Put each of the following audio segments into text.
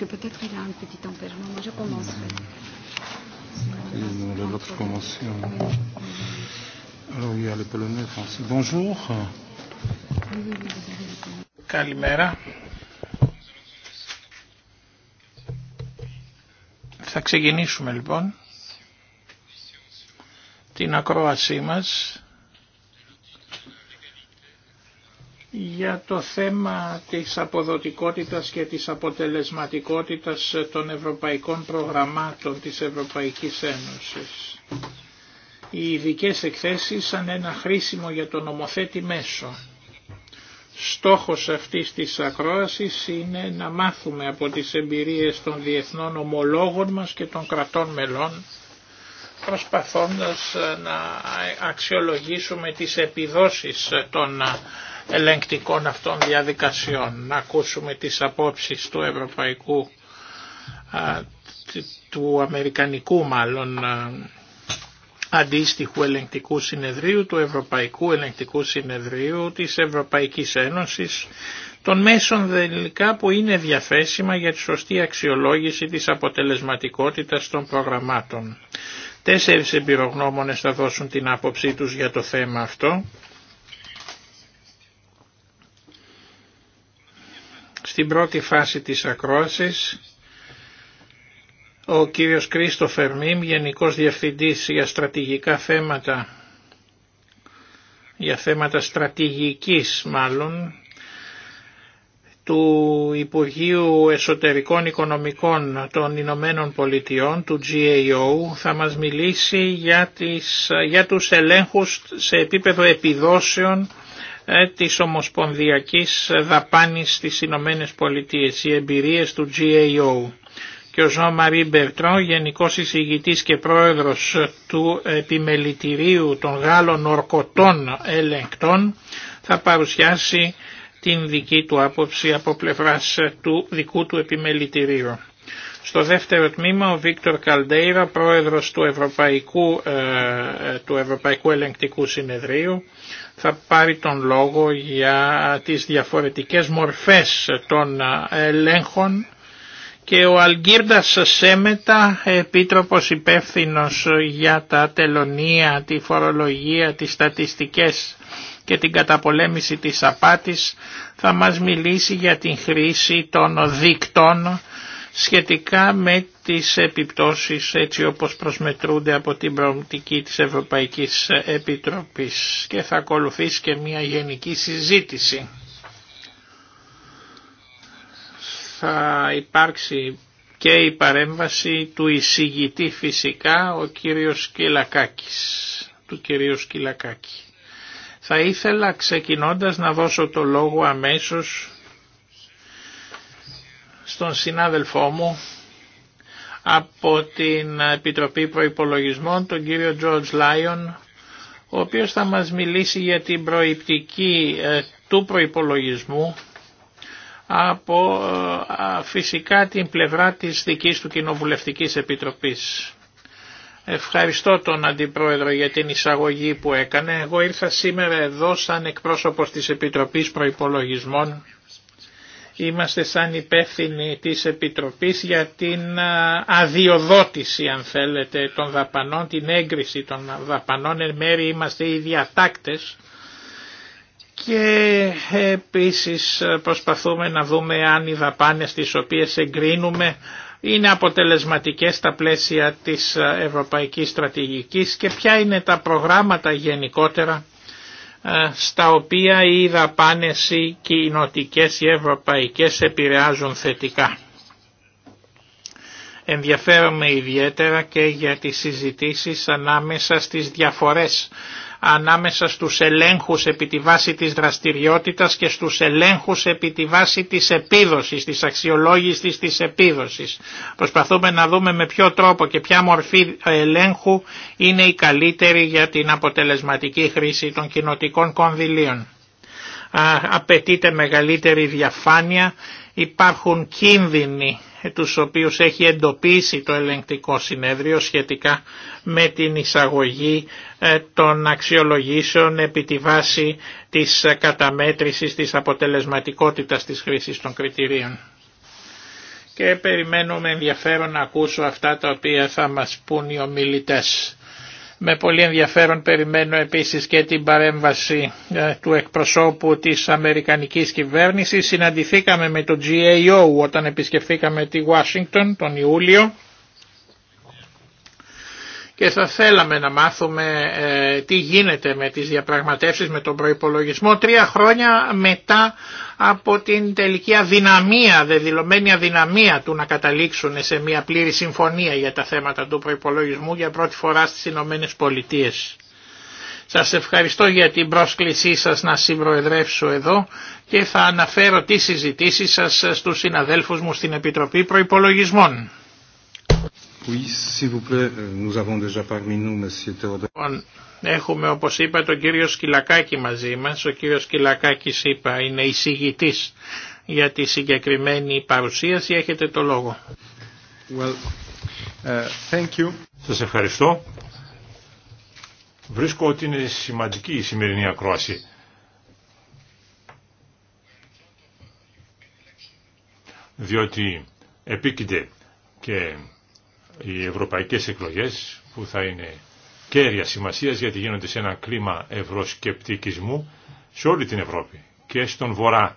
parce que peut-être il a un petit tempérament. Moi, je commencerai. L'autre commence. Alors, il y a le Polonais, Français. Bonjour. Καλημέρα. Θα ξεκινήσουμε λοιπόν την ακρόασή μας το θέμα της αποδοτικότητας και της αποτελεσματικότητας των ευρωπαϊκών προγραμμάτων της Ευρωπαϊκής Ένωσης. Οι ειδικέ εκθέσεις σαν ένα χρήσιμο για τον νομοθέτη μέσο. Στόχος αυτής της ακρόασης είναι να μάθουμε από τις εμπειρίες των διεθνών ομολόγων μας και των κρατών μελών προσπαθώντας να αξιολογήσουμε τις επιδόσεις των ελεγκτικών αυτών διαδικασιών. Να ακούσουμε τις απόψεις του Ευρωπαϊκού, του Αμερικανικού μάλλον αντίστοιχου ελεγκτικού συνεδρίου, του Ευρωπαϊκού Ελεγκτικού Συνεδρίου, της Ευρωπαϊκής Ένωσης, των μέσων δελικά που είναι διαθέσιμα για τη σωστή αξιολόγηση της αποτελεσματικότητας των προγραμμάτων. Τέσσερις εμπειρογνώμονες θα δώσουν την άποψή τους για το θέμα αυτό. Στην πρώτη φάση της ακρόασης ο κύριος Κρίστοφερ Μιμ, Γενικός Διευθυντής για στρατηγικά θέματα, για θέματα στρατηγικής μάλλον, του Υπουργείου Εσωτερικών Οικονομικών των Ηνωμένων Πολιτειών, του GAO, θα μας μιλήσει για, τις, για τους ελέγχους σε επίπεδο επιδόσεων ε, της ομοσπονδιακής δαπάνης στις Ηνωμένε Πολιτείες, οι εμπειρίες του GAO και ο Ζω Μαρί Μπερτρό, γενικός εισηγητής και πρόεδρος του επιμελητηρίου των Γάλλων Ορκωτών Ελεγκτών, θα παρουσιάσει την δική του άποψη από πλευράς του δικού του επιμελητηρίου. Στο δεύτερο τμήμα ο Βίκτορ Καλντέιρα, πρόεδρος του Ευρωπαϊκού, ε, του Ευρωπαϊκού Ελεγκτικού Συνεδρίου, θα πάρει τον λόγο για τις διαφορετικές μορφές των ελέγχων και ο Αλγκύρντας Σέμετα, επίτροπος υπεύθυνος για τα τελωνία, τη φορολογία, τις στατιστικές και την καταπολέμηση της απάτης, θα μας μιλήσει για την χρήση των δίκτων σχετικά με τις επιπτώσεις έτσι όπως προσμετρούνται από την προοπτική της Ευρωπαϊκής Επιτροπής και θα ακολουθήσει και μια γενική συζήτηση. Θα υπάρξει και η παρέμβαση του εισηγητή φυσικά ο κύριος Κυλακάκης, του κυρίου Σκυλακάκη. Θα ήθελα ξεκινώντας να δώσω το λόγο αμέσως στον συνάδελφό μου από την Επιτροπή Προϋπολογισμών, τον κύριο George Lyon, ο οποίος θα μας μιλήσει για την προϋπτική ε, του προϋπολογισμού από ε, φυσικά την πλευρά της δικής του Κοινοβουλευτικής Επιτροπής. Ευχαριστώ τον Αντιπρόεδρο για την εισαγωγή που έκανε. Εγώ ήρθα σήμερα εδώ σαν εκπρόσωπος της Επιτροπής Προϋπολογισμών Είμαστε σαν υπεύθυνοι της Επιτροπής για την αδειοδότηση αν θέλετε των δαπανών, την έγκριση των δαπανών, εν είμαστε οι διατάκτες και επίσης προσπαθούμε να δούμε αν οι δαπάνες τις οποίες εγκρίνουμε είναι αποτελεσματικές στα πλαίσια της Ευρωπαϊκής Στρατηγικής και ποια είναι τα προγράμματα γενικότερα ε, στα οποία οι δαπάνε οι κοινοτικές οι ευρωπαϊκές επηρεάζουν θετικά. Ενδιαφέρομαι ιδιαίτερα και για τις συζητήσεις ανάμεσα στις διαφορές ανάμεσα στους ελέγχους επί τη βάση της δραστηριότητας και στους ελέγχους επί τη βάση της επίδοσης, της αξιολόγησης της επίδοσης. Προσπαθούμε να δούμε με ποιο τρόπο και ποια μορφή ελέγχου είναι η καλύτερη για την αποτελεσματική χρήση των κοινοτικών κονδυλίων. Α, απαιτείται μεγαλύτερη διαφάνεια, υπάρχουν κίνδυνοι ε, τους οποίους έχει εντοπίσει το ελεγκτικό συνέδριο σχετικά με την εισαγωγή ε, των αξιολογήσεων επί τη βάση της ε, καταμέτρησης της αποτελεσματικότητας της χρήσης των κριτηρίων. Και περιμένουμε ενδιαφέρον να ακούσω αυτά τα οποία θα μας πούν οι ομιλητές. Με πολύ ενδιαφέρον περιμένω επίσης και την παρέμβαση ε, του εκπροσώπου της Αμερικανικής κυβέρνησης. Συναντηθήκαμε με το GAO όταν επισκεφθήκαμε τη Washington τον Ιούλιο και θα θέλαμε να μάθουμε ε, τι γίνεται με τις διαπραγματεύσεις με τον προϋπολογισμό τρία χρόνια μετά από την τελική αδυναμία, δεδηλωμένη αδυναμία του να καταλήξουν σε μια πλήρη συμφωνία για τα θέματα του προϋπολογισμού για πρώτη φορά στις Ηνωμένε Πολιτείε. Σας ευχαριστώ για την πρόσκλησή σας να συμπροεδρεύσω εδώ και θα αναφέρω τις συζητήσεις σας στους συναδέλφους μου στην Επιτροπή Προϋπολογισμών έχουμε όπως είπα τον κύριο Σκυλακάκη μαζί μας. Ο κύριος Σκυλακάκης είπα είναι εισηγητής για τη συγκεκριμένη παρουσίαση. Έχετε το λόγο. Well, uh, thank you. Σας ευχαριστώ. Βρίσκω ότι είναι σημαντική η σημερινή ακρόαση. Διότι επίκειται και οι ευρωπαϊκές εκλογές που θα είναι κέρια σημασίας γιατί γίνονται σε ένα κλίμα ευρωσκεπτικισμού σε όλη την Ευρώπη και στον Βορρά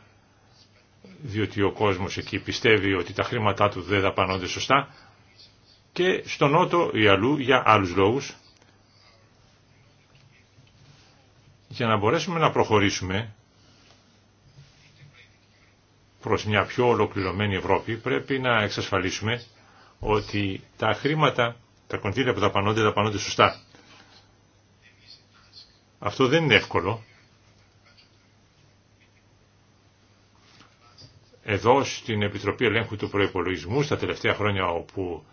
διότι ο κόσμος εκεί πιστεύει ότι τα χρήματά του δεν δαπανώνται σωστά και στον Νότο ή αλλού για άλλους λόγους για να μπορέσουμε να προχωρήσουμε προς μια πιο ολοκληρωμένη Ευρώπη πρέπει να εξασφαλίσουμε ότι τα χρήματα, τα κονδύλια που δαπανώνται, δαπανώνται σωστά. Αυτό δεν είναι εύκολο. Εδώ στην Επιτροπή Ελέγχου του Προϋπολογισμού, στα τελευταία χρόνια όπου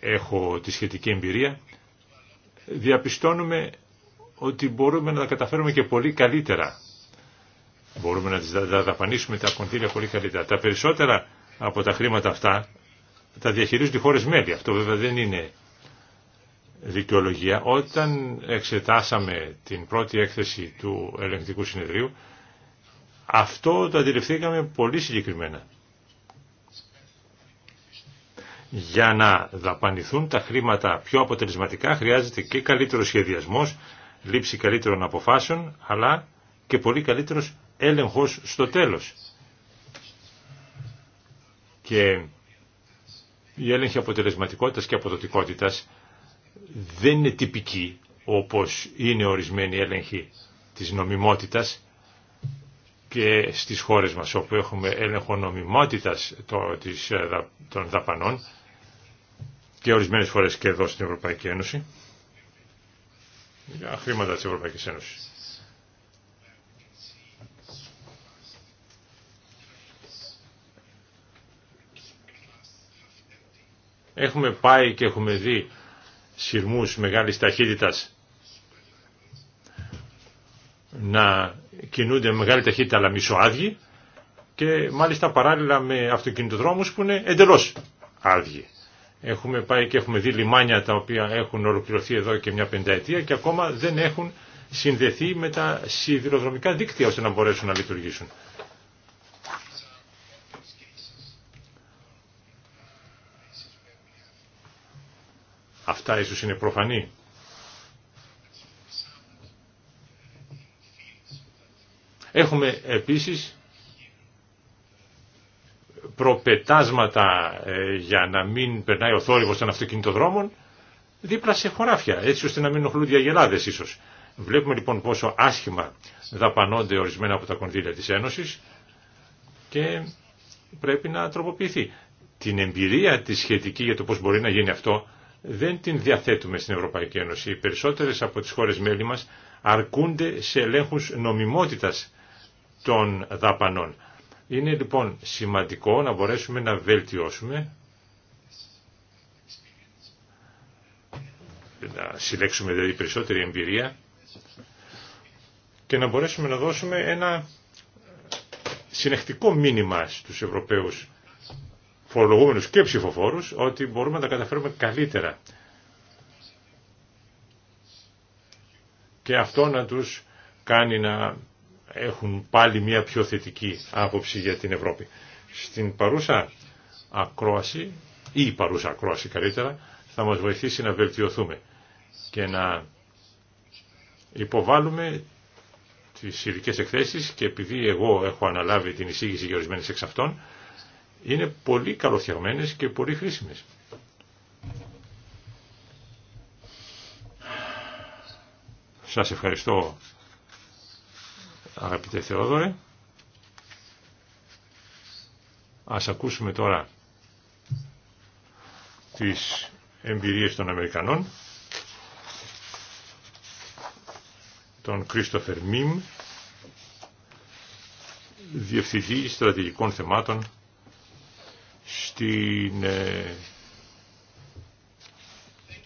έχω τη σχετική εμπειρία, διαπιστώνουμε ότι μπορούμε να τα καταφέρουμε και πολύ καλύτερα. Μπορούμε να δαπανίσουμε τα κονδύλια πολύ καλύτερα. Τα περισσότερα από τα χρήματα αυτά τα διαχειρίζονται οι χώρες μέλη. Αυτό βέβαια δεν είναι δικαιολογία. Όταν εξετάσαμε την πρώτη έκθεση του ελεγκτικού συνεδρίου, αυτό το αντιληφθήκαμε πολύ συγκεκριμένα. Για να δαπανηθούν τα χρήματα πιο αποτελεσματικά χρειάζεται και καλύτερο σχεδιασμός, λήψη καλύτερων αποφάσεων, αλλά και πολύ καλύτερος έλεγχος στο τέλος. Η έλεγχη αποτελεσματικότητας και αποδοτικότητας δεν είναι τυπική όπως είναι ορισμένη η έλεγχη της νομιμότητας και στις χώρες μας όπου έχουμε έλεγχο νομιμότητας ε, των δαπανών και ορισμένες φορές και εδώ στην Ευρωπαϊκή Ένωση για χρήματα της Ευρωπαϊκής Ένωσης. Έχουμε πάει και έχουμε δει σειρμούς μεγάλης ταχύτητας να κινούνται με μεγάλη ταχύτητα αλλά μισοάδιοι και μάλιστα παράλληλα με αυτοκινητοδρόμους που είναι εντελώς άδειοι. Έχουμε πάει και έχουμε δει λιμάνια τα οποία έχουν ολοκληρωθεί εδώ και μια πενταετία και ακόμα δεν έχουν συνδεθεί με τα σιδηροδρομικά δίκτυα ώστε να μπορέσουν να λειτουργήσουν. τα ίσως είναι προφανή. Έχουμε επίσης προπετάσματα ε, για να μην περνάει ο θόρυβος των αυτοκινητοδρόμων δίπλα σε χωράφια, έτσι ώστε να μην οχλούν οι ίσως. Βλέπουμε λοιπόν πόσο άσχημα δαπανώνται ορισμένα από τα κονδύλια της Ένωσης και πρέπει να τροποποιηθεί. Την εμπειρία τη σχετική για το πώς μπορεί να γίνει αυτό δεν την διαθέτουμε στην Ευρωπαϊκή Ένωση. Οι περισσότερες από τις χώρες μέλη μας αρκούνται σε ελέγχους νομιμότητας των δαπανών. Είναι λοιπόν σημαντικό να μπορέσουμε να βελτιώσουμε, να συλλέξουμε δηλαδή περισσότερη εμπειρία και να μπορέσουμε να δώσουμε ένα συνεχτικό μήνυμα στους Ευρωπαίους φορολογούμενους και ψηφοφόρους ότι μπορούμε να τα καταφέρουμε καλύτερα. Και αυτό να τους κάνει να έχουν πάλι μια πιο θετική άποψη για την Ευρώπη. Στην παρούσα ακρόαση, ή παρούσα ακρόαση καλύτερα, θα μας βοηθήσει να βελτιωθούμε και να υποβάλουμε τις ειδικέ εκθέσεις και επειδή εγώ έχω αναλάβει την εισήγηση για ορισμένες εξ αυτών, είναι πολύ καλοφτιαγμένες και πολύ χρήσιμες. Σας ευχαριστώ αγαπητέ Θεόδωρε. Ας ακούσουμε τώρα τις εμπειρίες των Αμερικανών. Τον Κρίστοφερ Μιμ, Διευθυντή Στρατηγικών Θεμάτων στην ε,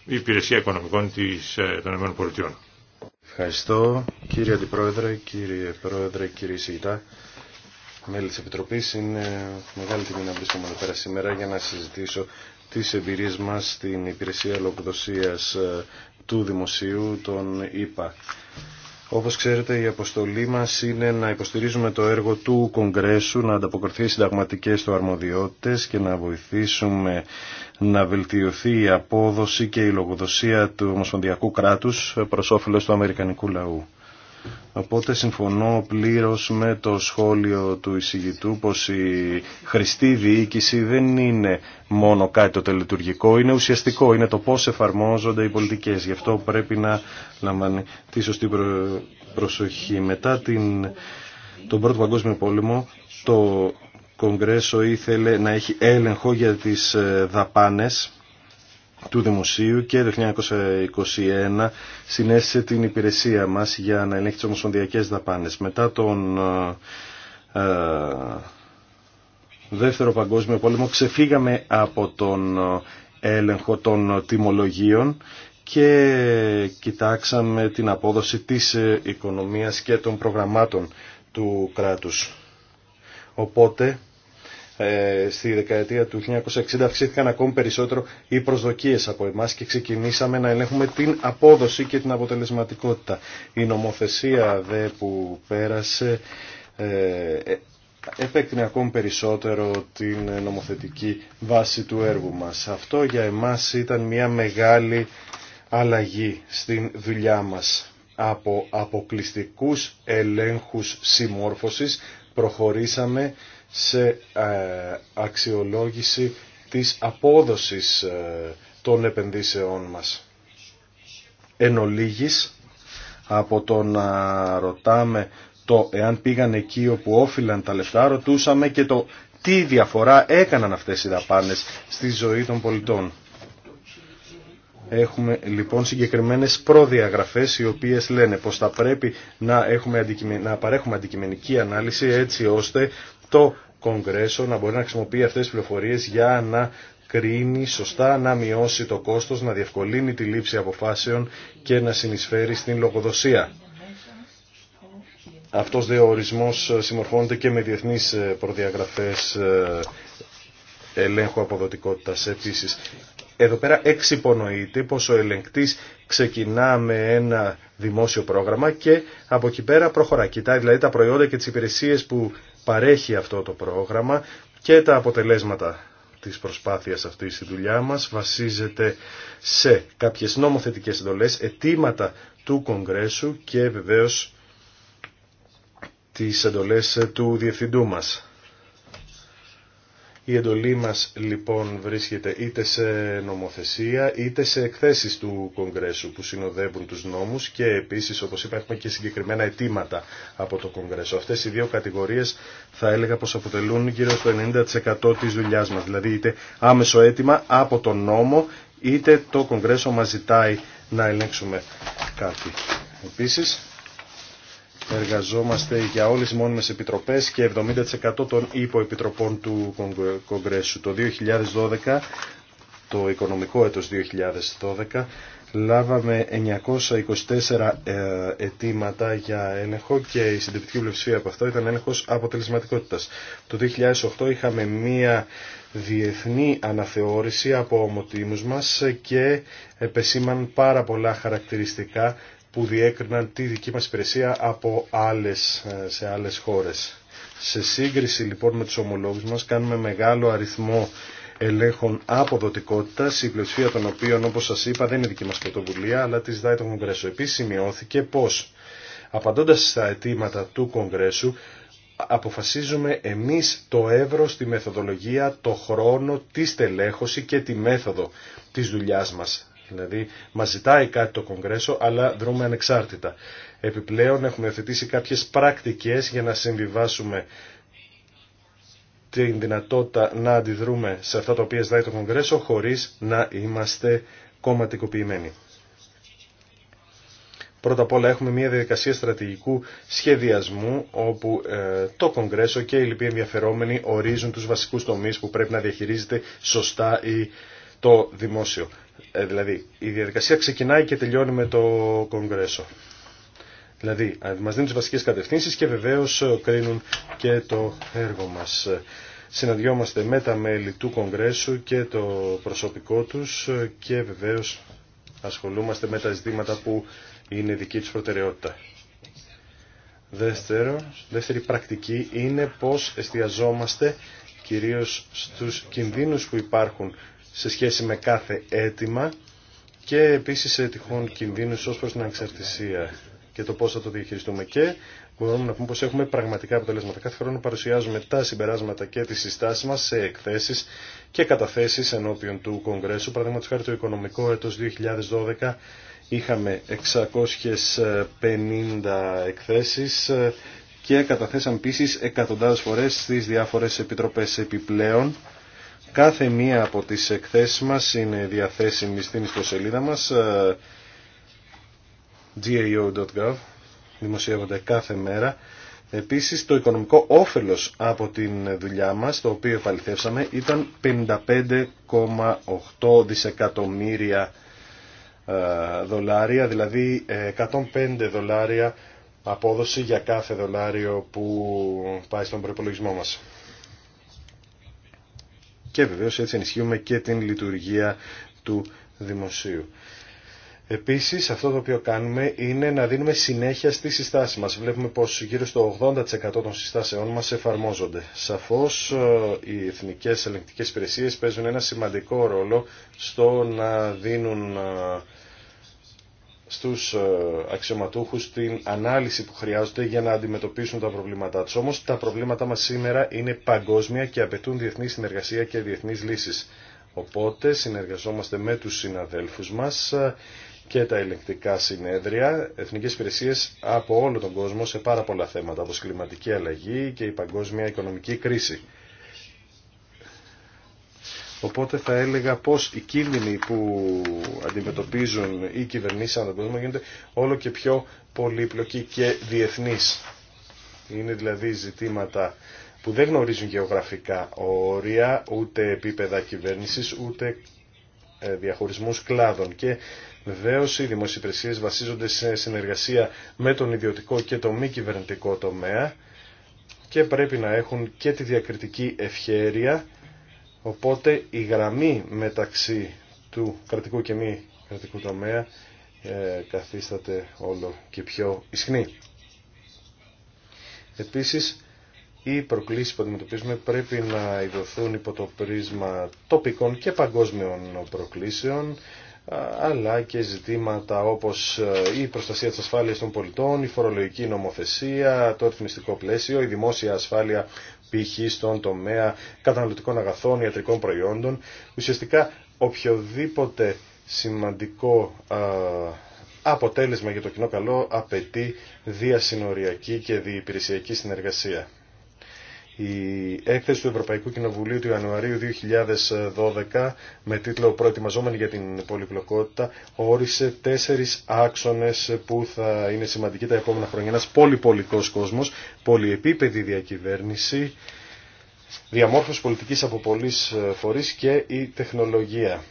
Υπηρεσία Οικονομικών της, ε, των ΗΠΑ. Ευχαριστώ κύριε Αντιπρόεδρε, κύριε Πρόεδρε, κύριε Σιγητά, μέλη της Επιτροπής. Είναι μεγάλη τιμή να βρίσκομαι εδώ πέρα σήμερα για να συζητήσω τις εμπειρίες μας στην Υπηρεσία Λογοδοσίας ε, του Δημοσίου, των ΙΠΑ. Όπως ξέρετε η αποστολή μας είναι να υποστηρίζουμε το έργο του Κογκρέσου, να ανταποκριθεί συνταγματικές του αρμοδιότητες και να βοηθήσουμε να βελτιωθεί η απόδοση και η λογοδοσία του Ομοσπονδιακού κράτους προς όφελος του Αμερικανικού λαού. Οπότε συμφωνώ πλήρως με το σχόλιο του εισηγητού πως η χρηστή διοίκηση δεν είναι μόνο κάτι το τελετουργικό, είναι ουσιαστικό, είναι το πώς εφαρμόζονται οι πολιτικές. Γι' αυτό πρέπει να λαμβάνει τη σωστή προσοχή. Μετά την, τον Πρώτο Παγκόσμιο Πόλεμο το Κογκρέσο ήθελε να έχει έλεγχο για τις ε, δαπάνες του Δημοσίου και το 1921 συνέστησε την υπηρεσία μας για να ελέγχει τις ομοσπονδιακές δαπάνες. Μετά τον ε, ε Δεύτερο Παγκόσμιο Πόλεμο ξεφύγαμε από τον ε, έλεγχο των τιμολογίων και κοιτάξαμε την απόδοση της ε, οικονομίας και των προγραμμάτων του κράτους. Οπότε ε, στη δεκαετία του 1960 αυξήθηκαν ακόμη περισσότερο οι προσδοκίες από εμάς και ξεκινήσαμε να ελέγχουμε την απόδοση και την αποτελεσματικότητα. Η νομοθεσία δε που πέρασε ε, ε, επέκτηνε ακόμη περισσότερο την νομοθετική βάση του έργου μας. Αυτό για εμάς ήταν μια μεγάλη αλλαγή στην δουλειά μας από αποκλειστικούς ελέγχους συμμόρφωσης προχωρήσαμε σε ε, αξιολόγηση της απόδοσης ε, των επενδύσεών μας. Εν ολίγης, από το να ρωτάμε το εάν πήγαν εκεί όπου όφυλαν τα λεφτά, ρωτούσαμε και το τι διαφορά έκαναν αυτές οι δαπάνες στη ζωή των πολιτών. Έχουμε λοιπόν συγκεκριμένες προδιαγραφές οι οποίες λένε πως θα πρέπει να, έχουμε να παρέχουμε αντικειμενική ανάλυση έτσι ώστε το Κογκρέσο να μπορεί να χρησιμοποιεί αυτές τις πληροφορίες για να κρίνει σωστά, να μειώσει το κόστος, να διευκολύνει τη λήψη αποφάσεων και να συνεισφέρει στην λογοδοσία. Αυτός δε ορισμός συμμορφώνεται και με διεθνείς ε, προδιαγραφές ε, ελέγχου αποδοτικότητας επίσης. Εδώ πέρα εξυπονοείται πως ο ελεγκτής ξεκινά με ένα δημόσιο πρόγραμμα και από εκεί πέρα προχωρά. Κοιτάει δηλαδή τα προϊόντα και τις υπηρεσίες που παρέχει αυτό το πρόγραμμα και τα αποτελέσματα της προσπάθειας αυτής στη δουλειά μας βασίζεται σε κάποιες νομοθετικές εντολές, αιτήματα του Κογκρέσου και βεβαίως τις εντολές του Διευθυντού μας. Η εντολή μας λοιπόν βρίσκεται είτε σε νομοθεσία είτε σε εκθέσεις του Κογκρέσου που συνοδεύουν τους νόμους και επίσης όπως είπα έχουμε και συγκεκριμένα αιτήματα από το Κογκρέσο. Αυτές οι δύο κατηγορίες θα έλεγα πως αποτελούν γύρω στο 90% της δουλειάς μας. Δηλαδή είτε άμεσο αίτημα από τον νόμο είτε το Κογκρέσο μας ζητάει να ελέγξουμε κάτι. Επίσης εργαζόμαστε για όλε τι μόνιμε επιτροπές και 70% των υποεπιτροπών του Κογκρέσου. Το 2012, το οικονομικό έτος 2012, λάβαμε 924 ε, αιτήματα για έλεγχο και η συντριπτική πλειοψηφία από αυτό ήταν έλεγχο αποτελεσματικότητα. Το 2008 είχαμε μία διεθνή αναθεώρηση από ομοτήμους μας και επεσήμαν πάρα πολλά χαρακτηριστικά που διέκριναν τη δική μας υπηρεσία από άλλες, ε, σε άλλες χώρες. Σε σύγκριση λοιπόν με τους ομολόγους μας κάνουμε μεγάλο αριθμό ελέγχων αποδοτικότητας, η πλειοψηφία των οποίων όπως σας είπα δεν είναι δική μας πρωτοβουλία αλλά τη δάει το Κογκρέσο. Επίσης σημειώθηκε πως απαντώντας στα αιτήματα του Κογκρέσου αποφασίζουμε εμείς το εύρος, τη μεθοδολογία, το χρόνο, τη στελέχωση και τη μέθοδο της δουλειάς μας. Δηλαδή μας ζητάει κάτι το Κογκρέσο αλλά δρούμε ανεξάρτητα. Επιπλέον έχουμε θετήσει κάποιες πρακτικές για να συμβιβάσουμε την δυνατότητα να αντιδρούμε σε αυτά τα οποία ζητάει το Κογκρέσο χωρίς να είμαστε κομματικοποιημένοι. Πρώτα απ' όλα έχουμε μια διαδικασία στρατηγικού σχεδιασμού όπου ε, το Κογκρέσο και οι λοιποί ενδιαφερόμενοι ορίζουν τους βασικούς τομείς που πρέπει να διαχειρίζεται σωστά η, το δημόσιο. Ε, δηλαδή, η διαδικασία ξεκινάει και τελειώνει με το Κογκρέσο. Δηλαδή, ε, μας δίνουν τις βασικές κατευθύνσεις και βεβαίως ε, κρίνουν και το έργο μας. Συναντιόμαστε με τα μέλη του Κογκρέσου και το προσωπικό τους ε, και βεβαίως ασχολούμαστε με τα ζητήματα που είναι δική τους προτεραιότητα. Δεύτερο, δεύτερη πρακτική είναι πώς εστιαζόμαστε κυρίως στους κινδύνους που υπάρχουν σε σχέση με κάθε αίτημα και επίσης σε τυχόν κινδύνους ως προς την ανεξαρτησία και το πώς θα το διαχειριστούμε και μπορούμε να πούμε πως έχουμε πραγματικά αποτελέσματα. Κάθε χρόνο παρουσιάζουμε τα συμπεράσματα και τις συστάσεις μας σε εκθέσεις και καταθέσεις ενώπιον του Κογκρέσου. Παραδείγματος χάρη το οικονομικό έτος 2012 είχαμε 650 εκθέσεις και καταθέσαμε επίση εκατοντάδες φορές στις διάφορες επιτροπές επιπλέον Κάθε μία από τις εκθέσεις μας είναι διαθέσιμη στην ιστοσελίδα μας ε, gao.gov δημοσιεύονται κάθε μέρα. Επίσης το οικονομικό όφελος από την δουλειά μας, το οποίο επαληθεύσαμε, ήταν 55,8 δισεκατομμύρια ε, δολάρια, δηλαδή 105 ε, δολάρια απόδοση για κάθε δολάριο που πάει στον προπολογισμό μας. Και βεβαίως έτσι ενισχύουμε και την λειτουργία του δημοσίου. Επίσης αυτό το οποίο κάνουμε είναι να δίνουμε συνέχεια στις συστάσεις μας. Βλέπουμε πως γύρω στο 80% των συστάσεών μας εφαρμόζονται. Σαφώς ε, οι εθνικές ελεγκτικές υπηρεσίες παίζουν ένα σημαντικό ρόλο στο να δίνουν ε, στους ε, αξιωματούχους την ανάλυση που χρειάζονται για να αντιμετωπίσουν τα προβλήματά τους. Όμως τα προβλήματά μας σήμερα είναι παγκόσμια και απαιτούν διεθνή συνεργασία και διεθνείς λύσεις. Οπότε συνεργαζόμαστε με τους συναδέλφους μας ε, και τα ελεγκτικά συνέδρια, εθνικές υπηρεσίε από όλο τον κόσμο σε πάρα πολλά θέματα, όπως κλιματική αλλαγή και η παγκόσμια οικονομική κρίση. Οπότε θα έλεγα πως οι κίνδυνοι που αντιμετωπίζουν οι κυβερνήσει ανά τον κόσμο γίνονται όλο και πιο πολύπλοκοι και διεθνείς. Είναι δηλαδή ζητήματα που δεν γνωρίζουν γεωγραφικά όρια, ούτε επίπεδα κυβέρνησης, ούτε ε, διαχωρισμούς κλάδων. Και βεβαίω οι δημοσιοπρεσίες βασίζονται σε συνεργασία με τον ιδιωτικό και το μη κυβερνητικό τομέα και πρέπει να έχουν και τη διακριτική ευχέρεια Οπότε η γραμμή μεταξύ του κρατικού και μη κρατικού τομέα ε, καθίσταται όλο και πιο ισχνή. Επίσης, οι προκλήσεις που αντιμετωπίζουμε πρέπει να ειδωθούν υπό το πρίσμα τοπικών και παγκόσμιων προκλήσεων, αλλά και ζητήματα όπως ε, η προστασία της ασφάλειας των πολιτών, η φορολογική νομοθεσία, το ρυθμιστικό πλαίσιο, η δημόσια ασφάλεια π.χ. στον τομέα καταναλωτικών αγαθών, ιατρικών προϊόντων. Ουσιαστικά οποιοδήποτε σημαντικό αποτέλεσμα για το κοινό καλό απαιτεί διασυνοριακή και διυπηρεσιακή συνεργασία. Η έκθεση του Ευρωπαϊκού Κοινοβουλίου του Ιανουαρίου 2012 με τίτλο «Προετοιμαζόμενοι για την πολυπλοκότητα» όρισε τέσσερις άξονες που θα είναι σημαντικοί τα επόμενα χρόνια. Ένας πολυπολικός κόσμος, πολυεπίπεδη διακυβέρνηση, διαμόρφωση πολιτικής από πολλοί ε, φορείς και η τεχνολογία.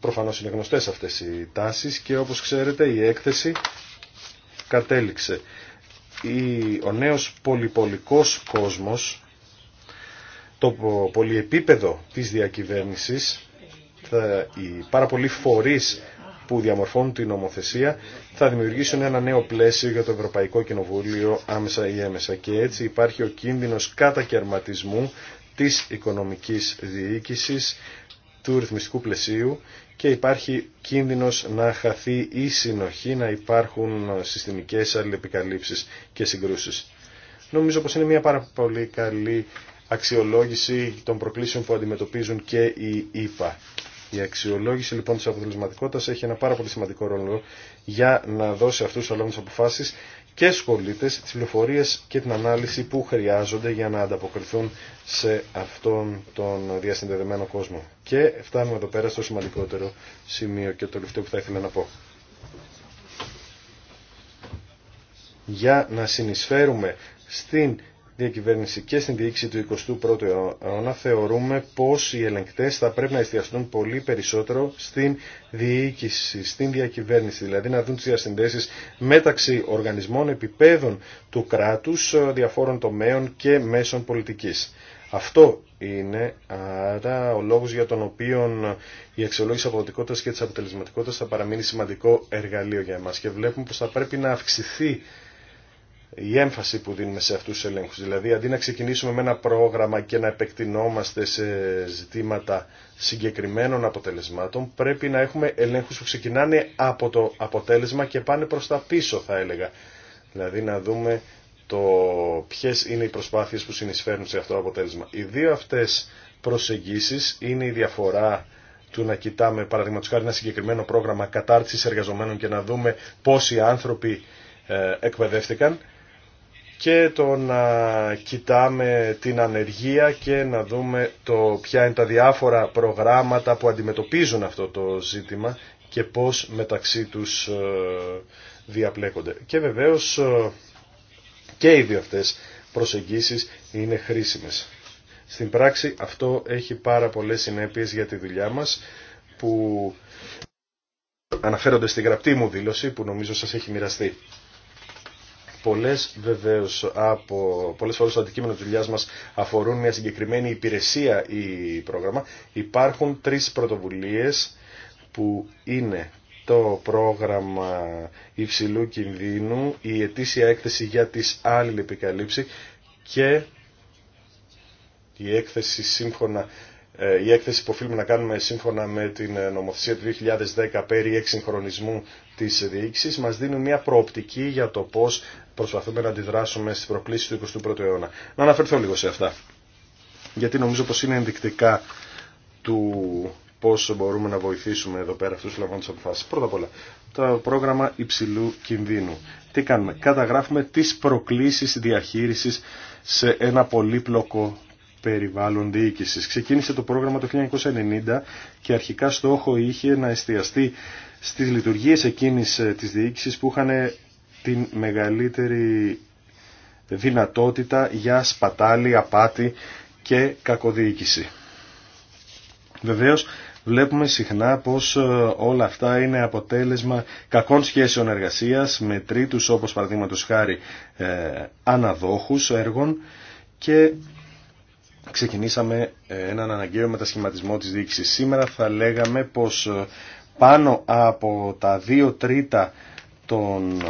Προφανώς είναι γνωστές αυτές οι τάσεις και όπως ξέρετε η έκθεση κατέληξε ο νέος πολυπολικός κόσμος, το πολυεπίπεδο της διακυβέρνησης, οι πάρα πολλοί φορείς που διαμορφώνουν την νομοθεσία θα δημιουργήσουν ένα νέο πλαίσιο για το Ευρωπαϊκό Κοινοβούλιο άμεσα ή έμεσα και έτσι υπάρχει ο κίνδυνος κατακαιρματισμού της οικονομικής διοίκησης του ρυθμιστικού πλαισίου και υπάρχει κίνδυνος να χαθεί η συνοχή, να υπάρχουν συστημικές αλληλεπικαλύψεις και συγκρούσεις. Νομίζω πως είναι μια πάρα πολύ καλή αξιολόγηση των προκλήσεων που αντιμετωπίζουν και οι ΙΠΑ. Η αξιολόγηση λοιπόν της αποτελεσματικότητας έχει ένα πάρα πολύ σημαντικό ρόλο για να δώσει αυτούς τους αλόγους αποφάσεις και στους πολίτες τις πληροφορίες και την ανάλυση που χρειάζονται για να ανταποκριθούν σε αυτόν τον διασυνδεδεμένο κόσμο. Και φτάνουμε εδώ πέρα στο σημαντικότερο σημείο και το τελευταίο που θα ήθελα να πω. Για να συνεισφέρουμε στην διακυβέρνηση και στην διοίκηση του 21ου αιώνα θεωρούμε πως οι ελεγκτές θα πρέπει να εστιαστούν πολύ περισσότερο στην διοίκηση, στην διακυβέρνηση, δηλαδή να δουν τις διασυνδέσεις μεταξύ οργανισμών επιπέδων του κράτους, διαφόρων τομέων και μέσων πολιτικής. Αυτό είναι άρα ο λόγος για τον οποίο η αξιολόγηση αποδοτικότητας και της αποτελεσματικότητας θα παραμείνει σημαντικό εργαλείο για εμάς και βλέπουμε πως θα πρέπει να αυξηθεί η έμφαση που δίνουμε σε αυτούς τους ελέγχους. Δηλαδή αντί να ξεκινήσουμε με ένα πρόγραμμα και να επεκτηνόμαστε σε ζητήματα συγκεκριμένων αποτελεσμάτων, πρέπει να έχουμε ελέγχους που ξεκινάνε από το αποτέλεσμα και πάνε προς τα πίσω θα έλεγα. Δηλαδή να δούμε το ποιες είναι οι προσπάθειες που συνεισφέρουν σε αυτό το αποτέλεσμα. Οι δύο αυτές προσεγγίσεις είναι η διαφορά του να κοιτάμε παραδείγματο, χάρη ένα συγκεκριμένο πρόγραμμα κατάρτισης εργαζομένων και να δούμε πόσοι άνθρωποι ε, εκπαιδεύτηκαν και το να κοιτάμε την ανεργία και να δούμε το ποια είναι τα διάφορα προγράμματα που αντιμετωπίζουν αυτό το ζήτημα και πώς μεταξύ τους ε, διαπλέκονται. Και βεβαίως ε, και οι δύο αυτές προσεγγίσεις είναι χρήσιμες. Στην πράξη αυτό έχει πάρα πολλές συνέπειες για τη δουλειά μας που αναφέρονται στη γραπτή μου δήλωση που νομίζω σας έχει μοιραστεί. Πολλές, βεβαίως, από, πολλές φορές το αντικείμενο της δουλειάς μας αφορούν μια συγκεκριμένη υπηρεσία ή πρόγραμμα. Υπάρχουν τρεις πρωτοβουλίες που είναι το πρόγραμμα υψηλού κινδύνου, η ετήσια έκθεση για τις άλλη επικαλύψεις και η έκθεση σύμφωνα ε, η έκθεση που οφείλουμε να κάνουμε σύμφωνα με την νομοθεσία του 2010 περί εξυγχρονισμού της διοίκησης μας δίνουν μια προοπτική για το πώς προσπαθούμε να αντιδράσουμε στις προκλήσεις του 21ου αιώνα. Να αναφερθώ λίγο σε αυτά, γιατί νομίζω πως είναι ενδεικτικά του πώς μπορούμε να βοηθήσουμε εδώ πέρα αυτούς τους λαμβάνους αποφάσεις. Πρώτα απ' όλα, το πρόγραμμα υψηλού κινδύνου. Τι κάνουμε, καταγράφουμε τις προκλήσεις διαχείρισης σε ένα πολύπλοκο περιβάλλον διοίκησης. Ξεκίνησε το πρόγραμμα το 1990 και αρχικά στόχο είχε να εστιαστεί στις λειτουργίες εκείνης ε, της διοίκησης που είχαν ε, την μεγαλύτερη δυνατότητα για σπατάλη, απάτη και κακοδιοίκηση. Βεβαίως βλέπουμε συχνά πως ε, όλα αυτά είναι αποτέλεσμα κακών σχέσεων εργασίας με τρίτους όπως παραδείγματο χάρη αναδόχους έργων και ξεκινήσαμε έναν αναγκαίο μετασχηματισμό της διοίκησης. Σήμερα θα λέγαμε πως πάνω από τα δύο τρίτα των ε,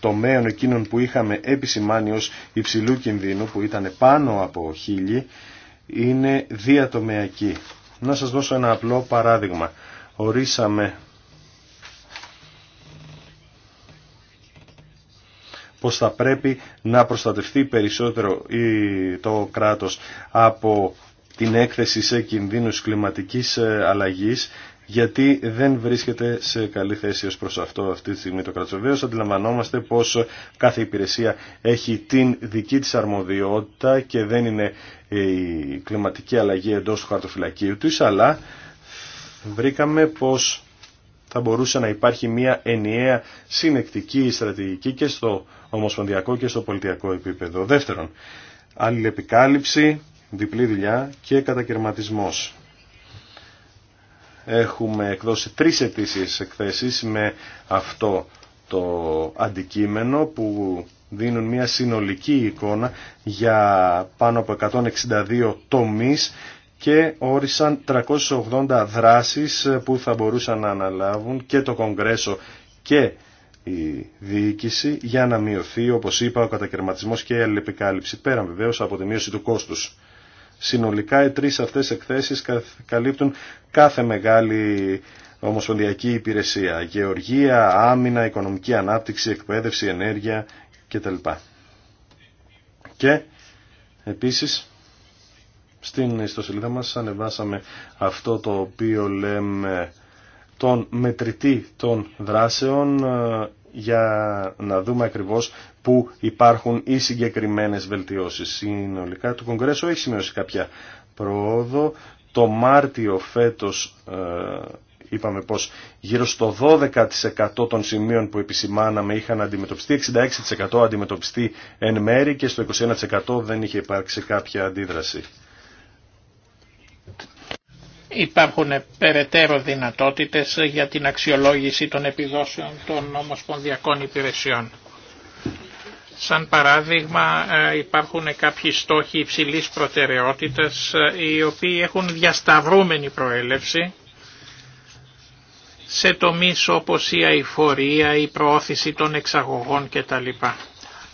τομέων εκείνων που είχαμε επισημάνει ως υψηλού κινδύνου που ήταν πάνω από χίλιοι είναι διατομεακοί. Να σας δώσω ένα απλό παράδειγμα. Ορίσαμε πως θα πρέπει να προστατευτεί περισσότερο το κράτος από την έκθεση σε κινδύνους κλιματικής ε, αλλαγής γιατί δεν βρίσκεται σε καλή θέση ως προς αυτό αυτή τη στιγμή το κρατσοβέως. Αντιλαμβανόμαστε πως κάθε υπηρεσία έχει την δική της αρμοδιότητα και δεν είναι η κλιματική αλλαγή εντός του χαρτοφυλακίου της, αλλά βρήκαμε πως θα μπορούσε να υπάρχει μια ενιαία συνεκτική στρατηγική και στο ομοσπονδιακό και στο πολιτιακό επίπεδο. Δεύτερον, αλληλεπικάλυψη, διπλή δουλειά και κατακαιρματισμός. Έχουμε εκδώσει τρεις ετήσιες εκθέσεις με αυτό το αντικείμενο που δίνουν μια συνολική εικόνα για πάνω από 162 τομείς και όρισαν 380 δράσεις που θα μπορούσαν να αναλάβουν και το Κογκρέσο και η διοίκηση για να μειωθεί, όπως είπα, ο κατακαιρματισμός και η αλληλεπικάλυψη, πέραν βεβαίως από τη μείωση του κόστους. Συνολικά οι τρεις αυτές εκθέσεις καλύπτουν κάθε μεγάλη ομοσπονδιακή υπηρεσία. Γεωργία, άμυνα, οικονομική ανάπτυξη, εκπαίδευση, ενέργεια κτλ. Και επίσης στην ιστοσελίδα μας ανεβάσαμε αυτό το οποίο λέμε τον μετρητή των δράσεων ε, για να δούμε ακριβώς που υπάρχουν οι συγκεκριμένες βελτιώσεις. Συνολικά το Κογκρέσο έχει σημειώσει κάποια πρόοδο. Το Μάρτιο φέτος ε, είπαμε πως γύρω στο 12% των σημείων που επισημάναμε είχαν αντιμετωπιστεί, 66% αντιμετωπιστεί εν μέρη και στο 21% δεν είχε υπάρξει κάποια αντίδραση. Υπάρχουν περαιτέρω δυνατότητες για την αξιολόγηση των επιδόσεων των ομοσπονδιακών υπηρεσιών. Σαν παράδειγμα ε, υπάρχουν κάποιοι στόχοι υψηλής προτεραιότητας ε, οι οποίοι έχουν διασταυρούμενη προέλευση σε τομείς όπως η αηφορία, η προώθηση των εξαγωγών κτλ.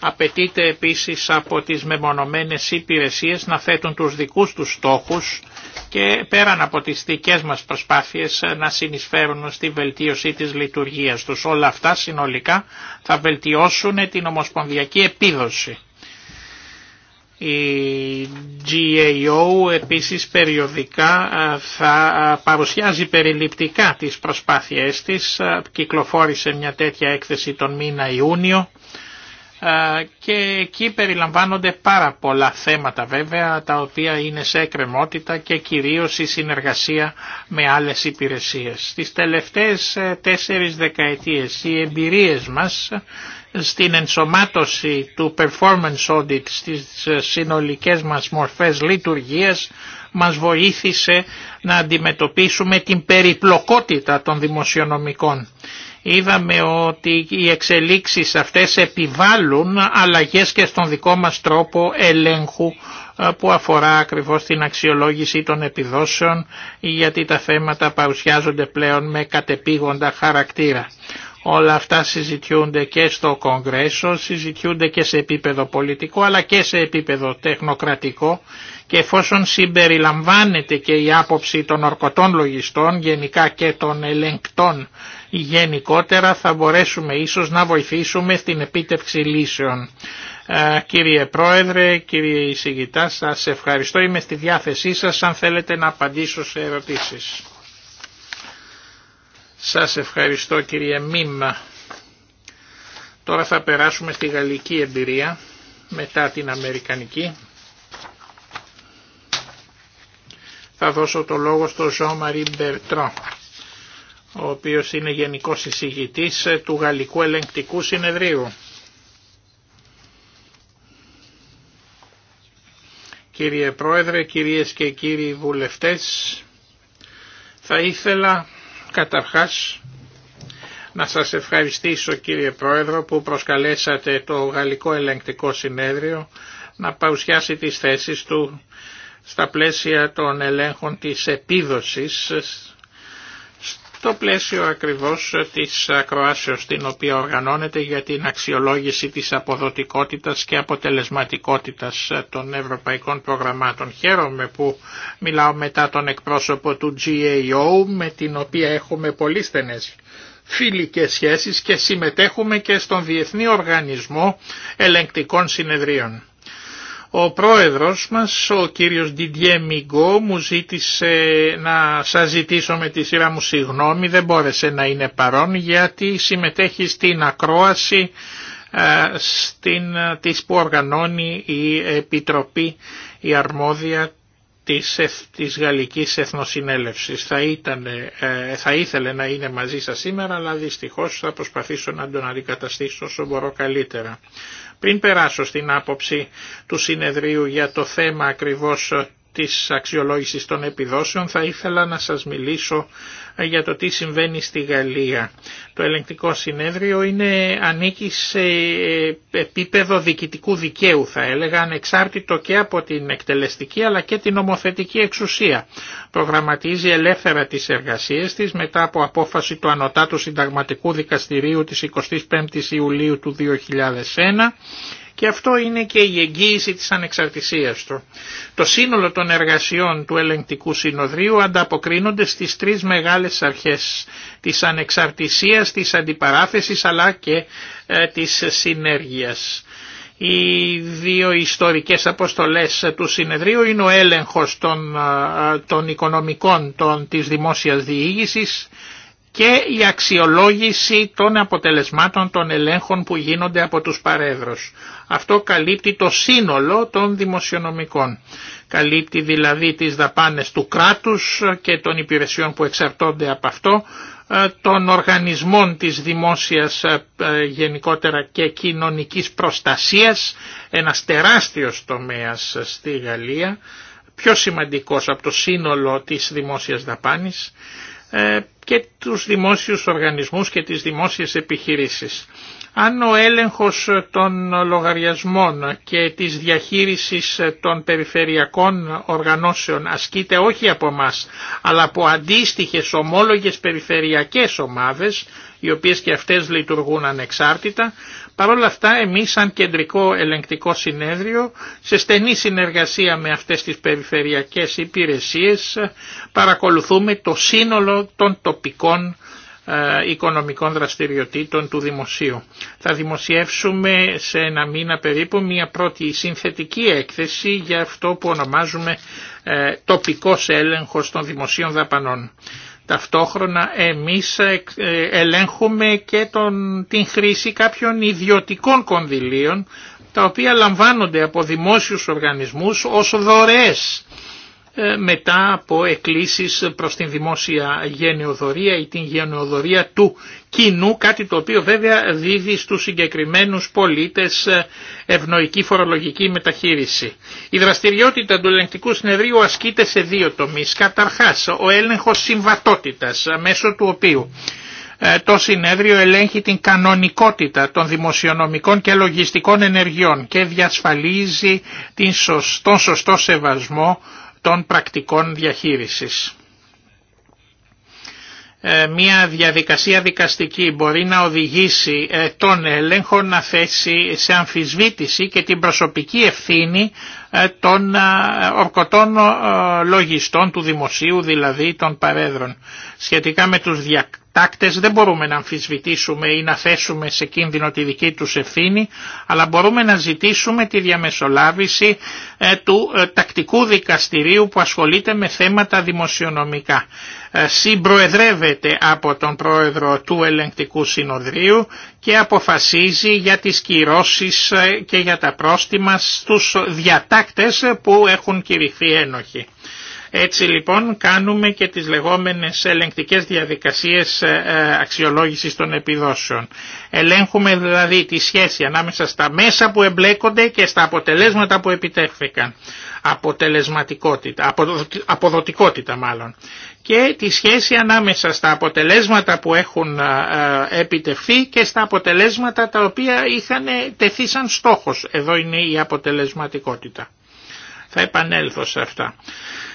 Απαιτείται επίσης από τις μεμονωμένες υπηρεσίες να θέτουν τους δικούς τους στόχους και πέραν από τις δικές μας προσπάθειες να συνεισφέρουν στη βελτίωση της λειτουργίας τους. Όλα αυτά συνολικά θα βελτιώσουν την ομοσπονδιακή επίδοση. Η GAO επίσης περιοδικά θα παρουσιάζει περιληπτικά τις προσπάθειές της. Κυκλοφόρησε μια τέτοια έκθεση τον μήνα Ιούνιο και εκεί περιλαμβάνονται πάρα πολλά θέματα βέβαια τα οποία είναι σε εκκρεμότητα και κυρίως η συνεργασία με άλλες υπηρεσίες. Στις τελευταίες ε, τέσσερις δεκαετίες οι εμπειρίες μας στην ενσωμάτωση του performance audit στις ε, συνολικές μας μορφές λειτουργίας μας βοήθησε να αντιμετωπίσουμε την περιπλοκότητα των δημοσιονομικών είδαμε ότι οι εξελίξεις αυτές επιβάλλουν αλλαγές και στον δικό μας τρόπο ελέγχου ε, που αφορά ακριβώς την αξιολόγηση των επιδόσεων γιατί τα θέματα παρουσιάζονται πλέον με κατεπήγοντα χαρακτήρα. Όλα αυτά συζητιούνται και στο Κογκρέσο, συζητιούνται και σε επίπεδο πολιτικό αλλά και σε επίπεδο τεχνοκρατικό και εφόσον συμπεριλαμβάνεται και η άποψη των ορκωτών λογιστών γενικά και των ελεγκτών γενικότερα θα μπορέσουμε ίσως να βοηθήσουμε στην επίτευξη λύσεων. Ε, κύριε Πρόεδρε, κύριε Ισηγητά, σας ευχαριστώ. Είμαι στη διάθεσή σας αν θέλετε να απαντήσω σε ερωτήσεις. Σας ευχαριστώ κύριε Μίμα. Τώρα θα περάσουμε στη γαλλική εμπειρία μετά την αμερικανική. Θα δώσω το λόγο στο Ζω Μπερτρό, ο οποίος είναι γενικός εισηγητής του Γαλλικού Ελεγκτικού Συνεδρίου. Κύριε Πρόεδρε, κυρίες και κύριοι βουλευτές, θα ήθελα Καταρχάς, να σας ευχαριστήσω κύριε Πρόεδρο που προσκαλέσατε το Γαλλικό Ελεγκτικό Συνέδριο να παρουσιάσει τις θέσεις του στα πλαίσια των ελέγχων της επίδοσης στο πλαίσιο ακριβώς της ακροάσεως την οποία οργανώνεται για την αξιολόγηση της αποδοτικότητας και αποτελεσματικότητας των ευρωπαϊκών προγραμμάτων. Χαίρομαι που μιλάω μετά τον εκπρόσωπο του GAO με την οποία έχουμε πολύ στενές φιλικές σχέσεις και συμμετέχουμε και στον Διεθνή Οργανισμό Ελεγκτικών Συνεδρίων. Ο πρόεδρος μας, ο κύριος Διντιέ Μιγκό, μου ζήτησε να σας ζητήσω με τη σειρά μου συγγνώμη, δεν μπόρεσε να είναι παρόν γιατί συμμετέχει στην ακρόαση ε, στην, ε, της που οργανώνει η Επιτροπή η Αρμόδια της, της Γαλλικής Εθνοσυνέλευσης. Θα, ήταν, ε, θα ήθελε να είναι μαζί σας σήμερα, αλλά δυστυχώς θα προσπαθήσω να τον αντικαταστήσω όσο μπορώ καλύτερα. Πριν περάσω στην άποψη του συνεδρίου για το θέμα ακριβώς της αξιολόγησης των επιδόσεων θα ήθελα να σας μιλήσω για το τι συμβαίνει στη Γαλλία. Το ελεγκτικό συνέδριο είναι, ανήκει σε επίπεδο διοικητικού δικαίου θα έλεγα ανεξάρτητο και από την εκτελεστική αλλά και την ομοθετική εξουσία. Προγραμματίζει ελεύθερα τις εργασίες της μετά από απόφαση του Ανωτάτου Συνταγματικού Δικαστηρίου της 25ης Ιουλίου του 2001 και αυτό είναι και η εγγύηση της ανεξαρτησίας του. Το σύνολο των εργασιών του ελεγκτικού συνοδρίου ανταποκρίνονται στις τρεις μεγάλες αρχές της ανεξαρτησίας, της αντιπαράθεσης αλλά και ε, της συνέργειας. Οι δύο ιστορικές αποστολές του συνεδρίου είναι ο έλεγχος των, ε, των οικονομικών των, της δημόσιας διήγησης και η αξιολόγηση των αποτελεσμάτων των ελέγχων που γίνονται από τους παρέδρους. Αυτό καλύπτει το σύνολο των δημοσιονομικών. Καλύπτει δηλαδή τις δαπάνες του κράτους και των υπηρεσιών που εξαρτώνται από αυτό, ε, των οργανισμών της δημόσιας ε, ε, γενικότερα και κοινωνικής προστασίας, ένας τεράστιος τομέας στη Γαλλία, πιο σημαντικός από το σύνολο της δημόσιας δαπάνης, ε, και τους δημόσιους οργανισμούς και τις δημόσιες επιχειρήσεις. Αν ο έλεγχος των λογαριασμών και της διαχείρισης των περιφερειακών οργανώσεων ασκείται όχι από μας, αλλά από αντίστοιχες ομόλογες περιφερειακές ομάδες, οι οποίες και αυτές λειτουργούν ανεξάρτητα, Παρ' όλα αυτά εμείς σαν κεντρικό ελεγκτικό συνέδριο σε στενή συνεργασία με αυτές τις περιφερειακές υπηρεσίες παρακολουθούμε το σύνολο των τοπικών ε, οικονομικών δραστηριοτήτων του Δημοσίου. Θα δημοσιεύσουμε σε ένα μήνα περίπου μια πρώτη συνθετική έκθεση για αυτό που ονομάζουμε ε, τοπικός έλεγχος των δημοσίων δαπανών. Ταυτόχρονα εμείς ε, ε, ελέγχουμε και τον, την χρήση κάποιων ιδιωτικών κονδυλίων τα οποία λαμβάνονται από δημόσιους οργανισμούς ως δωρεές ε, μετά από εκκλήσεις προς την δημόσια γενεοδορία ή την γενεοδορία του κοινού, κάτι το οποίο βέβαια δίδει στους συγκεκριμένους πολίτες ε, ευνοϊκή φορολογική μεταχείριση. Η δραστηριότητα του ελεγκτικού συνεδρίου ασκείται σε δύο τομείς. Καταρχάς, ο έλεγχος συμβατότητας, μέσω του οποίου ε, το συνέδριο ελέγχει την κανονικότητα των δημοσιονομικών και λογιστικών ενεργειών και διασφαλίζει τον σωστό σεβασμό των πρακτικών διαχείρισης. Ε, μια διαδικασία δικαστική μπορεί να οδηγήσει ε, τον έλεγχο να θέσει σε αμφισβήτηση και την προσωπική ευθύνη ε, των ορκωτών λογιστών του δημοσίου, δηλαδή των παρέδρων. Σχετικά με τους τάκτες δεν μπορούμε να αμφισβητήσουμε ή να θέσουμε σε κίνδυνο τη δική τους ευθύνη, αλλά μπορούμε να ζητήσουμε τη διαμεσολάβηση ε, του ε, τακτικού δικαστηρίου που ασχολείται με θέματα δημοσιονομικά. Ε, συμπροεδρεύεται από τον πρόεδρο του ελεγκτικού συνοδρίου και αποφασίζει για τις κυρώσεις και για τα πρόστιμα στους διατάκτες που έχουν κηρυχθεί ένοχοι. Έτσι λοιπόν κάνουμε και τις λεγόμενες ελεγκτικές διαδικασίες ε, ε, αξιολόγησης των επιδόσεων. Ελέγχουμε δηλαδή τη σχέση ανάμεσα στα μέσα που εμπλέκονται και στα αποτελέσματα που επιτεύχθηκαν. Αποτελεσματικότητα, αποδοτικότητα μάλλον. Και τη σχέση ανάμεσα στα αποτελέσματα που έχουν ε, επιτευχθεί και στα αποτελέσματα τα οποία είχαν τεθεί σαν στόχος. Εδώ είναι η αποτελεσματικότητα. Θα επανέλθω σε αυτά.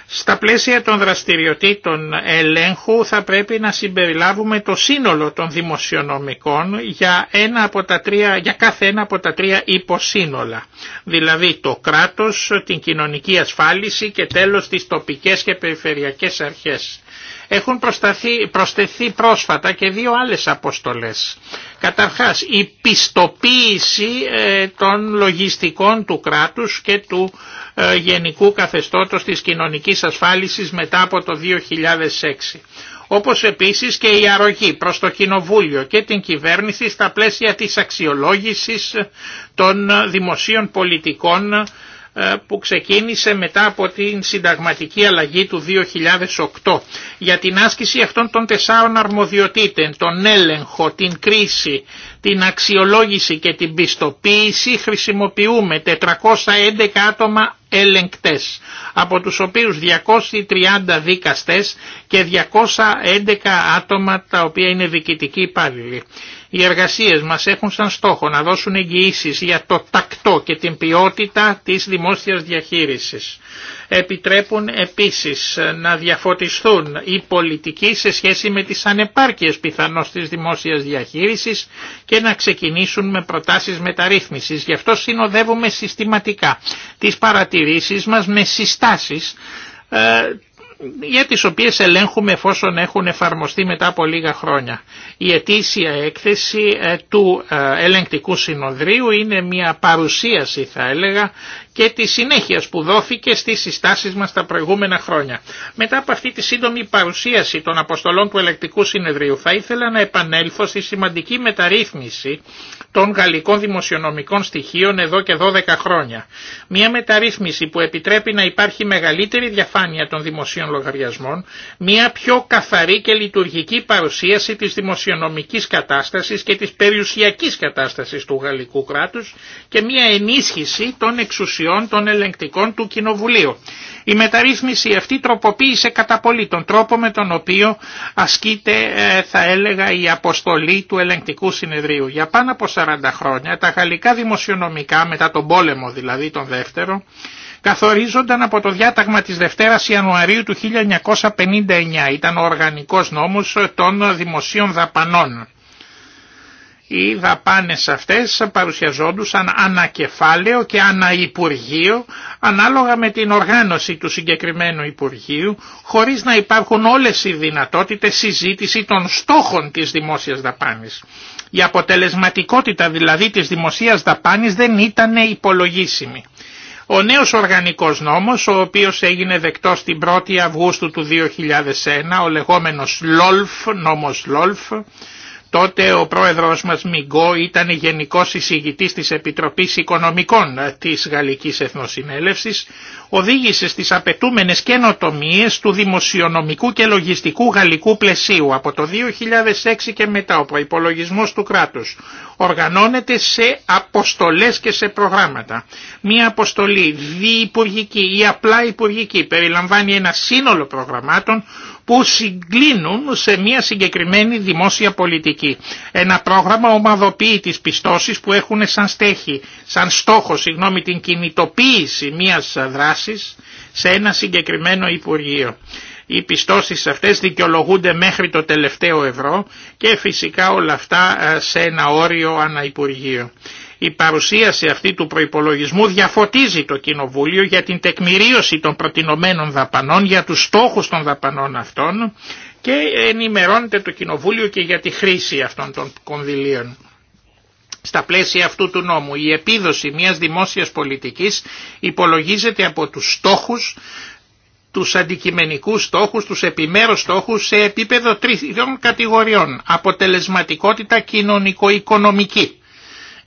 Στα πλαίσια των δραστηριοτήτων ελέγχου θα πρέπει να συμπεριλάβουμε το σύνολο των δημοσιονομικών για, ένα από τα τρία, για κάθε ένα από τα τρία υποσύνολα. Δηλαδή το κράτος, την κοινωνική ασφάλιση και τέλος τις τοπικές και περιφερειακές αρχές. Έχουν προσταθεί, προσθεθεί πρόσφατα και δύο άλλες αποστολές. Καταρχάς η πιστοποίηση ε, των λογιστικών του κράτους και του ε, γενικού καθεστώτος της κοινωνικής ασφάλισης μετά από το 2006 όπως επίσης και η αρρωγή προς το Κοινοβούλιο και την κυβέρνηση στα πλαίσια της αξιολόγησης των δημοσίων πολιτικών ε, που ξεκίνησε μετά από την συνταγματική αλλαγή του 2008 για την άσκηση αυτών των τεσσάρων αρμοδιοτήτων, τον έλεγχο, την κρίση, την αξιολόγηση και την πιστοποίηση χρησιμοποιούμε 411 άτομα ελεγκτές, από τους οποίους 230 δίκαστες και 211 άτομα τα οποία είναι διοικητικοί υπάλληλοι. Οι εργασίες μας έχουν σαν στόχο να δώσουν εγγυήσει για το τακτό και την ποιότητα της δημόσιας διαχείρισης. Επιτρέπουν επίσης να διαφωτιστούν οι πολιτικοί σε σχέση με τις ανεπάρκειες πιθανώς της δημόσιας διαχείρισης και να ξεκινήσουν με προτάσεις μεταρρύθμισης. Γι' αυτό συνοδεύουμε συστηματικά τις παρατηρήσεις μας με συστάσεις ε, για τις οποίες ελέγχουμε εφόσον έχουν εφαρμοστεί μετά από λίγα χρόνια. Η ετήσια έκθεση ε, του ε, ελεγκτικού συνοδρίου είναι μια παρουσίαση θα έλεγα και τη συνέχεια που δόθηκε στις συστάσεις μας τα προηγούμενα χρόνια. Μετά από αυτή τη σύντομη παρουσίαση των αποστολών του Ελεγκτικού συνεδρίου θα ήθελα να επανέλθω στη σημαντική μεταρρύθμιση των γαλλικών δημοσιονομικών στοιχείων εδώ και 12 χρόνια. Μια μεταρρύθμιση που επιτρέπει να υπάρχει μεγαλύτερη διαφάνεια των δημοσίων λογαριασμών, μια πιο καθαρή και λειτουργική παρουσίαση της δημοσιονομικής κατάστασης και της περιουσιακής κατάστασης του γαλλικού κράτους και μια ενίσχυση των εξουσιών των ελεγκτικών του Κοινοβουλίου. Η μεταρρύθμιση αυτή τροποποίησε κατά πολύ τον τρόπο με τον οποίο ασκείται ε, θα έλεγα η αποστολή του ελεγκτικού συνεδρίου. Για πάνω από 40 χρόνια τα γαλλικά δημοσιονομικά μετά τον πόλεμο δηλαδή τον δεύτερο καθορίζονταν από το διάταγμα της Δευτέρας Ιανουαρίου του 1959. Ήταν ο οργανικός νόμος των δημοσίων δαπανών οι δαπάνες αυτές παρουσιαζόντουσαν ανακεφάλαιο και αναυπουργείο ανάλογα με την οργάνωση του συγκεκριμένου Υπουργείου χωρίς να υπάρχουν όλες οι δυνατότητες συζήτηση των στόχων της δημόσιας δαπάνης. Η αποτελεσματικότητα δηλαδή της δημοσίας δαπάνης δεν ήταν υπολογίσιμη. Ο νέος οργανικός νόμος, ο οποίος έγινε δεκτός την 1η Αυγούστου του 2001, ο λεγόμενος Λόλφ, νόμος Λόλφ, Τότε ο πρόεδρος μας Μιγκό ήταν γενικός εισηγητής της Επιτροπής Οικονομικών ε, της Γαλλικής Εθνοσυνέλευσης, οδήγησε στις απαιτούμενες καινοτομίες του δημοσιονομικού και λογιστικού γαλλικού πλαισίου. Από το 2006 και μετά ο προϋπολογισμός του κράτους οργανώνεται σε αποστολές και σε προγράμματα. Μία αποστολή διυπουργική ή απλά υπουργική περιλαμβάνει ένα σύνολο προγραμμάτων που συγκλίνουν σε μια συγκεκριμένη δημόσια πολιτική. Ένα πρόγραμμα ομαδοποιεί τις πιστώσεις που έχουν σαν, στέχη, σαν στόχο συγγνώμη, την κινητοποίηση μιας δράσης σε ένα συγκεκριμένο Υπουργείο. Οι πιστώσεις αυτές δικαιολογούνται μέχρι το τελευταίο ευρώ και φυσικά όλα αυτά ε, σε ένα όριο αναυπουργείο. Η παρουσίαση αυτή του προϋπολογισμού διαφωτίζει το Κοινοβούλιο για την τεκμηρίωση των προτινομένων δαπανών, για τους στόχους των δαπανών αυτών και ενημερώνεται το Κοινοβούλιο και για τη χρήση αυτών των κονδυλίων. Στα πλαίσια αυτού του νόμου η επίδοση μιας δημόσιας πολιτικής υπολογίζεται από τους στόχους, τους αντικειμενικούς στόχους, τους επιμέρους στόχους σε επίπεδο τριών κατηγοριών. Αποτελεσματικότητα κοινωνικο-οικονομική,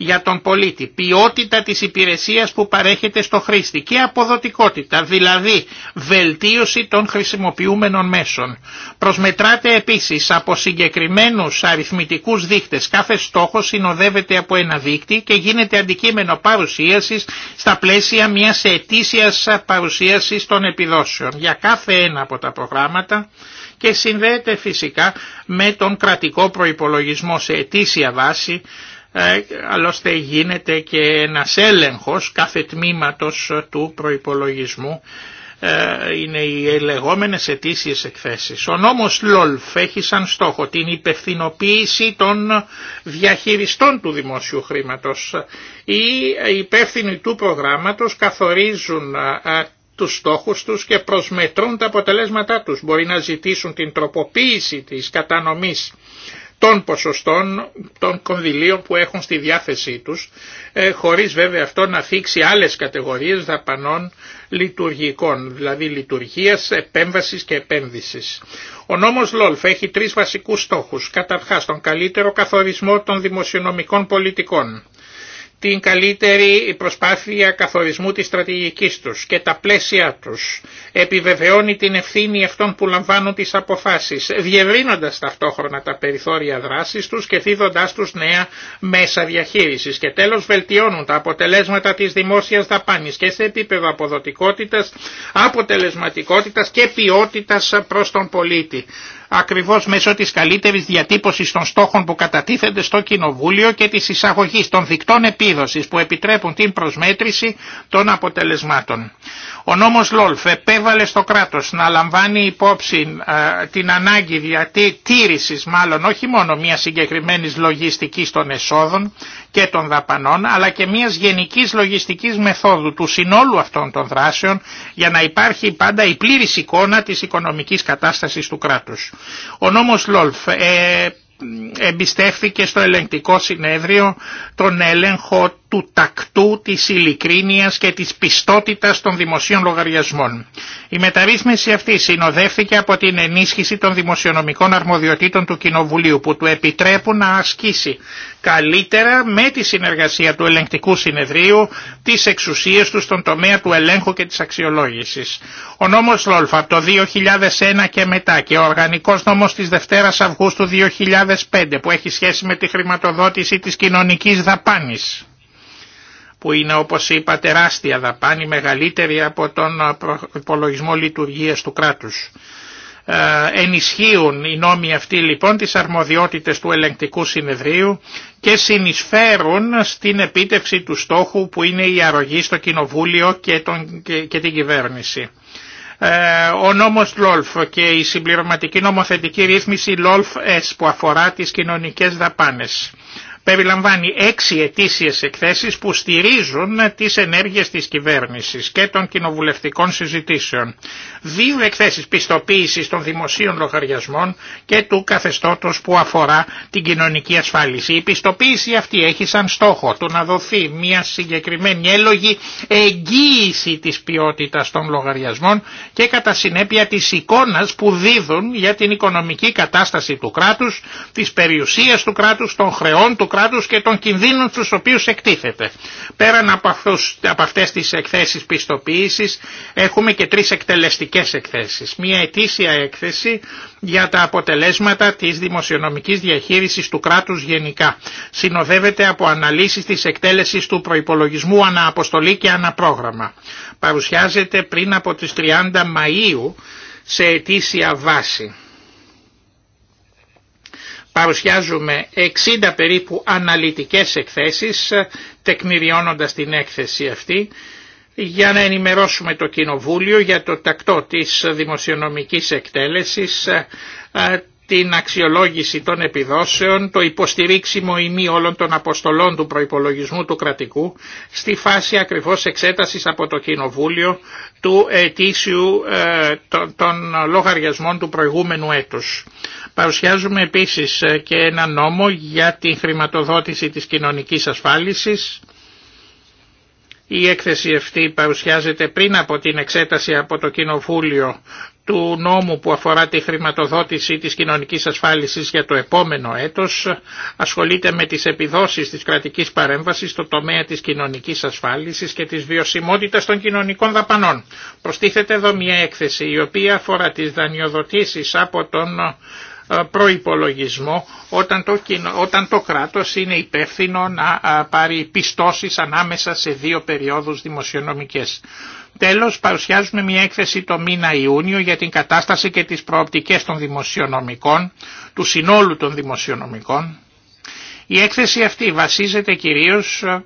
για τον πολίτη, ποιότητα της υπηρεσίας που παρέχεται στο χρήστη και αποδοτικότητα, δηλαδή βελτίωση των χρησιμοποιούμενων μέσων. Προσμετράται επίσης από συγκεκριμένους αριθμητικούς δείκτες. Κάθε στόχος συνοδεύεται από ένα δείκτη και γίνεται αντικείμενο παρουσίασης στα πλαίσια μιας ετήσιας παρουσίασης των επιδόσεων για κάθε ένα από τα προγράμματα και συνδέεται φυσικά με τον κρατικό προϋπολογισμό σε ετήσια βάση ε, άλλωστε γίνεται και ένας έλεγχος κάθε τμήματος του προϋπολογισμού ε, είναι οι λεγόμενες αιτήσει εκθέσεις. Ο νόμος ΛΟΛΦ έχει σαν στόχο την υπευθυνοποίηση των διαχειριστών του δημόσιου χρήματος. Οι υπεύθυνοι του προγράμματος καθορίζουν ε, τους στόχους τους και προσμετρούν τα αποτελέσματά τους. Μπορεί να ζητήσουν την τροποποίηση της κατανομής των ποσοστών των κονδυλίων που έχουν στη διάθεσή τους, ε, χωρίς βέβαια αυτό να θίξει άλλες κατηγορίες δαπανών λειτουργικών, δηλαδή λειτουργίας, επέμβασης και επένδυσης. Ο νόμος Λόλφ έχει τρεις βασικούς στόχους. Καταρχάς τον καλύτερο καθορισμό των δημοσιονομικών πολιτικών την καλύτερη προσπάθεια καθορισμού της στρατηγικής τους και τα πλαίσια τους. Επιβεβαιώνει την ευθύνη αυτών που λαμβάνουν τις αποφάσεις, διευρύνοντας ταυτόχρονα τα περιθώρια δράσης τους και δίδοντάς τους νέα μέσα διαχείρισης. Και τέλος βελτιώνουν τα αποτελέσματα της δημόσιας δαπάνης και σε επίπεδο αποδοτικότητας, αποτελεσματικότητας και ποιότητας προς τον πολίτη ακριβώς μέσω της καλύτερης διατύπωσης των στόχων που κατατίθενται στο Κοινοβούλιο και της εισαγωγής των δικτών επίδοσης που επιτρέπουν την προσμέτρηση των αποτελεσμάτων. Ο νόμος Λόλφ επέβαλε στο κράτος να λαμβάνει υπόψη ε, την ανάγκη διατήρησης μάλλον όχι μόνο μια συγκεκριμένης λογιστικής των εσόδων και των δαπανών αλλά και μιας γενικής λογιστικής μεθόδου του συνόλου αυτών των δράσεων για να υπάρχει πάντα η πλήρης εικόνα της οικονομικής κατάστασης του κράτους. Ο νόμος Λόλφ ε, εμπιστεύθηκε στο ελεγκτικό συνέδριο τον έλεγχο του τακτού, της ειλικρίνειας και της πιστότητας των δημοσίων λογαριασμών. Η μεταρρύθμιση αυτή συνοδεύθηκε από την ενίσχυση των δημοσιονομικών αρμοδιοτήτων του Κοινοβουλίου που του επιτρέπουν να ασκήσει καλύτερα με τη συνεργασία του ελεγκτικού συνεδρίου τις εξουσίες του στον τομέα του ελέγχου και της αξιολόγησης. Ο νόμος Λόλφα από το 2001 και μετά και ο οργανικός νόμος της Δευτέρας Αυγούστου 2000 2005 που έχει σχέση με τη χρηματοδότηση της κοινωνικής δαπάνης που είναι όπως είπα τεράστια δαπάνη, μεγαλύτερη από τον υπολογισμό λειτουργίας του κράτους. Ε, ενισχύουν οι νόμοι αυτοί λοιπόν τις αρμοδιότητες του ελεγκτικού συνεδρίου και συνεισφέρουν στην επίτευξη του στόχου που είναι η αρρωγή στο κοινοβούλιο και, τον, και την κυβέρνηση. Ε, ο νόμος Λόλφ και η συμπληρωματική νομοθετική ρύθμιση Λόλφ ΛΟΛΦ-ΕΣ που αφορά τις κοινωνικές δαπάνες περιλαμβάνει έξι ετήσιες εκθέσεις που στηρίζουν τις ενέργειες της κυβέρνησης και των κοινοβουλευτικών συζητήσεων, δύο εκθέσεις πιστοποίησης των δημοσίων λογαριασμών και του καθεστώτος που αφορά την κοινωνική ασφάλιση. Η πιστοποίηση αυτή έχει σαν στόχο το να δοθεί μια συγκεκριμένη έλογη εγγύηση της ποιότητας των λογαριασμών και κατά συνέπεια της εικόνας που δίδουν για την οικονομική κατάσταση του κράτους, της περιουσίας του κράτους, των χρεών του κράτους και των κινδύνων στους οποίους εκτίθεται. Πέραν από, αυτούς, από αυτές τις εκθέσεις πιστοποίησης έχουμε και τρεις εκτελεστικές εκθέσεις. Μία ετήσια έκθεση για τα αποτελέσματα της δημοσιονομικής διαχείρισης του κράτους γενικά. Συνοδεύεται από αναλύσεις της εκτέλεσης του προϋπολογισμού αναποστολή και αναπρόγραμμα. Παρουσιάζεται πριν από τις 30 Μαΐου σε ετήσια βάση. Παρουσιάζουμε 60 περίπου αναλυτικές εκθέσεις, ε, τεκμηριώνοντας την έκθεση αυτή, για να ενημερώσουμε το Κοινοβούλιο για το τακτό της δημοσιονομικής εκτέλεσης, ε, ε, την αξιολόγηση των επιδόσεων, το υποστηρίξιμο ημί όλων των αποστολών του προϋπολογισμού του κρατικού στη φάση ακριβώς εξέτασης από το Κοινοβούλιο του ετήσιου ε, των, λογαριασμών του προηγούμενου έτους. Παρουσιάζουμε επίσης ε, και ένα νόμο για την χρηματοδότηση της κοινωνικής ασφάλισης. Η έκθεση αυτή παρουσιάζεται πριν από την εξέταση από το Κοινοβούλιο του νόμου που αφορά τη χρηματοδότηση της κοινωνικής ασφάλισης για το επόμενο έτος ασχολείται με τις επιδόσεις της κρατικής παρέμβασης στο τομέα της κοινωνικής ασφάλισης και της βιωσιμότητας των κοινωνικών δαπανών. Προστίθεται εδώ μια έκθεση η οποία αφορά τις δανειοδοτήσεις από τον ε, προϋπολογισμό όταν το, όταν το κράτος είναι υπεύθυνο να πάρει πιστώσεις ανάμεσα σε δύο περιόδους δημοσιονομικές. Τέλος παρουσιάζουμε μια έκθεση το μήνα Ιούνιο για την κατάσταση και τις προοπτικές των δημοσιονομικών, του συνόλου των δημοσιονομικών. Η έκθεση αυτή βασίζεται κυρίως, ε,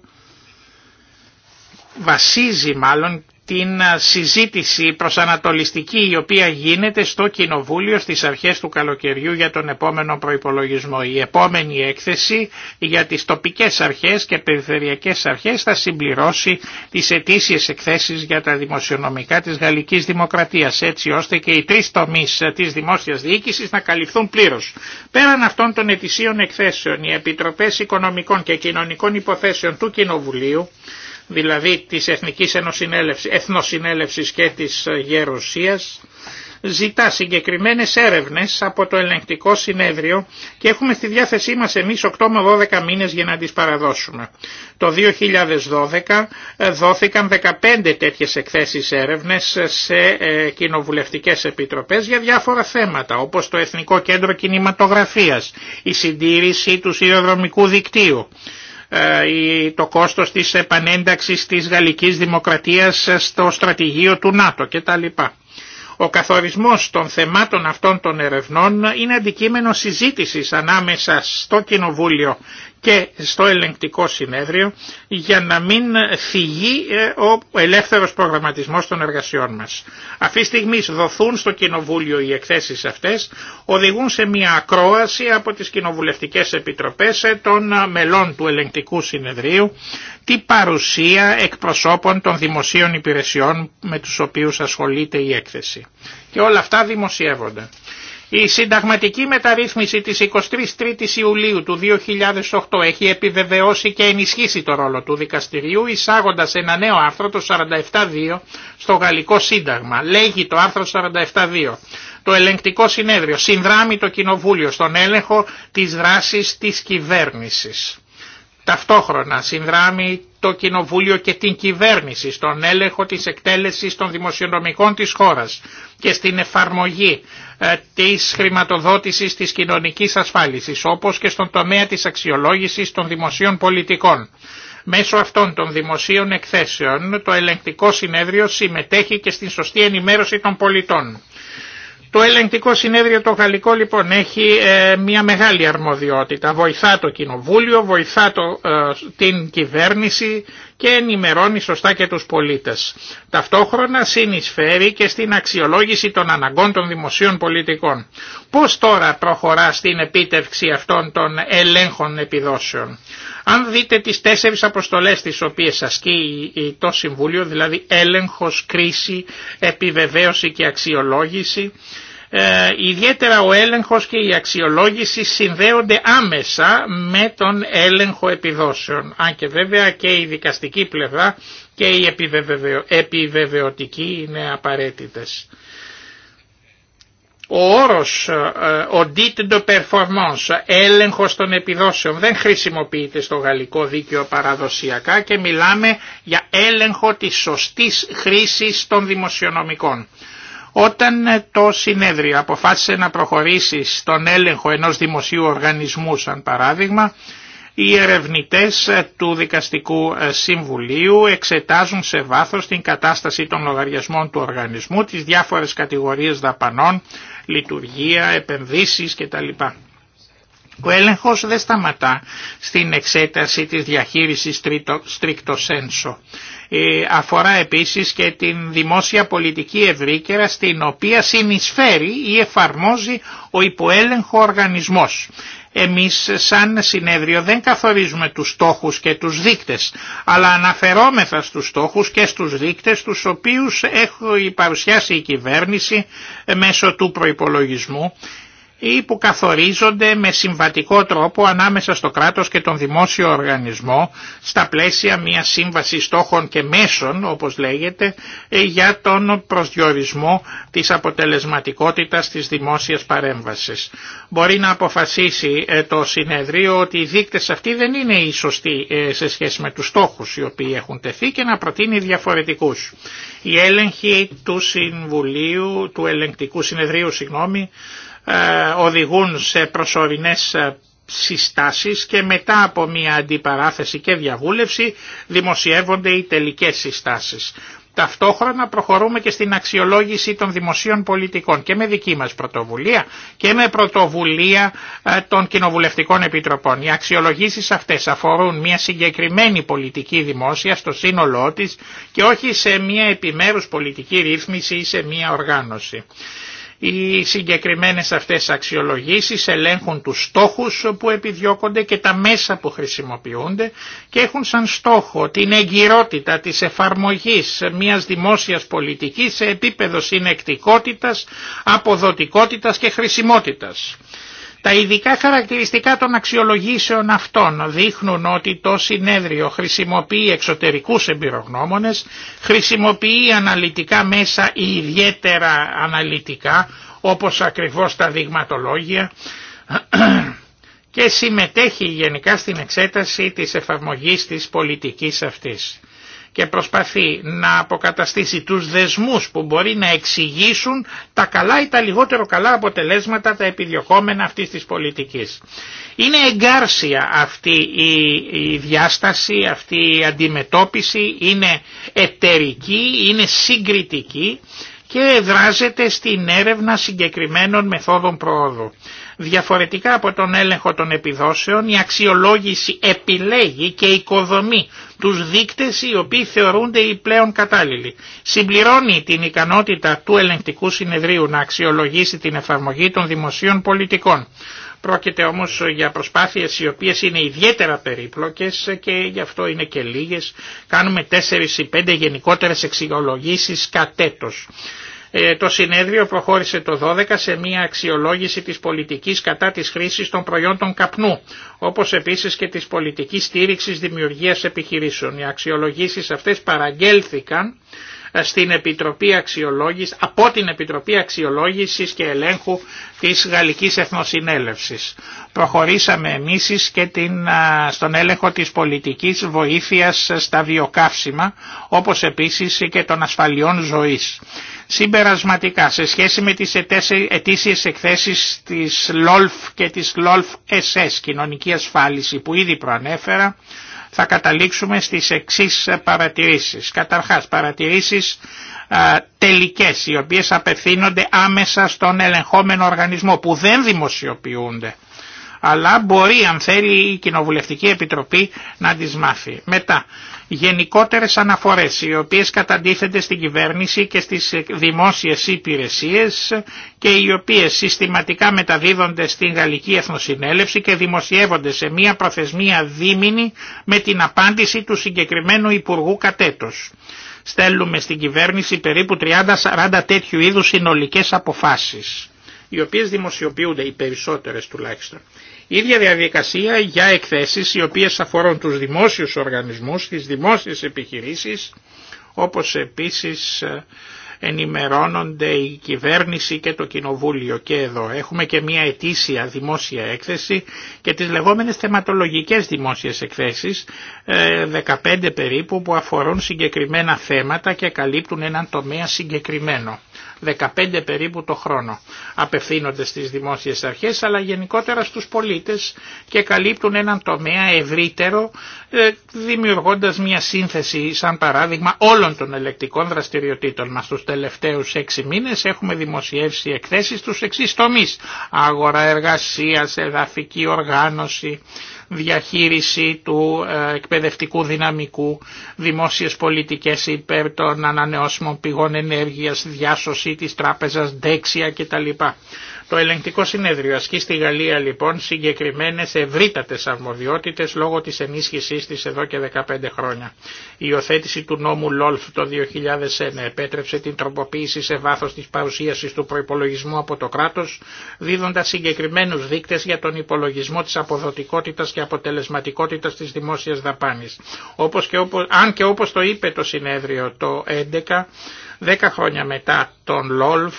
βασίζει μάλλον την συζήτηση προσανατολιστική η οποία γίνεται στο Κοινοβούλιο στις αρχές του καλοκαιριού για τον επόμενο προϋπολογισμό. Η επόμενη έκθεση για τις τοπικές αρχές και περιφερειακές αρχές θα συμπληρώσει τις ετήσιες εκθέσεις για τα δημοσιονομικά της Γαλλικής Δημοκρατίας έτσι ώστε και οι τρεις τομείς ε, της δημόσιας διοίκησης να καλυφθούν πλήρως. Πέραν αυτών των ετησίων εκθέσεων οι Επιτροπές Οικονομικών και Κοινωνικών Υποθέσεων του Κοινοβουλίου δηλαδή της Εθνικής Εθνοσυνέλευσης και της Γερουσίας, ζητά συγκεκριμένες έρευνες από το ελεγκτικό συνέδριο και έχουμε στη διάθεσή μας εμείς 8 με 12 μήνες για να τις παραδώσουμε. Το 2012 ε, δόθηκαν 15 τέτοιες εκθέσεις έρευνες σε ε, κοινοβουλευτικές επιτροπές για διάφορα θέματα όπως το Εθνικό Κέντρο Κινηματογραφίας, η συντήρηση του σιδηροδρομικού δικτύου ε, το κόστος της επανένταξης της γαλλικής δημοκρατίας στο στρατηγείο του ΝΑΤΟ κτλ. Ο καθορισμός των θεμάτων αυτών των ερευνών είναι αντικείμενο συζήτησης ανάμεσα στο Κοινοβούλιο και στο ελεγκτικό συνέδριο για να μην θυγεί ε, ο ελεύθερος προγραμματισμός των εργασιών μας. Αυτή τη στιγμή δοθούν στο Κοινοβούλιο οι εκθέσεις αυτές, οδηγούν σε μια ακρόαση από τις κοινοβουλευτικές επιτροπές ε, των ε, μελών του ελεγκτικού συνεδρίου, τη παρουσία εκπροσώπων των δημοσίων υπηρεσιών με τους οποίους ασχολείται η έκθεση. Και όλα αυτά δημοσιεύονται. Η συνταγματική μεταρρύθμιση της 23 η Ιουλίου του 2008 έχει επιβεβαιώσει και ενισχύσει το ρόλο του δικαστηρίου εισάγοντας ένα νέο άρθρο το 47.2 στο γαλλικό σύνταγμα. Λέγει το άρθρο 47.2. Το ελεγκτικό συνέδριο συνδράμει το κοινοβούλιο στον έλεγχο της δράσης της κυβέρνησης ταυτόχρονα συνδράμει το Κοινοβούλιο και την κυβέρνηση στον έλεγχο της εκτέλεσης των δημοσιονομικών της χώρας και στην εφαρμογή ε, της χρηματοδότησης της κοινωνικής ασφάλισης όπως και στον τομέα της αξιολόγησης των δημοσίων πολιτικών. Μέσω αυτών των δημοσίων εκθέσεων το ελεγκτικό συνέδριο συμμετέχει και στην σωστή ενημέρωση των πολιτών. Το ελεγκτικό συνέδριο το γαλλικό λοιπόν έχει ε, μια μεγάλη αρμοδιότητα. Βοηθά το κοινοβούλιο, βοηθά ε, την κυβέρνηση και ενημερώνει σωστά και τους πολίτες. Ταυτόχρονα συνεισφέρει και στην αξιολόγηση των αναγκών των δημοσίων πολιτικών. Πώς τώρα προχωρά στην επίτευξη αυτών των ελέγχων επιδόσεων. Αν δείτε τις τέσσερις αποστολές τις οποίες ασκεί το Συμβούλιο, δηλαδή έλεγχος, κρίση, επιβεβαίωση και αξιολόγηση, ε, ιδιαίτερα ο έλεγχος και η αξιολόγηση συνδέονται άμεσα με τον έλεγχο επιδόσεων. Αν και βέβαια και η δικαστική πλευρά και η επιβεβαιωτική είναι απαραίτητες. Ο όρος ε, audit de performance, έλεγχος των επιδόσεων, δεν χρησιμοποιείται στο γαλλικό δίκαιο παραδοσιακά και μιλάμε για έλεγχο της σωστής χρήσης των δημοσιονομικών. Όταν ε, το συνέδριο αποφάσισε να προχωρήσει στον έλεγχο ενός δημοσίου οργανισμού σαν παράδειγμα, οι ερευνητές ε, του Δικαστικού ε, Συμβουλίου εξετάζουν σε βάθος την κατάσταση των λογαριασμών του οργανισμού, τις διάφορες κατηγορίες δαπανών, λειτουργία, επενδύσεις κτλ. Ο έλεγχος δεν σταματά στην εξέταση της διαχείρισης στρίκτο σένσο. Ε, αφορά επίσης και την δημόσια πολιτική ευρύκαιρα στην οποία συνεισφέρει ή εφαρμόζει ο υποέλεγχο οργανισμός. Εμείς σαν συνέδριο δεν καθορίζουμε τους στόχους και τους δείκτες, αλλά αναφερόμεθα στους στόχους και στους δείκτες τους οποίους έχει παρουσιάσει η κυβέρνηση ε, μέσω του προϋπολογισμού ή που καθορίζονται με συμβατικό τρόπο ανάμεσα στο κράτος και τον δημόσιο οργανισμό στα πλαίσια μιας σύμβασης στόχων και μέσων, όπως λέγεται, ε, για τον προσδιορισμό της αποτελεσματικότητας της δημόσιας παρέμβασης. Μπορεί να αποφασίσει ε, το συνεδρίο ότι οι δείκτες αυτοί δεν είναι οι σωστοί ε, σε σχέση με τους στόχους οι οποίοι έχουν τεθεί και να προτείνει διαφορετικούς. Η έλεγχη του, Συμβουλίου, του ελεγκτικού συνεδρίου συγγνώμη, ε, οδηγούν σε προσωρινές ε, συστάσεις και μετά από μια αντιπαράθεση και διαβούλευση δημοσιεύονται οι τελικές συστάσεις. Ταυτόχρονα προχωρούμε και στην αξιολόγηση των δημοσίων πολιτικών και με δική μας πρωτοβουλία και με πρωτοβουλία ε, των κοινοβουλευτικών επιτροπών. Οι αξιολογήσεις αυτές αφορούν μια συγκεκριμένη πολιτική δημόσια στο σύνολό της και όχι σε μια επιμέρους πολιτική ρύθμιση ή σε μια οργάνωση. Οι συγκεκριμένες αυτές αξιολογήσεις ελέγχουν τους στόχους που επιδιώκονται και τα μέσα που χρησιμοποιούνται και έχουν σαν στόχο την εγκυρότητα της εφαρμογής μιας δημόσιας πολιτικής σε επίπεδο συνεκτικότητας, αποδοτικότητας και χρησιμότητας. Τα ειδικά χαρακτηριστικά των αξιολογήσεων αυτών δείχνουν ότι το συνέδριο χρησιμοποιεί εξωτερικούς εμπειρογνώμονες, χρησιμοποιεί αναλυτικά μέσα ιδιαίτερα αναλυτικά, όπως ακριβώς τα δειγματολόγια, και συμμετέχει γενικά στην εξέταση της εφαρμογής της πολιτικής αυτής και προσπαθεί να αποκαταστήσει τους δεσμούς που μπορεί να εξηγήσουν τα καλά ή τα λιγότερο καλά αποτελέσματα τα επιδιωχόμενα αυτής της πολιτικής. Είναι εγκάρσια αυτή η διάσταση, αυτή η αντιμετώπιση, είναι εταιρική, είναι συγκριτική και δράζεται στην έρευνα συγκεκριμένων μεθόδων προόδου. Διαφορετικά από τον έλεγχο των επιδόσεων, η αξιολόγηση επιλέγει και οικοδομεί τους δείκτες οι οποίοι θεωρούνται οι πλέον κατάλληλοι. Συμπληρώνει την ικανότητα του ελεγκτικού συνεδρίου να αξιολογήσει την εφαρμογή των δημοσίων πολιτικών. Πρόκειται όμως για προσπάθειες οι οποίες είναι ιδιαίτερα περίπλοκες και γι' αυτό είναι και λίγες. Κάνουμε 4 ή 5 γενικότερες εξηγολογήσεις κατέτος. Ε, το συνέδριο προχώρησε το 12 σε μια αξιολόγηση της πολιτικής κατά της χρήσης των προϊόντων καπνού, όπως επίσης και της πολιτικής στήριξης δημιουργίας επιχειρήσεων. Οι αξιολογήσεις αυτές παραγγέλθηκαν ε, στην Επιτροπή Αξιολόγησης, από την Επιτροπή Αξιολόγησης και Ελέγχου της Γαλλικής Εθνοσυνέλευσης. Προχωρήσαμε εμείς και ε, στον έλεγχο της πολιτικής βοήθειας στα βιοκαύσιμα, όπως επίσης και των ασφαλιών ζωής. Συμπερασματικά, σε σχέση με τις ετήσιες εκθέσεις της LOLF και της LOLF-SS, κοινωνική ασφάλιση, που ήδη προανέφερα, θα καταλήξουμε στις εξής παρατηρήσεις. Καταρχάς, παρατηρήσεις α, τελικές, οι οποίες απευθύνονται άμεσα στον ελεγχόμενο οργανισμό, που δεν δημοσιοποιούνται αλλά μπορεί αν θέλει η Κοινοβουλευτική Επιτροπή να τις μάθει. Μετά, γενικότερες αναφορές οι οποίες καταντίθενται στην κυβέρνηση και στις δημόσιες υπηρεσίες και οι οποίες συστηματικά μεταδίδονται στην Γαλλική Εθνοσυνέλευση και δημοσιεύονται σε μία προθεσμία δίμηνη με την απάντηση του συγκεκριμένου Υπουργού κατέτος. Στέλνουμε στην κυβέρνηση περίπου 30-40 τέτοιου είδους συνολικές αποφάσεις οι οποίες δημοσιοποιούνται οι περισσότερες τουλάχιστον. Η ίδια διαδικασία για εκθέσεις οι οποίες αφορούν τους δημόσιους οργανισμούς, τις δημόσιες επιχειρήσεις, όπως επίσης ε, ενημερώνονται η κυβέρνηση και το κοινοβούλιο και εδώ. Έχουμε και μια ετήσια δημόσια έκθεση και τις λεγόμενες θεματολογικές δημόσιες εκθέσεις, 15 ε, περίπου που αφορούν συγκεκριμένα θέματα και καλύπτουν έναν τομέα συγκεκριμένο. 15 περίπου το χρόνο. Απευθύνονται στις δημόσιες αρχές αλλά γενικότερα στους πολίτες και καλύπτουν έναν τομέα ευρύτερο ε, δημιουργώντας μια σύνθεση σαν παράδειγμα όλων των ελεκτικών δραστηριοτήτων μας. Τους τελευταίους 6 μήνες έχουμε δημοσιεύσει εκθέσεις στους εξής τομείς. Αγορά εργασίας, εδαφική οργάνωση, διαχείριση του ε, εκπαιδευτικού δυναμικού, δημόσιες πολιτικές υπέρ των ανανεώσιμων πηγών ενέργειας, διάσωση της τράπεζας, δέξια κτλ. Το ελεγκτικό συνέδριο ασκεί στη Γαλλία λοιπόν συγκεκριμένες ευρύτατες αρμοδιότητες λόγω της ενίσχυσής της εδώ και 15 χρόνια. Η υιοθέτηση του νόμου ΛΟΛΦ το 2001 επέτρεψε την τροποποίηση σε βάθος της παρουσίασης του προϋπολογισμού από το κράτος, δίδοντας συγκεκριμένους δείκτες για τον υπολογισμό της αποδοτικότητας και αποτελεσματικότητας της δημόσιας δαπάνης. Όπως και αν και όπως το είπε το συνέδριο το 2011, Δέκα χρόνια μετά τον ΛΟΛΦ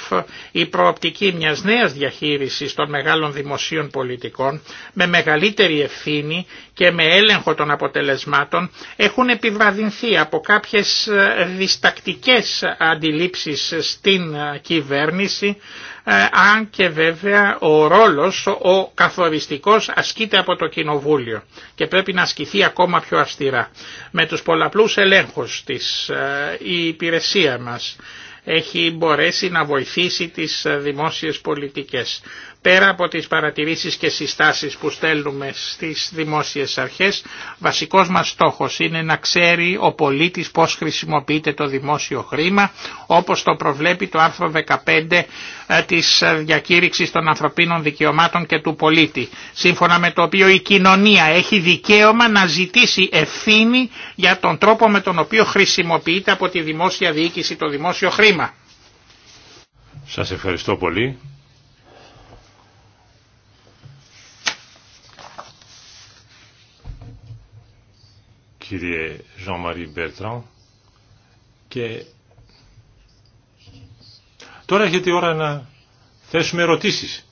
η προοπτική μιας νέας διαχείρισης των μεγάλων δημοσίων πολιτικών με μεγαλύτερη ευθύνη και με έλεγχο των αποτελεσμάτων έχουν επιβραδυνθεί από κάποιες ε, διστακτικές αντιλήψεις στην ε, κυβέρνηση ε, αν και βέβαια ο ρόλος, ο καθοριστικός ασκείται από το Κοινοβούλιο και πρέπει να ασκηθεί ακόμα πιο αυστηρά. Με τους πολλαπλούς ελέγχους της ε, η υπηρεσία μας έχει μπορέσει να βοηθήσει τις ε, δημόσιες πολιτικές. Πέρα από τις παρατηρήσεις και συστάσεις που στέλνουμε στις δημόσιες αρχές, βασικός μας στόχος είναι να ξέρει ο πολίτης πώς χρησιμοποιείται το δημόσιο χρήμα, όπως το προβλέπει το άρθρο 15 ε, της διακήρυξης των ανθρωπίνων δικαιωμάτων και του πολίτη, σύμφωνα με το οποίο η κοινωνία έχει δικαίωμα να ζητήσει ευθύνη για τον τρόπο με τον οποίο χρησιμοποιείται από τη δημόσια διοίκηση το δημόσιο χρήμα. Σας ευχαριστώ πολύ. κύριε Jean-Marie και τώρα έχετε ώρα να θέσουμε ερωτήσεις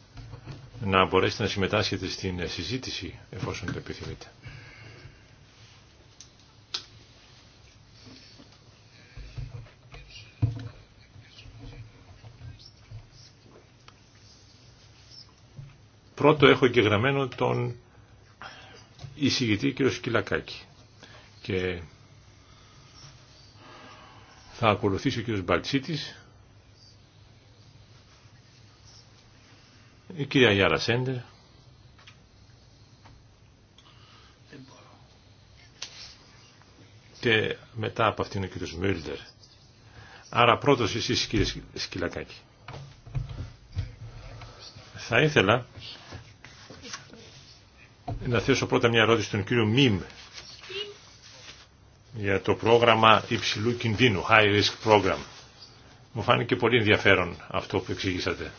να μπορέσετε να συμμετάσχετε στην συζήτηση εφόσον το επιθυμείτε. Πρώτο έχω εγγεγραμμένο τον εισηγητή κ. Σκυλακάκη. Και θα ακολουθήσει ο κύριος Μπαλτσίτης, η κυρία Γιάρα Σέντερ, και μετά από αυτήν ο κύριος Μίλτερ. Άρα πρώτος εσείς κύριε Σκυλακάκη. Θα ήθελα να θέσω πρώτα μια ερώτηση στον κύριο Μιμ για το πρόγραμμα υψηλού κινδύνου, High Risk Program. Μου φάνηκε πολύ ενδιαφέρον αυτό που εξήγησατε.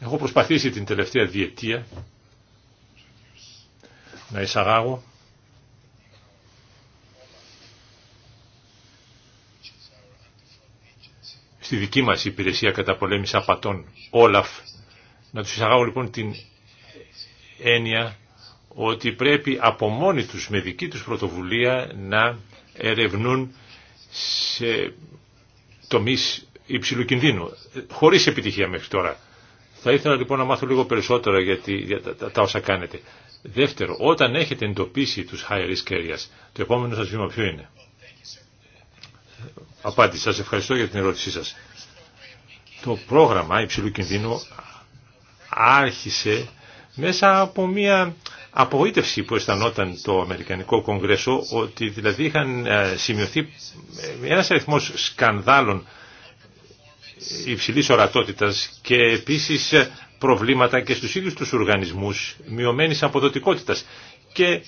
Έχω προσπαθήσει την τελευταία διετία να εισαγάγω στη δική μας υπηρεσία πολέμης απατών, Όλαφ, να τους εισαγάγω λοιπόν την έννοια ότι πρέπει από μόνοι τους με δική τους πρωτοβουλία να ερευνούν σε τομείς υψηλού κινδύνου, χωρίς επιτυχία μέχρι τώρα. Θα ήθελα λοιπόν να μάθω λίγο περισσότερο για, τα, όσα κάνετε. Δεύτερο, όταν έχετε εντοπίσει τους high risk areas, το επόμενο σας βήμα ποιο είναι. Απάντηση, σας ευχαριστώ για την ερώτησή σας. Το πρόγραμμα υψηλού κινδύνου άρχισε μέσα από μια απογοήτευση που αισθανόταν το Αμερικανικό Κογκρέσο ότι δηλαδή είχαν ε, σημειωθεί ένας αριθμός σκανδάλων υψηλής ορατότητας και επίσης ε, προβλήματα και στους ίδιους τους οργανισμούς μειωμένης αποδοτικότητας και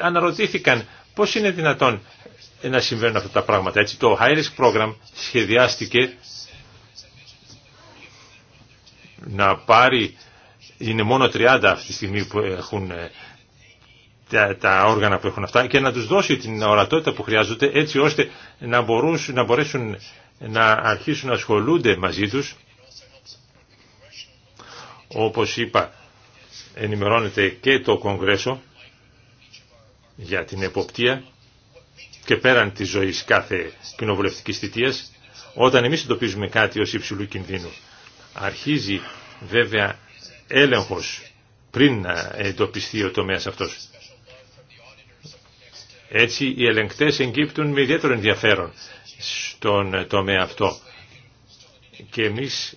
αναρωτήθηκαν πώς είναι δυνατόν να συμβαίνουν αυτά τα πράγματα. Έτσι το High Risk Program σχεδιάστηκε να πάρει είναι μόνο 30 αυτή τη στιγμή που έχουν ε, τα, τα όργανα που έχουν αυτά και να τους δώσει την ορατότητα που χρειάζονται έτσι ώστε να, μπορούν, να μπορέσουν να αρχίσουν να ασχολούνται μαζί τους όπως είπα ενημερώνεται και το Κογκρέσο για την εποπτεία και πέραν της ζωής κάθε κοινοβουλευτικής θητείας όταν εμείς εντοπίζουμε κάτι ως υψηλού κινδύνου αρχίζει βέβαια έλεγχος πριν να εντοπιστεί ο τομέας αυτός. Έτσι οι ελεγκτές εγκύπτουν με ιδιαίτερο ενδιαφέρον στον τομέα αυτό. Και εμείς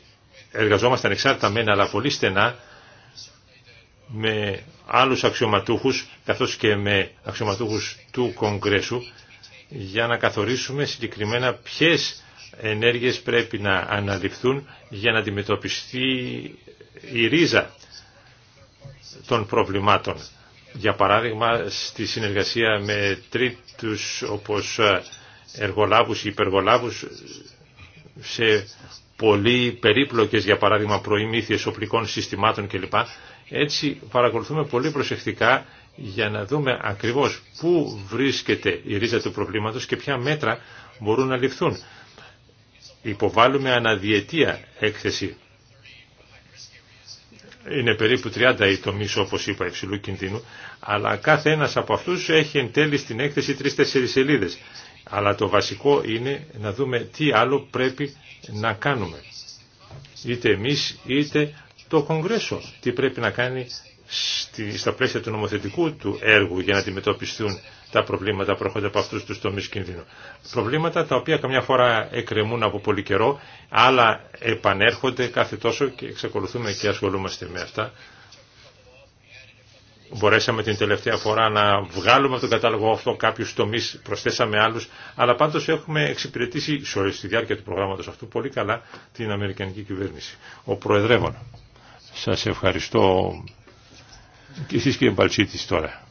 εργαζόμαστε ανεξάρτητα μένα, αλλά πολύ στενά με άλλους αξιωματούχους, καθώς και με αξιωματούχους του Κογκρέσου, για να καθορίσουμε συγκεκριμένα ποιες ενέργειες πρέπει να αναλυφθούν για να αντιμετωπιστεί η ρίζα των προβλημάτων. Για παράδειγμα, στη συνεργασία με τρίτους όπως εργολάβους ή υπεργολάβους σε πολύ περίπλοκες, για παράδειγμα, προημήθειες οπλικών συστημάτων κλπ. Έτσι παρακολουθούμε πολύ προσεκτικά για να δούμε ακριβώς πού βρίσκεται η ρίζα του προβλήματος και ποια μέτρα μπορούν να ληφθούν. Υποβάλλουμε αναδιετία έκθεση είναι περίπου 30 οι τομείς όπως είπα υψηλού κινδύνου, αλλά κάθε ένας από αυτούς έχει εν τέλει στην έκθεση 3-4 σελίδες. Αλλά το βασικό είναι να δούμε τι άλλο πρέπει να κάνουμε. Είτε εμείς είτε το Κογκρέσο. Τι πρέπει να κάνει στα πλαίσια του νομοθετικού του έργου για να αντιμετωπιστούν τα προβλήματα που έρχονται από αυτού του τομεί κινδύνου. Προβλήματα τα οποία καμιά φορά εκκρεμούν από πολύ καιρό, άλλα επανέρχονται κάθε τόσο και εξακολουθούμε και ασχολούμαστε με αυτά. Μπορέσαμε την τελευταία φορά να βγάλουμε από τον κατάλογο αυτό κάποιου τομεί, προσθέσαμε άλλου, αλλά πάντως έχουμε εξυπηρετήσει στη διάρκεια του προγράμματο αυτού πολύ καλά την Αμερικανική κυβέρνηση. Ο Προεδρεύων. Σα ευχαριστώ και εσείς κύριε Μπαλτσίτης τώρα.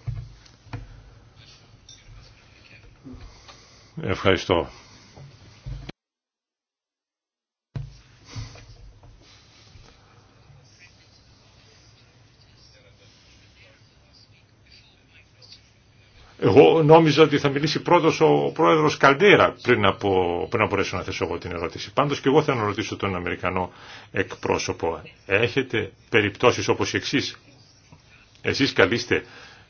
Ευχαριστώ. Εγώ νόμιζα ότι θα μιλήσει πρώτος ο πρόεδρος Καλντέρα πριν, από, πριν να μπορέσω να θέσω εγώ την ερώτηση. Πάντως και εγώ θέλω να ρωτήσω τον Αμερικανό εκπρόσωπο. Έχετε περιπτώσεις όπως εξή. εξής. Εσείς καλείστε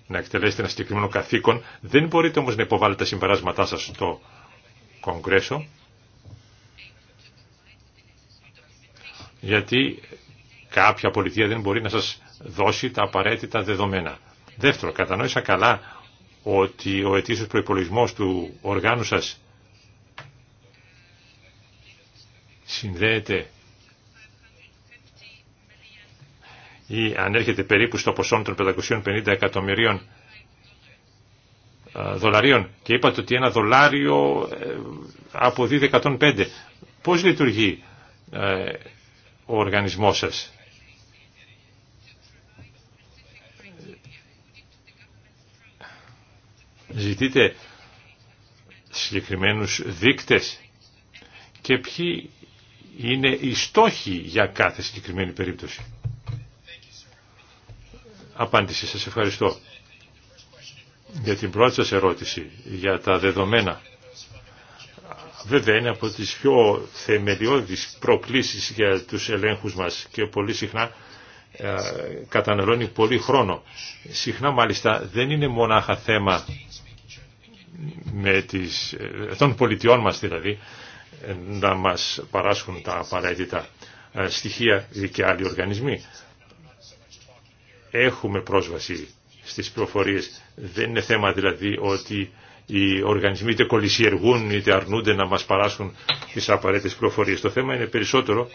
να εκτελέσετε ένα συγκεκριμένο καθήκον. Δεν μπορείτε όμως να υποβάλλετε τα συμπεράσματά σας στο Κογκρέσο, γιατί κάποια πολιτεία δεν μπορεί να σας δώσει τα απαραίτητα δεδομένα. Δεύτερο, κατανόησα καλά ότι ο ετήσιος προϋπολογισμός του οργάνου σας συνδέεται ή αν έρχεται περίπου στο ποσό των 550 εκατομμυρίων ε, δολαρίων και είπατε ότι ένα δολάριο ε, αποδίδει 105. Πώς λειτουργεί ε, ο οργανισμός σας. Ζητείτε συγκεκριμένους δείκτες και ποιοι είναι οι στόχοι για κάθε συγκεκριμένη περίπτωση απάντηση. Σας ευχαριστώ για την πρώτη σας ερώτηση για τα δεδομένα. Βέβαια είναι από τις πιο θεμελιώδεις προκλήσεις για τους ελέγχους μας και πολύ συχνά ε, καταναλώνει πολύ χρόνο. Συχνά μάλιστα δεν είναι μονάχα θέμα με τις, ε, των πολιτιών μας δηλαδή να μας παράσχουν τα απαραίτητα ε, στοιχεία και άλλοι οργανισμοί έχουμε πρόσβαση στις πληροφορίες. Δεν είναι θέμα δηλαδή ότι οι οργανισμοί είτε κολυσιεργούν είτε αρνούνται να μας παράσχουν τις απαραίτητες πληροφορίες. Το θέμα είναι περισσότερο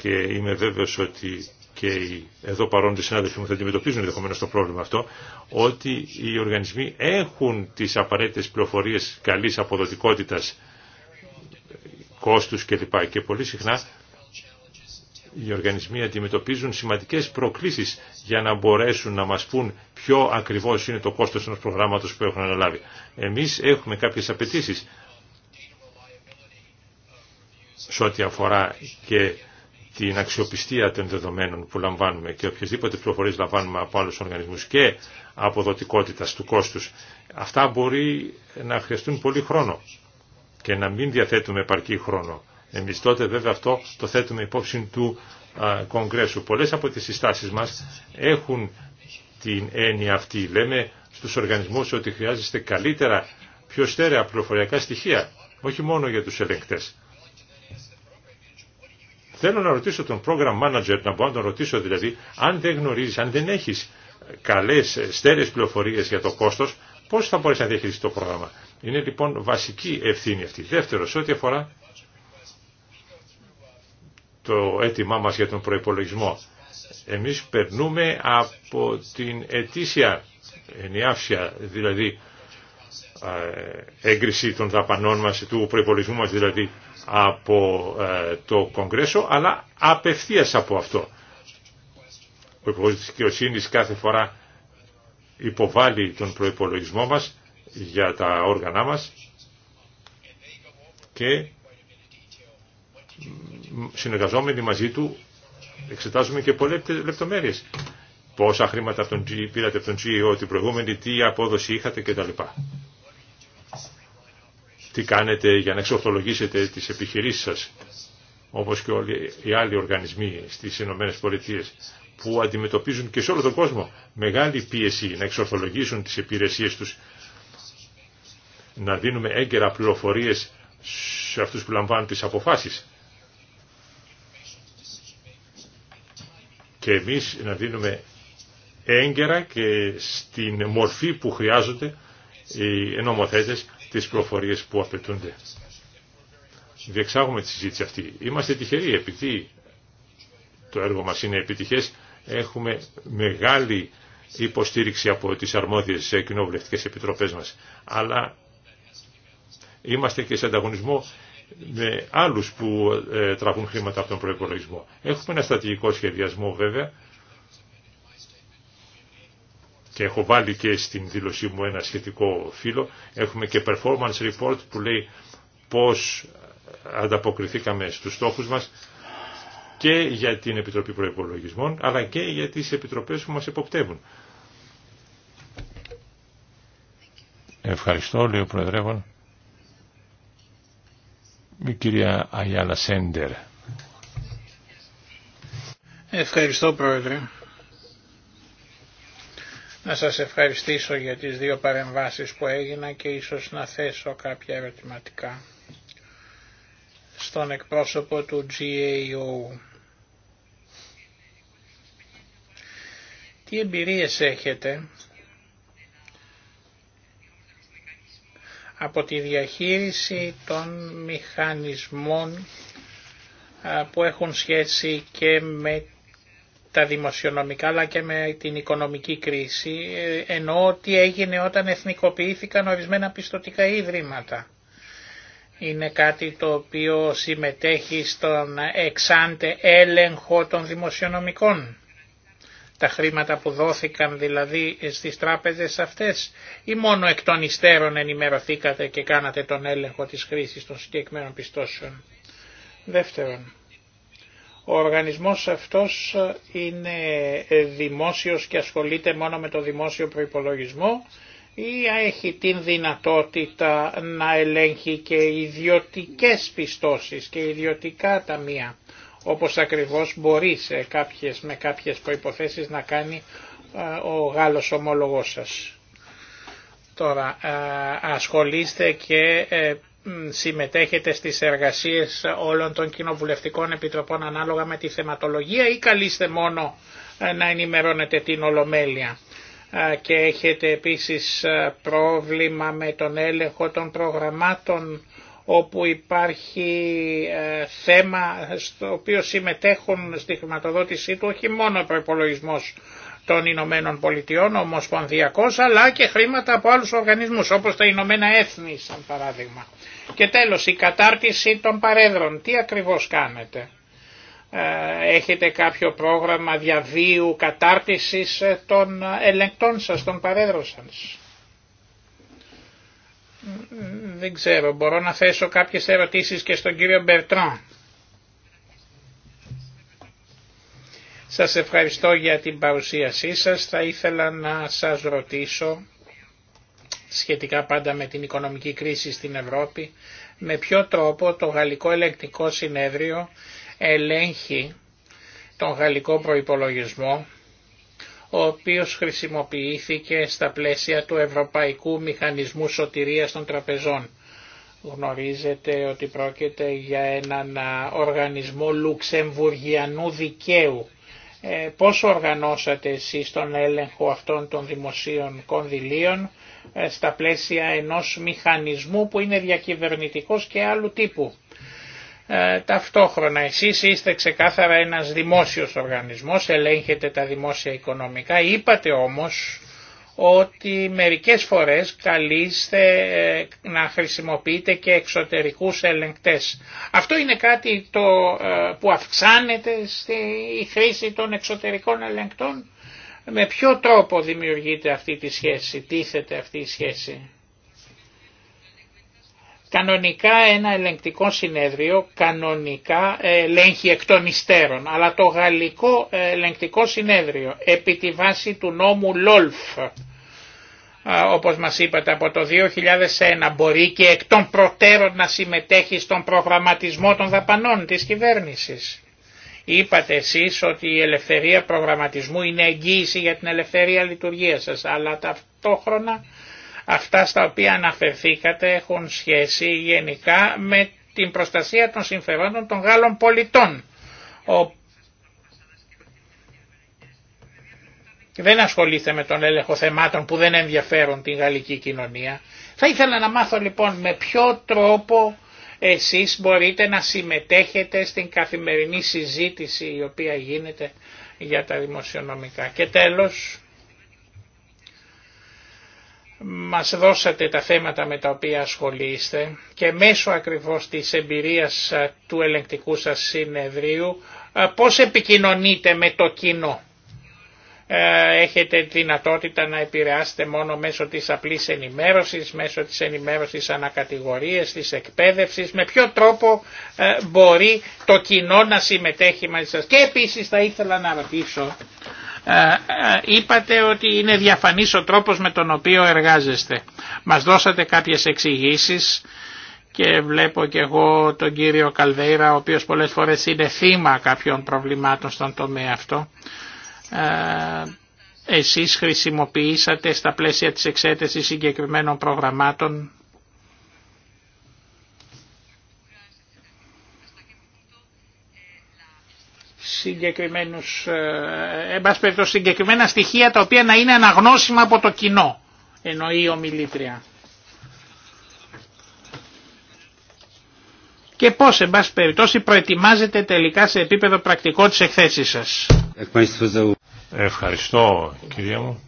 και είμαι βέβαιος ότι και οι εδώ παρόντες συνάδελφοι μου θα αντιμετωπίζουν ενδεχομένω το πρόβλημα αυτό, ότι οι οργανισμοί έχουν τις απαραίτητες πληροφορίες καλής αποδοτικότητας, κόστους κλπ. Και πολύ συχνά οι οργανισμοί αντιμετωπίζουν σημαντικές προκλήσεις για να μπορέσουν να μας πούν ποιο ακριβώς είναι το κόστος ενός προγράμματος που έχουν αναλάβει. Εμείς έχουμε κάποιες απαιτήσεις σε ό,τι αφορά και την αξιοπιστία των δεδομένων που λαμβάνουμε και οποιασδήποτε πληροφορίες λαμβάνουμε από άλλους οργανισμούς και αποδοτικότητας του κόστους. Αυτά μπορεί να χρειαστούν πολύ χρόνο και να μην διαθέτουμε επαρκή χρόνο εμείς τότε βέβαια αυτό το θέτουμε υπόψη του Κογκρέσου. Πολλές από τις συστάσεις μας έχουν την έννοια αυτή. Λέμε στους οργανισμούς ότι χρειάζεστε καλύτερα, πιο στέρεα πληροφοριακά στοιχεία, όχι μόνο για τους ελεγκτές. Θέλω να ρωτήσω τον program manager, να μπορώ να τον ρωτήσω δηλαδή, αν δεν γνωρίζεις, αν δεν έχεις καλές, στέρεες πληροφορίες για το κόστος, πώς θα μπορείς να διαχειριστεί το πρόγραμμα. Είναι λοιπόν βασική ευθύνη αυτή. Δεύτερο, σε ό,τι αφορά το έτοιμά μας για τον προϋπολογισμό. Εμείς περνούμε από την ετήσια ενιάυσια, δηλαδή έγκριση των δαπανών μας, του προϋπολογισμού μας δηλαδή από το Κογκρέσο, αλλά απευθείας από αυτό. Ο Υπουργός της κάθε φορά υποβάλλει τον προϋπολογισμό μας για τα όργανα μας και συνεργαζόμενοι μαζί του εξετάζουμε και πολλές λεπτομέρειες. Πόσα χρήματα τον πήρατε από τον CEO την προηγούμενη, τι απόδοση είχατε κτλ. Τι κάνετε για να εξορθολογήσετε τις επιχειρήσεις σας, όπως και όλοι οι άλλοι οργανισμοί στις ΗΠΑ που αντιμετωπίζουν και σε όλο τον κόσμο μεγάλη πίεση να εξορθολογήσουν τις υπηρεσίες τους, να δίνουμε έγκαιρα πληροφορίες σε αυτούς που λαμβάνουν τις αποφάσεις και εμείς να δίνουμε έγκαιρα και στην μορφή που χρειάζονται οι νομοθέτες τις προφορίες που απαιτούνται. Διεξάγουμε τη συζήτηση αυτή. Είμαστε τυχεροί επειδή το έργο μας είναι επιτυχές. Έχουμε μεγάλη υποστήριξη από τις αρμόδιες κοινοβουλευτικές επιτροπές μας. Αλλά είμαστε και σε ανταγωνισμό με άλλους που ε, τραβούν χρήματα από τον προϋπολογισμό. Έχουμε ένα στρατηγικό σχεδιασμό βέβαια και έχω βάλει και στην δήλωσή μου ένα σχετικό φύλλο. Έχουμε και performance report που λέει πώς ανταποκριθήκαμε στους στόχους μας και για την Επιτροπή Προϋπολογισμών αλλά και για τις επιτροπές που μας εποπτεύουν. Ευχαριστώ, λέει ο Προεδρεύων. Η κυρία Αγιάλα Σέντερ. Ευχαριστώ Πρόεδρε. Να σας ευχαριστήσω για τις δύο παρεμβάσεις που έγινα και ίσως να θέσω κάποια ερωτηματικά στον εκπρόσωπο του GAO. Τι εμπειρίες έχετε από τη διαχείριση των μηχανισμών που έχουν σχέση και με τα δημοσιονομικά αλλά και με την οικονομική κρίση. Ε, ενώ τι έγινε όταν εθνικοποιήθηκαν ορισμένα πιστοτικά ίδρυματα. Είναι κάτι το οποίο συμμετέχει στον εξάντε έλεγχο των δημοσιονομικών τα χρήματα που δόθηκαν δηλαδή στις τράπεζες αυτές ή μόνο εκ των υστέρων ενημερωθήκατε και κάνατε τον έλεγχο της χρήσης των συγκεκριμένων πιστώσεων. Δεύτερον, ο οργανισμός αυτός είναι δημόσιος και ασχολείται μόνο με το δημόσιο προϋπολογισμό ή έχει την δυνατότητα να ελέγχει και ιδιωτικές πιστώσεις και ιδιωτικά ταμεία όπως ακριβώς μπορεί σε κάποιες, με κάποιες προϋποθέσεις να κάνει ε, ο Γάλλος ομόλογός σας. Τώρα, ε, ασχολείστε και ε, συμμετέχετε στις εργασίες όλων των κοινοβουλευτικών επιτροπών ανάλογα με τη θεματολογία ή καλείστε μόνο να ενημερώνετε την Ολομέλεια. Και έχετε επίσης πρόβλημα με τον έλεγχο των προγραμμάτων όπου υπάρχει ε, θέμα στο οποίο συμμετέχουν στη χρηματοδότησή του όχι μόνο ο προπολογισμό των Ηνωμένων Πολιτειών, ομοσπονδιακός, αλλά και χρήματα από άλλους οργανισμούς, όπως τα Ηνωμένα Έθνη, σαν παράδειγμα. Και τέλος, η κατάρτιση των παρέδρων. Τι ακριβώς κάνετε. Ε, έχετε κάποιο πρόγραμμα διαβίου κατάρτισης ε, των ελεγκτών σας, των παρέδρων σας. Δεν ξέρω, μπορώ να θέσω κάποιες ερωτήσεις και στον κύριο Μπερτρόν. Σας ευχαριστώ για την παρουσίασή σας. Θα ήθελα να σας ρωτήσω σχετικά πάντα με την οικονομική κρίση στην Ευρώπη, με ποιο τρόπο το Γαλλικό Ελεκτικό Συνέδριο ελέγχει τον γαλλικό προϋπολογισμό ο οποίος χρησιμοποιήθηκε στα πλαίσια του Ευρωπαϊκού Μηχανισμού Σωτηρίας των Τραπεζών. Γνωρίζετε ότι πρόκειται για έναν οργανισμό λουξεμβουργιανού δικαίου. Ε, πώς οργανώσατε εσείς τον έλεγχο αυτών των δημοσίων κονδυλίων ε, στα πλαίσια ενός μηχανισμού που είναι διακυβερνητικός και άλλου τύπου. Ε, ταυτόχρονα εσείς είστε ξεκάθαρα ένας δημόσιος οργανισμός, ελέγχετε τα δημόσια οικονομικά, είπατε όμως ότι μερικές φορές καλείστε ε, να χρησιμοποιείτε και εξωτερικούς ελεγκτές. Αυτό είναι κάτι το, ε, που αυξάνεται στη χρήση των εξωτερικών ελεγκτών. Με ποιο τρόπο δημιουργείται αυτή τη σχέση, τίθεται αυτή η σχέση. Κανονικά ένα ελεγκτικό συνέδριο κανονικά ε, ελέγχει εκ των υστέρων, αλλά το γαλλικό ε, ελεγκτικό συνέδριο επί τη βάση του νόμου Λόλφ, ε, όπως μας είπατε από το 2001, μπορεί και εκ των προτέρων να συμμετέχει στον προγραμματισμό των δαπανών της κυβέρνησης. Είπατε εσείς ότι η ελευθερία προγραμματισμού είναι εγγύηση για την ελευθερία λειτουργία σας, αλλά ταυτόχρονα Αυτά στα οποία αναφερθήκατε έχουν σχέση γενικά με την προστασία των συμφερόντων των Γάλλων πολιτών. Ο... Δεν ασχολείστε με τον έλεγχο θεμάτων που δεν ενδιαφέρουν την γαλλική κοινωνία. Θα ήθελα να μάθω λοιπόν με ποιο τρόπο εσείς μπορείτε να συμμετέχετε στην καθημερινή συζήτηση η οποία γίνεται για τα δημοσιονομικά. Και τέλος, μας δώσατε τα θέματα με τα οποία ασχολείστε και μέσω ακριβώς της εμπειρίας ε, του ελεγκτικού σας συνεδρίου ε, πώς επικοινωνείτε με το κοινό. Ε, έχετε δυνατότητα να επηρεάσετε μόνο μέσω της απλής ενημέρωσης, μέσω της ενημέρωσης ανακατηγορίες, της εκπαίδευσης, με ποιο τρόπο μπορεί το κοινό να συμμετέχει μαζί σας. Και επίσης θα ήθελα να ρωτήσω ε, ε, είπατε ότι είναι διαφανής ο τρόπος με τον οποίο εργάζεστε. Μας δώσατε κάποιες εξηγήσει και βλέπω και εγώ τον κύριο Καλδέιρα ο οποίος πολλές φορές είναι θύμα κάποιων προβλημάτων στον τομέα αυτό. Ε, εσείς χρησιμοποιήσατε στα πλαίσια της εξέτασης συγκεκριμένων προγραμμάτων συγκεκριμένους, ε, συγκεκριμένα στοιχεία τα οποία να είναι αναγνώσιμα από το κοινό, εννοεί η ομιλήτρια. Και πώς, εν πάση περιπτώσει, προετοιμάζετε τελικά σε επίπεδο πρακτικό τις εκθέσεις σας. Ευχαριστώ, κυρία μου.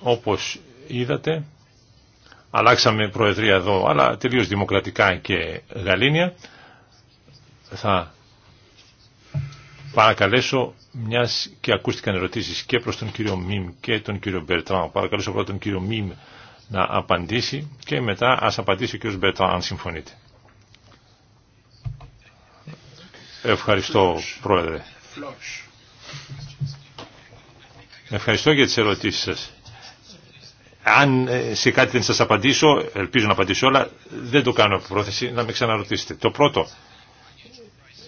Όπως είδατε, αλλάξαμε προεδρία εδώ, αλλά τελείως δημοκρατικά και γαλήνια θα παρακαλέσω, μιας και ακούστηκαν ερωτήσεις και προς τον κύριο Μιμ και τον κύριο Μπερτράν, παρακαλέσω πρώτα τον κύριο Μιμ να απαντήσει και μετά ας απαντήσει ο κύριος Μπερτράν αν συμφωνείτε. Ευχαριστώ πρόεδρε. Ευχαριστώ για τις ερωτήσεις σας. Αν ε, σε κάτι δεν σας απαντήσω, ελπίζω να απαντήσω όλα, δεν το κάνω από πρόθεση να με ξαναρωτήσετε. Το πρώτο,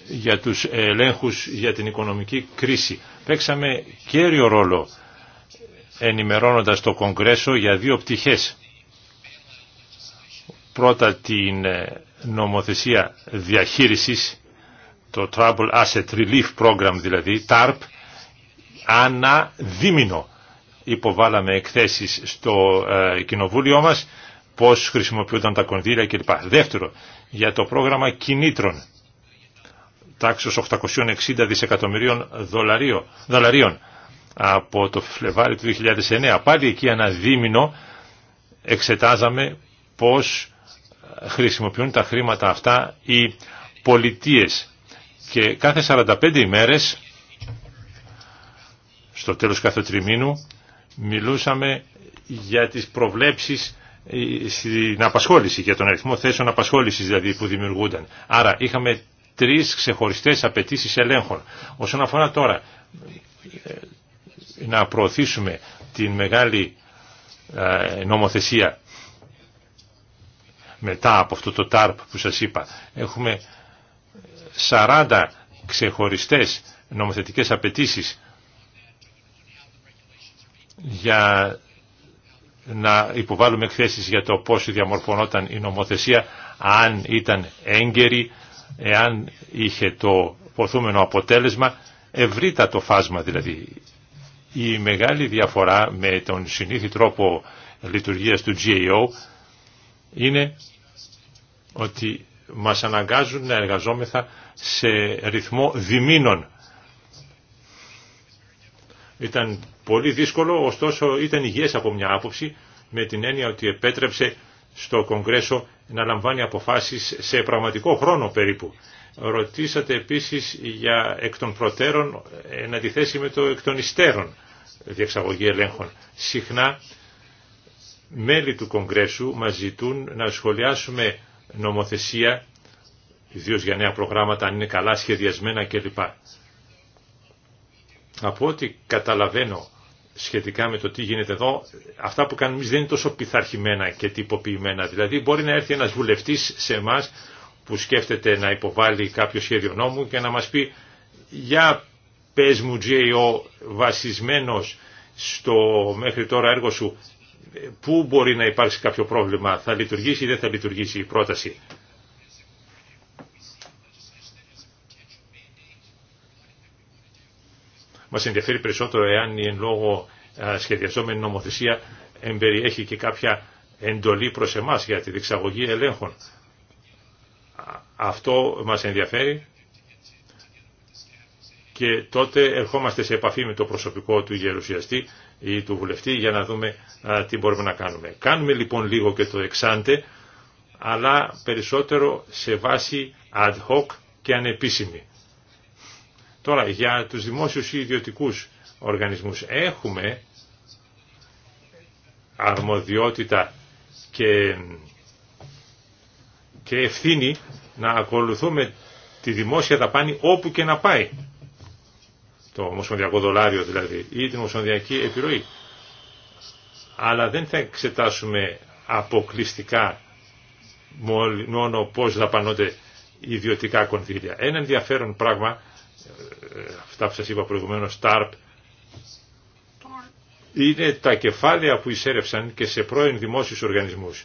για τους ελέγχους για την οικονομική κρίση. Παίξαμε κέριο ρόλο ενημερώνοντας το Κογκρέσο για δύο πτυχές. Πρώτα την νομοθεσία διαχείρισης, το Trouble Asset Relief Program δηλαδή, TARP, ανά δίμηνο υποβάλαμε εκθέσεις στο ε, κοινοβούλιο μας, πώς χρησιμοποιούνταν τα κονδύλια κλπ. Δεύτερο, για το πρόγραμμα κινήτρων τάξος 860 δισεκατομμυρίων δολαρίων από το Φλεβάρι του 2009. Πάλι εκεί ένα δίμηνο εξετάζαμε πώς χρησιμοποιούν τα χρήματα αυτά οι πολιτείες. Και κάθε 45 ημέρες, στο τέλος κάθε τριμήνου, μιλούσαμε για τις προβλέψεις ε, στην απασχόληση, για τον αριθμό θέσεων απασχόλησης δηλαδή που δημιουργούνταν. Άρα είχαμε τρεις ξεχωριστές απαιτήσεις ελέγχων. Όσον αφορά τώρα ε, να προωθήσουμε την μεγάλη ε, νομοθεσία μετά από αυτό το ΤΑΡΠ που σας είπα, έχουμε 40 ξεχωριστές νομοθετικές απαιτήσεις για να υποβάλουμε εκθέσεις για το πώς διαμορφωνόταν η νομοθεσία, αν ήταν έγκαιρη, εάν είχε το ποθούμενο αποτέλεσμα το φάσμα δηλαδή. Η μεγάλη διαφορά με τον συνήθι τρόπο λειτουργίας του GAO είναι ότι μας αναγκάζουν να εργαζόμεθα σε ρυθμό διμήνων. Ήταν πολύ δύσκολο, ωστόσο ήταν υγιές από μια άποψη, με την έννοια ότι επέτρεψε στο Κογκρέσο να λαμβάνει αποφάσεις σε πραγματικό χρόνο περίπου. Ρωτήσατε επίσης για εκ των προτέρων ε, εν αντιθέσει με το εκ των υστέρων διεξαγωγή ελέγχων. Συχνά μέλη του Κογκρέσου μας ζητούν να σχολιάσουμε νομοθεσία, ιδίως για νέα προγράμματα, αν είναι καλά σχεδιασμένα κλπ. Από ό,τι καταλαβαίνω σχετικά με το τι γίνεται εδώ, αυτά που κάνουμε δεν είναι τόσο πειθαρχημένα και τυποποιημένα. Δηλαδή μπορεί να έρθει ένας βουλευτής σε εμά που σκέφτεται να υποβάλει κάποιο σχέδιο νόμου και να μας πει για πες μου GAO βασισμένος στο μέχρι τώρα έργο σου πού μπορεί να υπάρξει κάποιο πρόβλημα, θα λειτουργήσει ή δεν θα λειτουργήσει η πρόταση. Μας ενδιαφέρει περισσότερο εάν η εν λόγω σχεδιαζόμενη νομοθεσία εμπεριέχει και κάποια εντολή προς εμάς για τη διεξαγωγή ελέγχων. Αυτό μας ενδιαφέρει και τότε ερχόμαστε σε επαφή με το προσωπικό του γερουσιαστή ή του βουλευτή για να δούμε τι μπορούμε να κάνουμε. Κάνουμε λοιπόν λίγο και το εξάντε, αλλά περισσότερο σε βάση ad hoc και ανεπίσημη. Τώρα, για τους δημόσιους ή ιδιωτικούς οργανισμούς έχουμε αρμοδιότητα και, και ευθύνη να ακολουθούμε τη δημόσια δαπάνη όπου και να πάει. Το ομοσπονδιακό δολάριο δηλαδή ή την ομοσπονδιακή επιρροή. Αλλά δεν θα εξετάσουμε αποκλειστικά μόνο πώς δαπανώνται ιδιωτικά κονδύλια. Ένα ενδιαφέρον πράγμα ε, αυτά που σας είπα προηγουμένως, ΤΑΡΠ είναι τα κεφάλαια που εισέρευσαν και σε πρώην δημόσιους οργανισμούς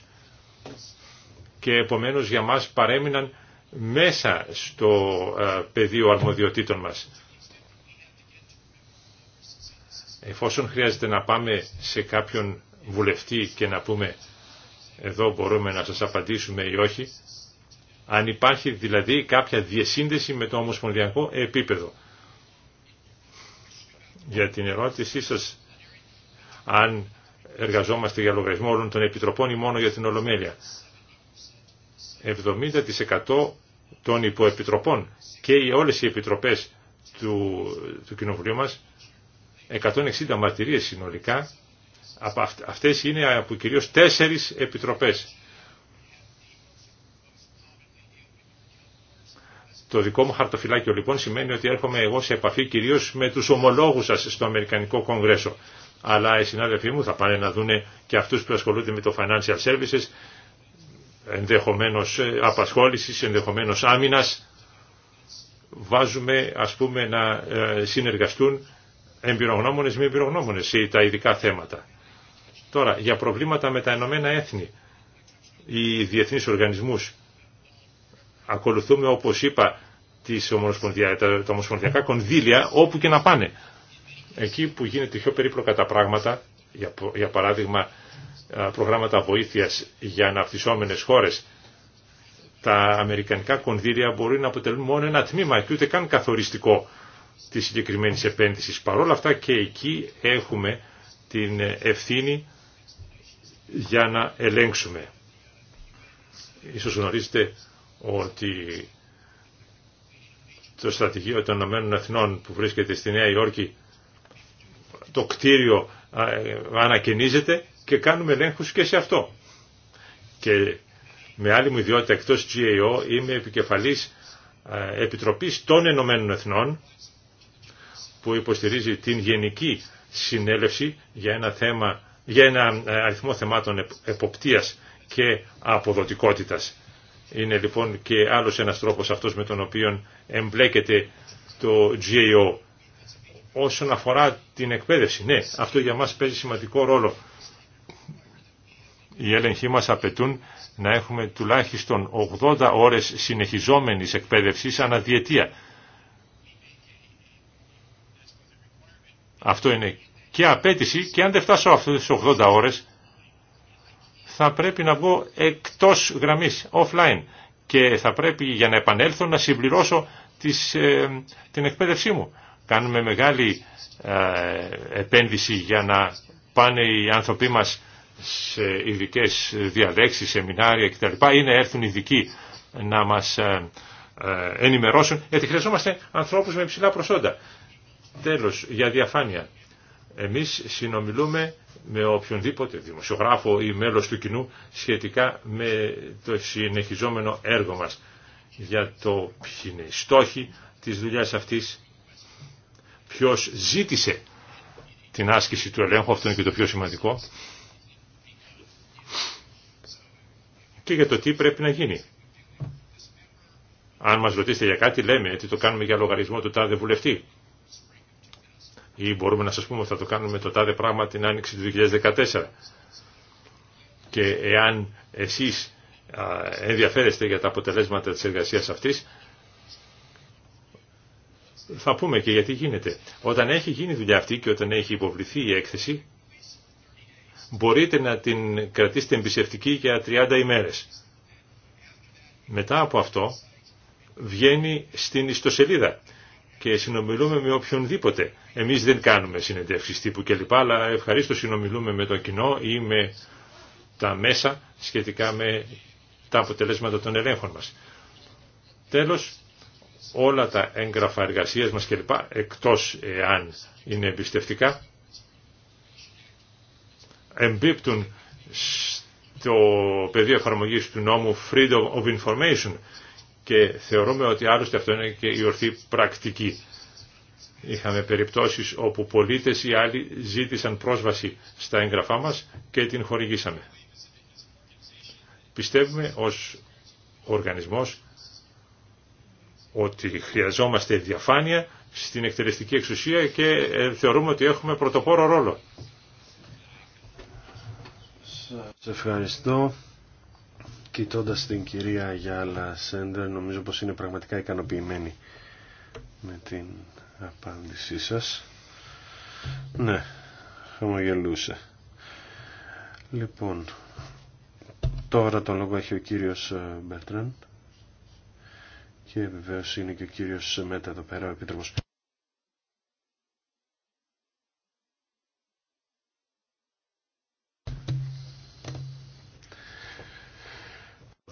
και επομένως για μας παρέμειναν μέσα στο ε, πεδίο αρμοδιοτήτων μας. Εφόσον χρειάζεται να πάμε σε κάποιον βουλευτή και να πούμε εδώ μπορούμε να σας απαντήσουμε ή όχι, αν υπάρχει δηλαδή κάποια διασύνδεση με το ομοσπονδιακό επίπεδο. Για την ερώτησή σας, αν εργαζόμαστε για λογαριασμό όλων των επιτροπών ή μόνο για την Ολομέλεια. 70% των υποεπιτροπών και όλες οι επιτροπές του, του Κοινοβουλίου μας, 160 μαρτυρίες συνολικά, αυτές είναι από κυρίως τέσσερις επιτροπές. Το δικό μου χαρτοφυλάκιο λοιπόν σημαίνει ότι έρχομαι εγώ σε επαφή κυρίως με τους ομολόγους σας στο Αμερικανικό Κογκρέσο. Αλλά οι συνάδελφοί μου θα πάνε να δούνε και αυτούς που ασχολούνται με το financial services, ενδεχομένως ε, απασχόλησης, ενδεχομένως άμυνας. Βάζουμε ας πούμε να ε, συνεργαστούν εμπειρογνώμονες με εμπειρογνώμονες σε τα ειδικά θέματα. Τώρα, για προβλήματα με τα Ηνωμένα Έθνη, οι διεθνείς οργανισμούς Ακολουθούμε, όπως είπα, τις ομοσπονδια... τα ομοσπονδιακά κονδύλια όπου και να πάνε. Εκεί που γίνεται πιο περίπλοκα τα πράγματα, για παράδειγμα προγράμματα βοήθειας για αναπτυσσόμενες χώρες, τα αμερικανικά κονδύλια μπορεί να αποτελούν μόνο ένα τμήμα και ούτε καν καθοριστικό της συγκεκριμένη επένδυσης. Παρ' όλα αυτά και εκεί έχουμε την ευθύνη για να ελέγξουμε. Ίσως γνωρίζετε ότι το στρατηγείο των Ηνωμένων Εθνών που βρίσκεται στη Νέα Υόρκη το κτίριο ε, ανακαινίζεται και κάνουμε ελέγχους και σε αυτό. Και με άλλη μου ιδιότητα εκτός GAO είμαι επικεφαλής Επιτροπής των Ηνωμένων Εθνών που υποστηρίζει την Γενική Συνέλευση για ένα, θέμα, για ένα ε, αριθμό θεμάτων εποπτείας και αποδοτικότητας. Είναι λοιπόν και άλλος ένας τρόπος αυτός με τον οποίο εμπλέκεται το GAO. Όσον αφορά την εκπαίδευση, ναι, αυτό για μας παίζει σημαντικό ρόλο. Οι έλεγχοι μας απαιτούν να έχουμε τουλάχιστον 80 ώρες συνεχιζόμενης εκπαίδευσης αναδιετία. Αυτό είναι και απέτηση και αν δεν φτάσω αυτές τις 80 ώρες θα πρέπει να βγω εκτός γραμμής, offline και θα πρέπει για να επανέλθω να συμπληρώσω τις, ε, την εκπαίδευσή μου. Κάνουμε μεγάλη ε, επένδυση για να πάνε οι άνθρωποι μας σε ειδικέ διαδέξεις, σεμινάρια κτλ. Είναι έρθουν ειδικοί να μας ε, ενημερώσουν γιατί χρειαζόμαστε ανθρώπους με υψηλά προσόντα. Τέλος, για διαφάνεια. Εμείς συνομιλούμε με οποιονδήποτε δημοσιογράφο ή μέλος του κοινού σχετικά με το συνεχιζόμενο έργο μας για το ποιοι είναι οι στόχοι της δουλειάς αυτής, ποιος ζήτησε την άσκηση του ελέγχου, αυτό είναι και το πιο σημαντικό, και για το τι πρέπει να γίνει. Αν μας ρωτήσετε για κάτι λέμε ότι «Ε, το κάνουμε για λογαριασμό του τάδε βουλευτή ή μπορούμε να σας πούμε ότι θα το κάνουμε το τάδε πράγμα την άνοιξη του 2014. Και εάν εσείς ενδιαφέρεστε για τα αποτελέσματα της εργασίας αυτής, θα πούμε και γιατί γίνεται. Όταν έχει γίνει η δουλειά αυτή και όταν έχει υποβληθεί η έκθεση, μπορείτε να την κρατήσετε εμπιστευτική για 30 ημέρες. Μετά από αυτό, βγαίνει στην ιστοσελίδα και συνομιλούμε με οποιονδήποτε. Εμείς δεν κάνουμε συνεντεύξεις τύπου κλπ. Αλλά ευχαρίστως συνομιλούμε με το κοινό ή με τα μέσα σχετικά με τα αποτελέσματα των ελέγχων μας. Τέλος, όλα τα έγγραφα εργασίας μας κλπ. εκτός εάν είναι εμπιστευτικά εμπίπτουν στο πεδίο εφαρμογής του νόμου Freedom of Information και θεωρούμε ότι άλλωστε αυτό είναι και η ορθή πρακτική. Είχαμε περιπτώσεις όπου πολίτες ή άλλοι ζήτησαν πρόσβαση στα έγγραφά μας και την χορηγήσαμε. Πιστεύουμε ως οργανισμός ότι χρειαζόμαστε διαφάνεια στην εκτελεστική εξουσία και ε, θεωρούμε ότι έχουμε πρωτοπόρο ρόλο. Σας ευχαριστώ κοιτώντας την κυρία Γιάλα Σέντερ νομίζω πως είναι πραγματικά ικανοποιημένη με την απάντησή σας. Ναι, χαμογελούσε. Λοιπόν, τώρα τον λόγο έχει ο κύριος ε, Μπέρτραν και βεβαίως είναι και ο κύριος Μέτα εδώ πέρα, ο Επίτροπος.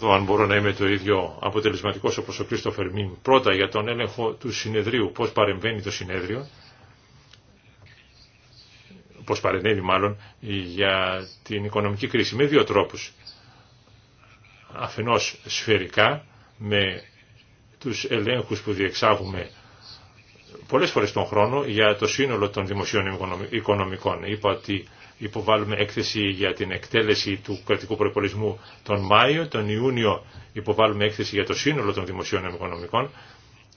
δω αν μπορώ να είμαι το ίδιο αποτελεσματικός όπως ο Κρίστοφερ Πρώτα για τον έλεγχο του συνεδρίου, πώς παρεμβαίνει το συνέδριο, πώς παρεμβαίνει μάλλον για την οικονομική κρίση, με δύο τρόπους. Αφενός σφαιρικά, με τους ελέγχους που διεξάγουμε πολλές φορές τον χρόνο για το σύνολο των δημοσίων οικονομικών. Είπα ότι υποβάλλουμε έκθεση για την εκτέλεση του κρατικού προπολισμού τον Μάιο, τον Ιούνιο υποβάλλουμε έκθεση για το σύνολο των δημοσίων οικονομικών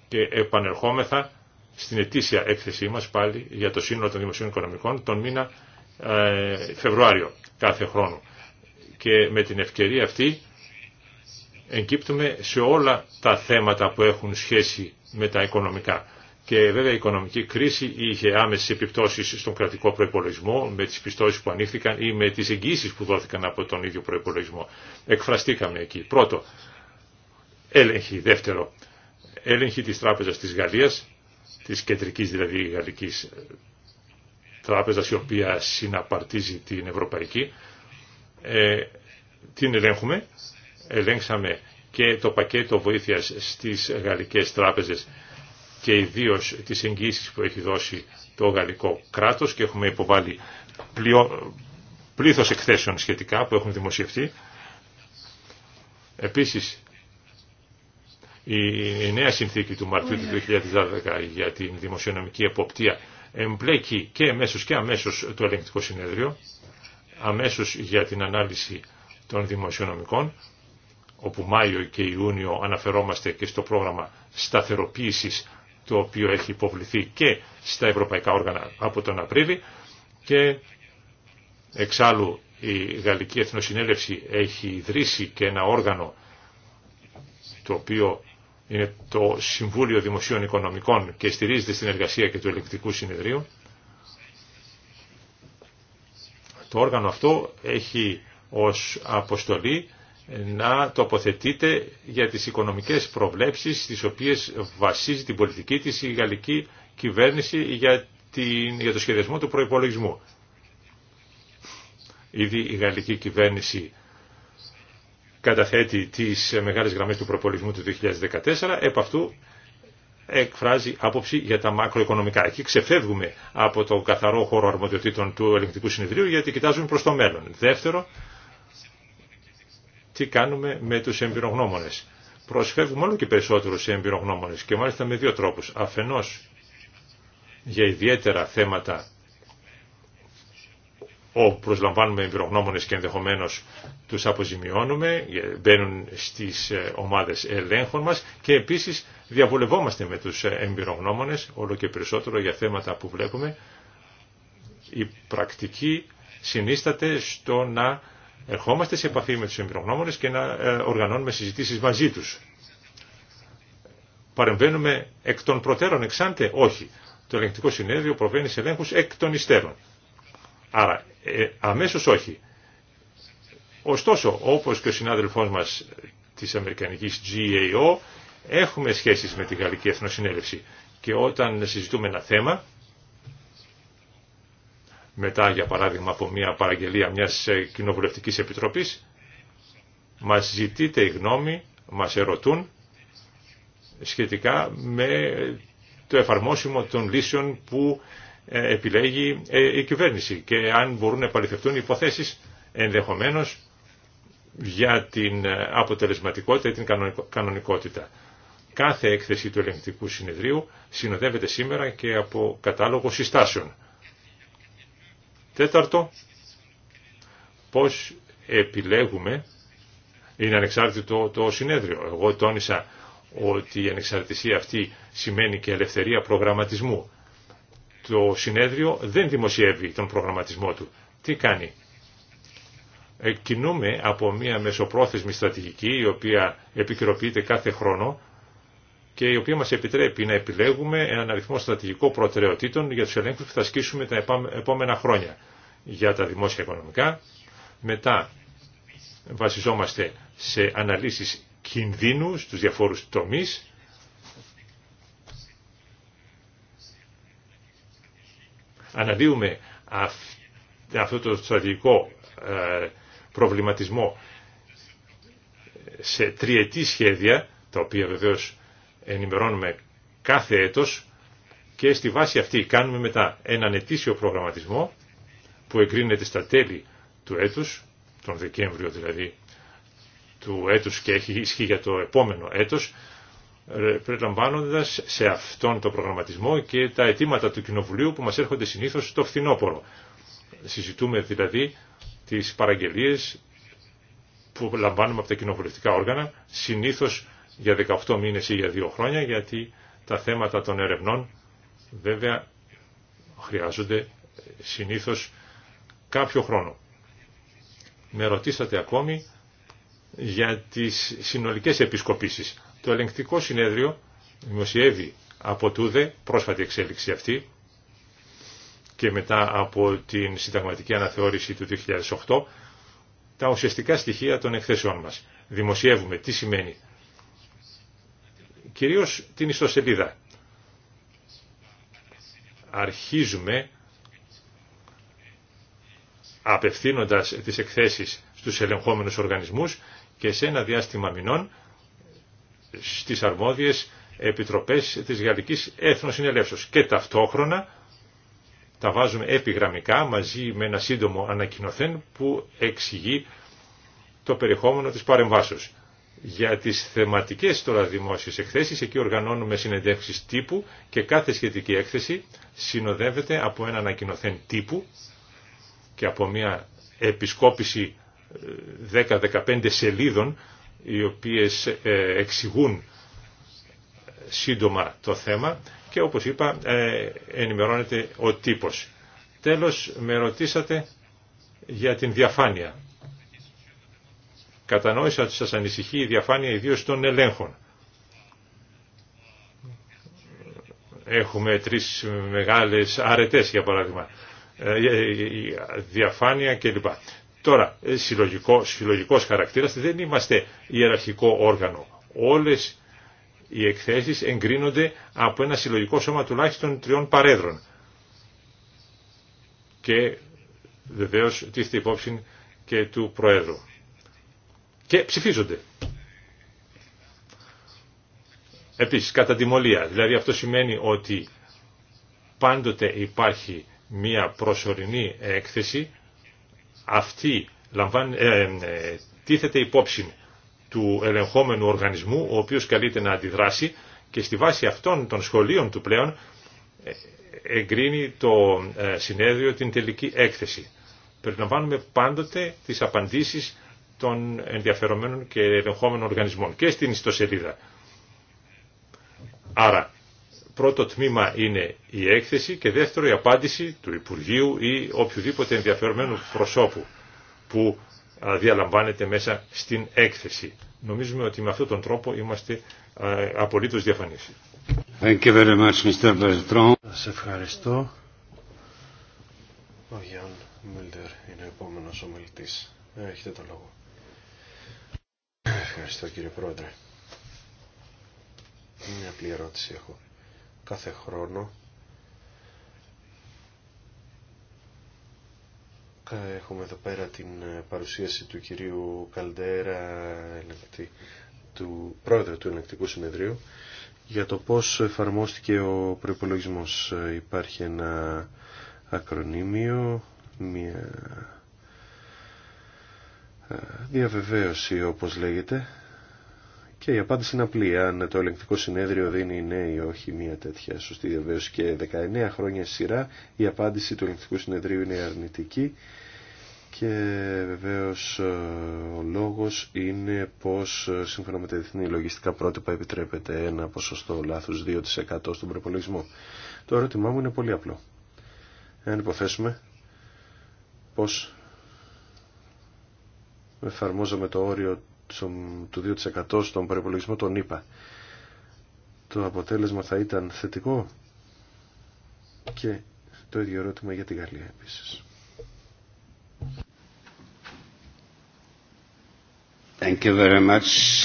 και επανερχόμεθα στην ετήσια έκθεσή μας πάλι για το σύνολο των δημοσίων οικονομικών τον μήνα ε, Φεβρουάριο κάθε χρόνο. Και με την ευκαιρία αυτή εγκύπτουμε σε όλα τα θέματα που έχουν σχέση με τα οικονομικά και βέβαια η οικονομική κρίση είχε άμεση επιπτώσει στον κρατικό προϋπολογισμό με τι πιστώσει που ανοίχθηκαν ή με τι εγγύσει που δόθηκαν από τον ίδιο προϋπολογισμό. Εκφραστήκαμε εκεί. Πρώτο, έλεγχη. Δεύτερο, έλεγχη τη τράπεζα τη Γαλλία, τη κεντρική δηλαδή γαλλική τράπεζα, η οποία συναπαρτίζει την Ευρωπαϊκή. Ε, την ελέγχουμε. Ελέγξαμε και το πακέτο βοήθειας στις γαλλικέ τράπεζε και ιδίω τις εγγύησεις που έχει δώσει το γαλλικό κράτος και έχουμε υποβάλει πλειό, πλήθος εκθέσεων σχετικά που έχουν δημοσιευτεί. Επίσης, η νέα συνθήκη του Μαρτίου του 2012 για την δημοσιονομική εποπτεία εμπλέκει και αμέσω και αμέσως το ελεγκτικό συνέδριο, αμέσως για την ανάλυση των δημοσιονομικών, όπου Μάιο και Ιούνιο αναφερόμαστε και στο πρόγραμμα σταθεροποίησης το οποίο έχει υποβληθεί και στα ευρωπαϊκά όργανα από τον Απρίβη και εξάλλου η Γαλλική Εθνοσυνέλευση έχει ιδρύσει και ένα όργανο το οποίο είναι το Συμβούλιο Δημοσίων Οικονομικών και στηρίζεται στην εργασία και του Ελεκτικού Συνεδρίου. Το όργανο αυτό έχει ως αποστολή να τοποθετείται για τις οικονομικές προβλέψεις στις οποίες βασίζει την πολιτική της η γαλλική κυβέρνηση για, την, για το σχεδιασμό του προϋπολογισμού. Ήδη η γαλλική κυβέρνηση καταθέτει τις μεγάλες γραμμές του προϋπολογισμού του 2014, επ' αυτού εκφράζει άποψη για τα μακροοικονομικά. Εκεί ξεφεύγουμε από το καθαρό χώρο αρμοδιοτήτων του ελεγκτικού συνεδρίου γιατί κοιτάζουμε προς το μέλλον. Δεύτερο, τι κάνουμε με τους εμπειρογνώμονες. Προσφεύγουμε όλο και περισσότερο σε εμπειρογνώμονες και μάλιστα με δύο τρόπους. Αφενός για ιδιαίτερα θέματα όπου προσλαμβάνουμε εμπειρογνώμονες και ενδεχομένως τους αποζημιώνουμε, ε, μπαίνουν στις ε, ομάδες ελέγχων μας και επίσης διαβολευόμαστε με τους ε, εμπειρογνώμονες όλο και περισσότερο για θέματα που βλέπουμε. Η πρακτική συνίσταται στο να ερχόμαστε σε επαφή με τους εμπειρογνώμονες και να ε, οργανώνουμε συζητήσεις μαζί τους. Παρεμβαίνουμε εκ των προτέρων εξάντε, όχι. Το ελεγκτικό συνέδριο προβαίνει σε ελέγχους εκ των υστέρων. Άρα ε, αμέσως όχι. Ωστόσο, όπως και ο συνάδελφός μας της Αμερικανικής GAO, έχουμε σχέσεις με τη Γαλλική Εθνοσυνέλευση και όταν συζητούμε ένα θέμα, μετά για παράδειγμα από μια παραγγελία μιας ε, κοινοβουλευτικής επιτροπής, μας ζητείτε η γνώμη, μας ερωτούν σχετικά με το εφαρμόσιμο των λύσεων που ε, επιλέγει ε, η κυβέρνηση και αν μπορούν να επαληθευτούν υποθέσεις ενδεχομένως για την αποτελεσματικότητα ή την κανονικότητα. Κάθε έκθεση του ελεγκτικού συνεδρίου συνοδεύεται σήμερα και από κατάλογο συστάσεων. Τέταρτο, πώς επιλέγουμε, είναι ανεξάρτητο το συνέδριο. Εγώ τόνισα ότι η ανεξαρτησία αυτή σημαίνει και ελευθερία προγραμματισμού. Το συνέδριο δεν δημοσιεύει τον προγραμματισμό του. Τι κάνει. Ε, κινούμε από μια μεσοπρόθεσμη στρατηγική η οποία επικυρωποιείται κάθε χρόνο και η οποία μας επιτρέπει να επιλέγουμε έναν αριθμό στρατηγικών προτεραιοτήτων για τους ελέγχους που θα ασκήσουμε τα επόμενα χρόνια για τα δημόσια οικονομικά. Μετά βασιζόμαστε σε αναλύσεις κινδύνου στους διαφόρους τομείς αναλύουμε αυτό το στρατηγικό ε, προβληματισμό σε τριετή σχέδια, τα οποία βεβαίως ενημερώνουμε κάθε έτος και στη βάση αυτή κάνουμε μετά έναν ετήσιο προγραμματισμό που εγκρίνεται στα τέλη του έτους, τον Δεκέμβριο δηλαδή του έτους και έχει ισχύ για το επόμενο έτος, ε, περιλαμβάνοντας σε αυτόν τον προγραμματισμό και τα αιτήματα του Κοινοβουλίου που μας έρχονται συνήθως το φθινόπωρο. Συζητούμε δηλαδή τις παραγγελίες που λαμβάνουμε από τα κοινοβουλευτικά όργανα, συνήθως για 18 μήνες ή για 2 χρόνια γιατί τα θέματα των ερευνών βέβαια χρειάζονται συνήθως κάποιο χρόνο. Με ρωτήσατε ακόμη για τις συνολικές επισκοπήσεις. Το ελεγκτικό συνέδριο δημοσιεύει από τούδε πρόσφατη εξέλιξη αυτή και μετά από την συνταγματική αναθεώρηση του 2008 τα ουσιαστικά στοιχεία των εκθέσεών μας. Δημοσιεύουμε τι σημαίνει κυρίως την ιστοσελίδα. Αρχίζουμε απευθύνοντας τις εκθέσεις στους ελεγχόμενους οργανισμούς και σε ένα διάστημα μηνών στις αρμόδιες επιτροπές της Γαλλικής Έθνος Και ταυτόχρονα τα βάζουμε επιγραμμικά μαζί με ένα σύντομο ανακοινοθέν που εξηγεί το περιεχόμενο της παρεμβάσεως. Για τις θεματικές τώρα δημόσιες εκθέσεις, εκεί οργανώνουμε συνεντεύξεις τύπου και κάθε σχετική έκθεση συνοδεύεται από ένα ανακοινωθέν τύπου και από μια επισκόπηση 10-15 ε, σελίδων οι οποίες ε, εξηγούν σύντομα το θέμα και όπως είπα ε, ενημερώνεται ο τύπος. Τέλος με ρωτήσατε για την διαφάνεια. Κατανόησα ότι σας ανησυχεί η διαφάνεια ιδίως των ελέγχων. Έχουμε τρεις μεγάλες αρετές για παράδειγμα. Ε, ε, ε, διαφάνεια κλπ. Τώρα, συλλογικό, συλλογικός χαρακτήρας δεν είμαστε ιεραρχικό όργανο. Όλες οι εκθέσεις εγκρίνονται από ένα συλλογικό σώμα τουλάχιστον τριών παρέδρων. Και βεβαίως τίθεται υπόψη και του Προέδρου και ψηφίζονται. Επίσης, κατά μολία. Δηλαδή αυτό σημαίνει ότι πάντοτε υπάρχει μία προσωρινή έκθεση, αυτή ε, ε, τίθεται υπόψη του ελεγχόμενου οργανισμού, ο οποίος καλείται να αντιδράσει και στη βάση αυτών των σχολείων του πλέον ε, εγκρίνει το συνέδριο την τελική έκθεση. Περιλαμβάνουμε πάντοτε τις απαντήσεις των ενδιαφερομένων και ελεγχόμενων οργανισμών και στην ιστοσελίδα. Άρα, πρώτο τμήμα είναι η έκθεση και δεύτερο η απάντηση του Υπουργείου ή οποιοδήποτε ενδιαφερομένου προσώπου που διαλαμβάνεται μέσα στην έκθεση. Νομίζουμε ότι με αυτόν τον τρόπο είμαστε απολύτως διαφανείς. Thank you very much, Mr. Bertrand. Σας ευχαριστώ. Ο Γιάνν Μιλτερ είναι ο επόμενος ομιλητής. Έχετε το λόγο. Ευχαριστώ κύριε Πρόεδρε. Μια απλή ερώτηση έχω. Κάθε χρόνο έχουμε εδώ πέρα την ε, παρουσίαση του κυρίου Καλντέρα, του πρόεδρου του ελεκτικού συνεδρίου, για το πώς εφαρμόστηκε ο προϋπολογισμός. Ε, υπάρχει ένα ακρονίμιο, μια ε, διαβεβαίωση όπως λέγεται και η απάντηση είναι απλή αν το ελεγκτικό συνέδριο δίνει ναι ή όχι μια τέτοια σωστή διαβεβαίωση και 19 χρόνια σειρά η απάντηση του ελεγκτικού συνεδρίου είναι αρνητική και βεβαίως ε, ο λόγος είναι πως ε, σύμφωνα με τα διεθνή λογιστικά πρότυπα επιτρέπεται ένα ποσοστό λάθος 2% στον προπολογισμό. Το ερώτημά μου είναι πολύ απλό. Εάν υποθέσουμε πως Εφαρμόζομαι το όριο του 2% στον προπολογισμό των ΗΠΑ. Το αποτέλεσμα θα ήταν θετικό και το ίδιο ερώτημα για τη Γαλλία επίσης. Thank you very much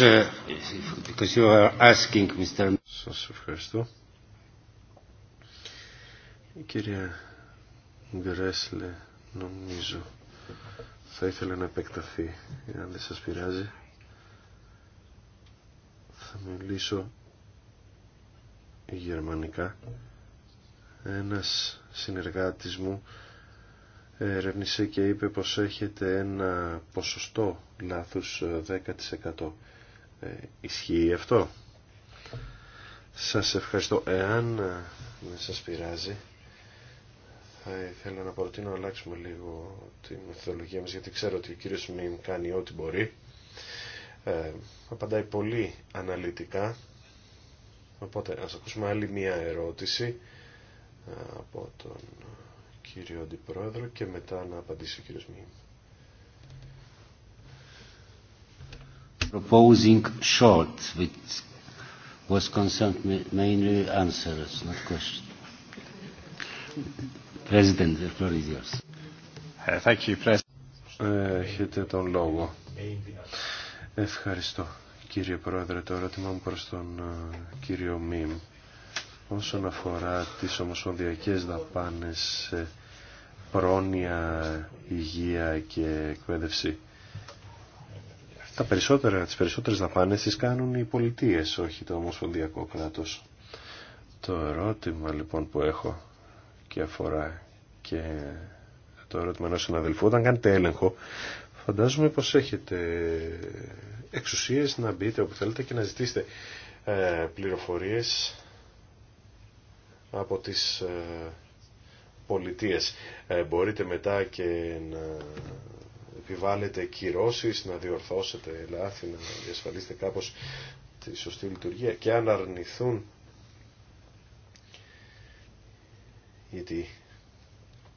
because you are asking, Mr. Σας ευχαριστώ. Η κυρία Γκρέσλε νομίζω θα ήθελα να επεκταθεί, αν δεν σας πειράζει. Θα μιλήσω γερμανικά. Ένας συνεργάτης μου ερευνήσε και είπε πως έχετε ένα ποσοστό λάθους 10%. Ε, ε, ισχύει αυτό. Σας ευχαριστώ. Εάν ε, δεν σας πειράζει, θα ήθελα να προτείνω να αλλάξουμε λίγο τη μεθοδολογία μας γιατί ξέρω ότι ο κύριος Μιμ κάνει ό,τι μπορεί. Ε, απαντάει πολύ αναλυτικά. Οπότε ας ακούσουμε άλλη μία ερώτηση ε, από τον κύριο Αντιπρόεδρο και μετά να απαντήσει ο κύριος Μιμ. Proposing short, with was concerned mainly answers, not questions. Ε, ε, έχετε τον λόγο. Ευχαριστώ, κύριε Πρόεδρε. Το ερώτημά μου προς τον ε, κύριο Μιμ. Όσον αφορά τις ομοσπονδιακές δαπάνες πρόνοια, υγεία και εκπαίδευση. Τα περισσότερα, τις περισσότερες δαπάνες τις κάνουν οι πολιτείες, όχι το ομοσπονδιακό κράτος. Το ερώτημα λοιπόν που έχω και αφορά και το ερώτημα ενός συναδελφού. Όταν κάνετε έλεγχο, φαντάζομαι πως έχετε εξουσίες να μπείτε όπου θέλετε και να ζητήσετε ε, πληροφορίες από τις ε, πολιτείες. Ε, μπορείτε μετά και να επιβάλλετε κυρώσεις, να διορθώσετε λάθη, να διασφαλίσετε κάπως τη σωστή λειτουργία και αν αρνηθούν γιατί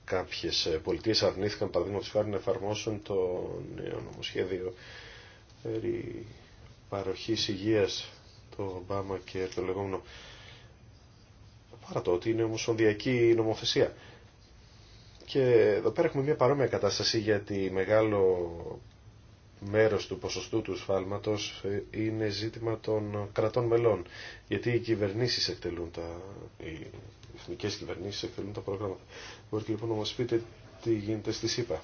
κάποιες ε, πολιτείες αρνήθηκαν παραδείγματος χάρη να εφαρμόσουν το νέο νομοσχέδιο περί παροχής υγείας το Ομπάμα και το λεγόμενο παρά το ότι είναι ονδιακή νομοθεσία. Και εδώ πέρα έχουμε μια παρόμοια κατάσταση γιατί μεγάλο μέρος του ποσοστού του σφάλματος ε, είναι ζήτημα των κρατών μελών. Γιατί οι κυβερνήσεις εκτελούν τα... οι εθνικές κυβερνήσεις εκτελούν τα προγράμματα. Μπορείτε λοιπόν να μας πείτε τι γίνεται στη ΣΥΠΑ.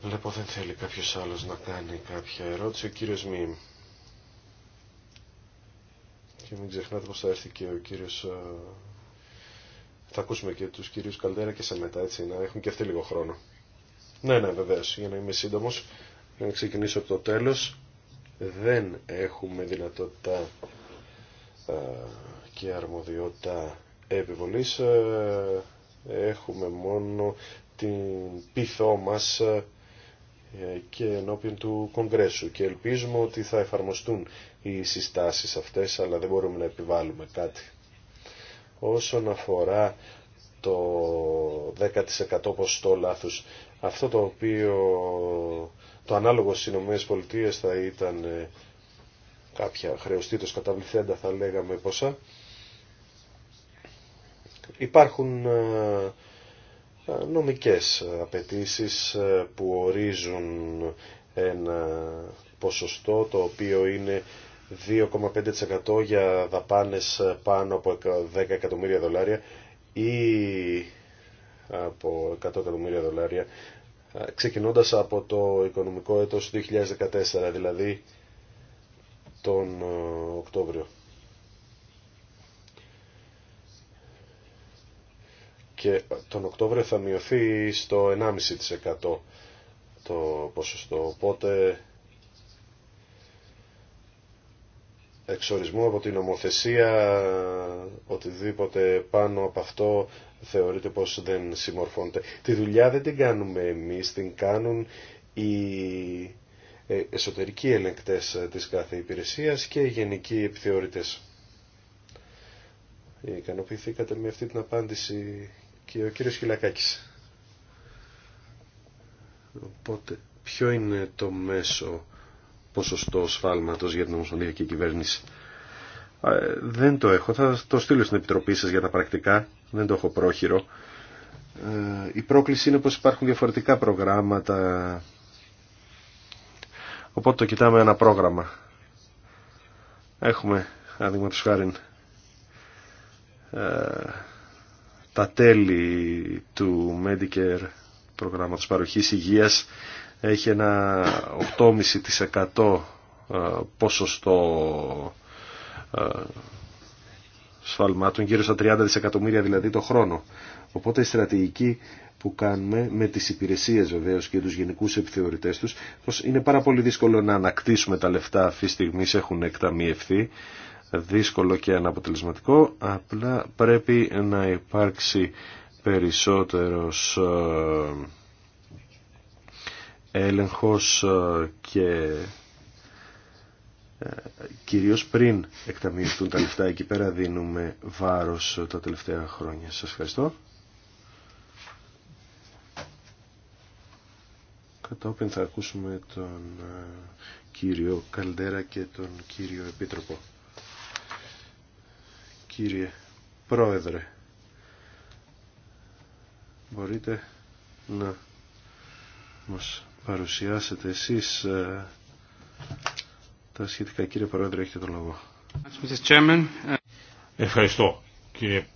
Βλέπω λοιπόν, δεν θέλει κάποιος άλλος να κάνει κάποια ερώτηση. Ο κύριος Μιμ. Και μην ξεχνάτε πως θα έρθει και ο κύριος... Ε, θα ακούσουμε και τους κύριους Καλτέρα και σε μετά, έτσι, να έχουν και αυτοί λίγο χρόνο. Ναι, ναι, βεβαίω, για να είμαι σύντομο. Να ξεκινήσω από το τέλο. Δεν έχουμε δυνατότητα και αρμοδιότητα επιβολή, Έχουμε μόνο την πειθό μα και ενώπιον του Κογκρέσου και ελπίζουμε ότι θα εφαρμοστούν οι συστάσεις αυτές αλλά δεν μπορούμε να επιβάλλουμε κάτι. Όσον αφορά το 10% ποστό λάθους αυτό το οποίο το ανάλογο στι Ηνωμένε Πολιτείε θα ήταν ε, κάποια χρεωστήτω καταβληθέντα θα λέγαμε ποσά. Υπάρχουν ε, ε, νομικές απαιτήσεις που ορίζουν ένα ποσοστό το οποίο είναι 2,5% για δαπάνες πάνω από 10 εκατομμύρια δολάρια ή από 100 εκατομμύρια δολάρια ξεκινώντας από το οικονομικό έτος 2014, δηλαδή τον Οκτώβριο. Και τον Οκτώβριο θα μειωθεί στο 1,5% το ποσοστό. Οπότε εξορισμού από την ομοθεσία οτιδήποτε πάνω από αυτό θεωρείται πως δεν συμμορφώνεται. Τη δουλειά δεν την κάνουμε εμείς, την κάνουν οι εσωτερικοί ελεγκτές της κάθε υπηρεσίας και οι γενικοί επιθεωρητές. Ικανοποιηθήκατε με αυτή την απάντηση και ο κύριος Χιλακάκης. Οπότε, ποιο είναι το μέσο ποσοστό σφάλματος για την Ομοσπονδιακή Κυβέρνηση. Ε, δεν το έχω, θα το στείλω στην Επιτροπή σας για τα πρακτικά, δεν το έχω πρόχειρο. Ε, η πρόκληση είναι πως υπάρχουν διαφορετικά προγράμματα, οπότε το κοιτάμε ένα πρόγραμμα. Έχουμε, αδείγμα τους χάρη, ε, τα τέλη του Medicare προγράμματος παροχής υγείας έχει ένα 8,5% ε, ποσοστό ε, σφαλμάτων, γύρω στα 30 δισεκατομμύρια δηλαδή το χρόνο. Οπότε η στρατηγική που κάνουμε με τις υπηρεσίες βεβαίως και τους γενικούς επιθεωρητές τους πως είναι πάρα πολύ δύσκολο να ανακτήσουμε τα λεφτά αυτή τη στιγμή έχουν εκταμιευθεί δύσκολο και αναποτελεσματικό απλά πρέπει να υπάρξει περισσότερος ε, έλεγχος ε, και ε, κυρίως πριν εκταμιευτούν τα λεφτά εκεί πέρα δίνουμε βάρος τα τελευταία χρόνια. Σας ευχαριστώ. Κατόπιν θα ακούσουμε τον ε, κύριο Καλντέρα και τον κύριο Επίτροπο. Κύριε Πρόεδρε, μπορείτε να μας παρουσιάσετε εσείς ε, τα σχετικά. Κύριε Πρόεδρε, έχετε τον λόγο. Ε, ευχαριστώ κύριε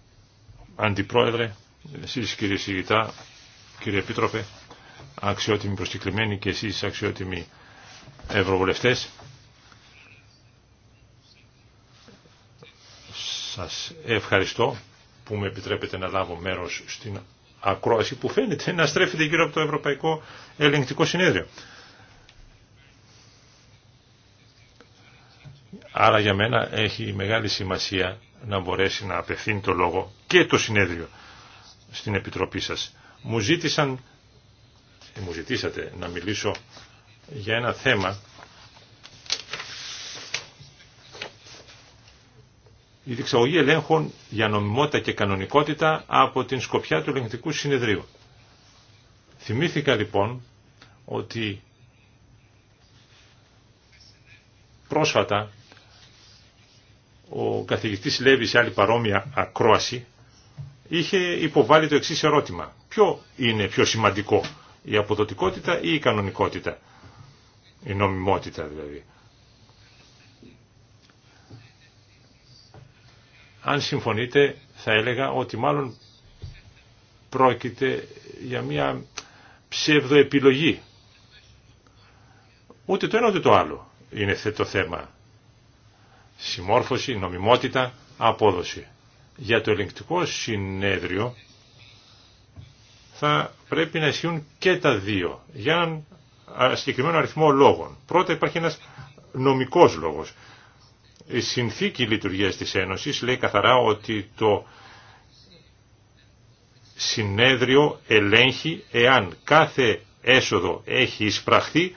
Αντιπρόεδρε, εσείς κύριε Σιγητά, κύριε Επίτροπε, αξιότιμοι προσκεκλημένοι και εσείς αξιότιμοι ευρωβουλευτές. Σας ευχαριστώ που με επιτρέπετε να λάβω μέρος στην ακρόαση που φαίνεται να στρέφεται γύρω από το Ευρωπαϊκό Ελεγκτικό Συνέδριο. Άρα για μένα έχει μεγάλη σημασία να μπορέσει να απευθύνει το λόγο και το συνέδριο στην Επιτροπή σας. Μου ζήτησαν, ε, μου ζητήσατε να μιλήσω για ένα θέμα η διεξαγωγή ελέγχων για νομιμότητα και κανονικότητα από την σκοπιά του ελεγκτικού συνεδρίου. Θυμήθηκα λοιπόν ότι πρόσφατα ο καθηγητής Λέβη σε άλλη παρόμοια ακρόαση είχε υποβάλει το εξής ερώτημα. Ποιο είναι πιο σημαντικό, η αποδοτικότητα ή η κανονικότητα, η νομιμότητα δηλαδή. Αν συμφωνείτε θα έλεγα ότι μάλλον πρόκειται για μια ψευδοεπιλογή. Ούτε το ένα ούτε το άλλο είναι το θέμα. Συμμόρφωση, νομιμότητα, απόδοση. Για το ελεγκτικό συνέδριο θα πρέπει να ισχύουν και τα δύο για έναν συγκεκριμένο αριθμό λόγων. Πρώτα υπάρχει ένας νομικός λόγος. Η συνθήκη λειτουργίας της Ένωσης λέει καθαρά ότι το συνέδριο ελέγχει εάν κάθε έσοδο έχει εισπραχθεί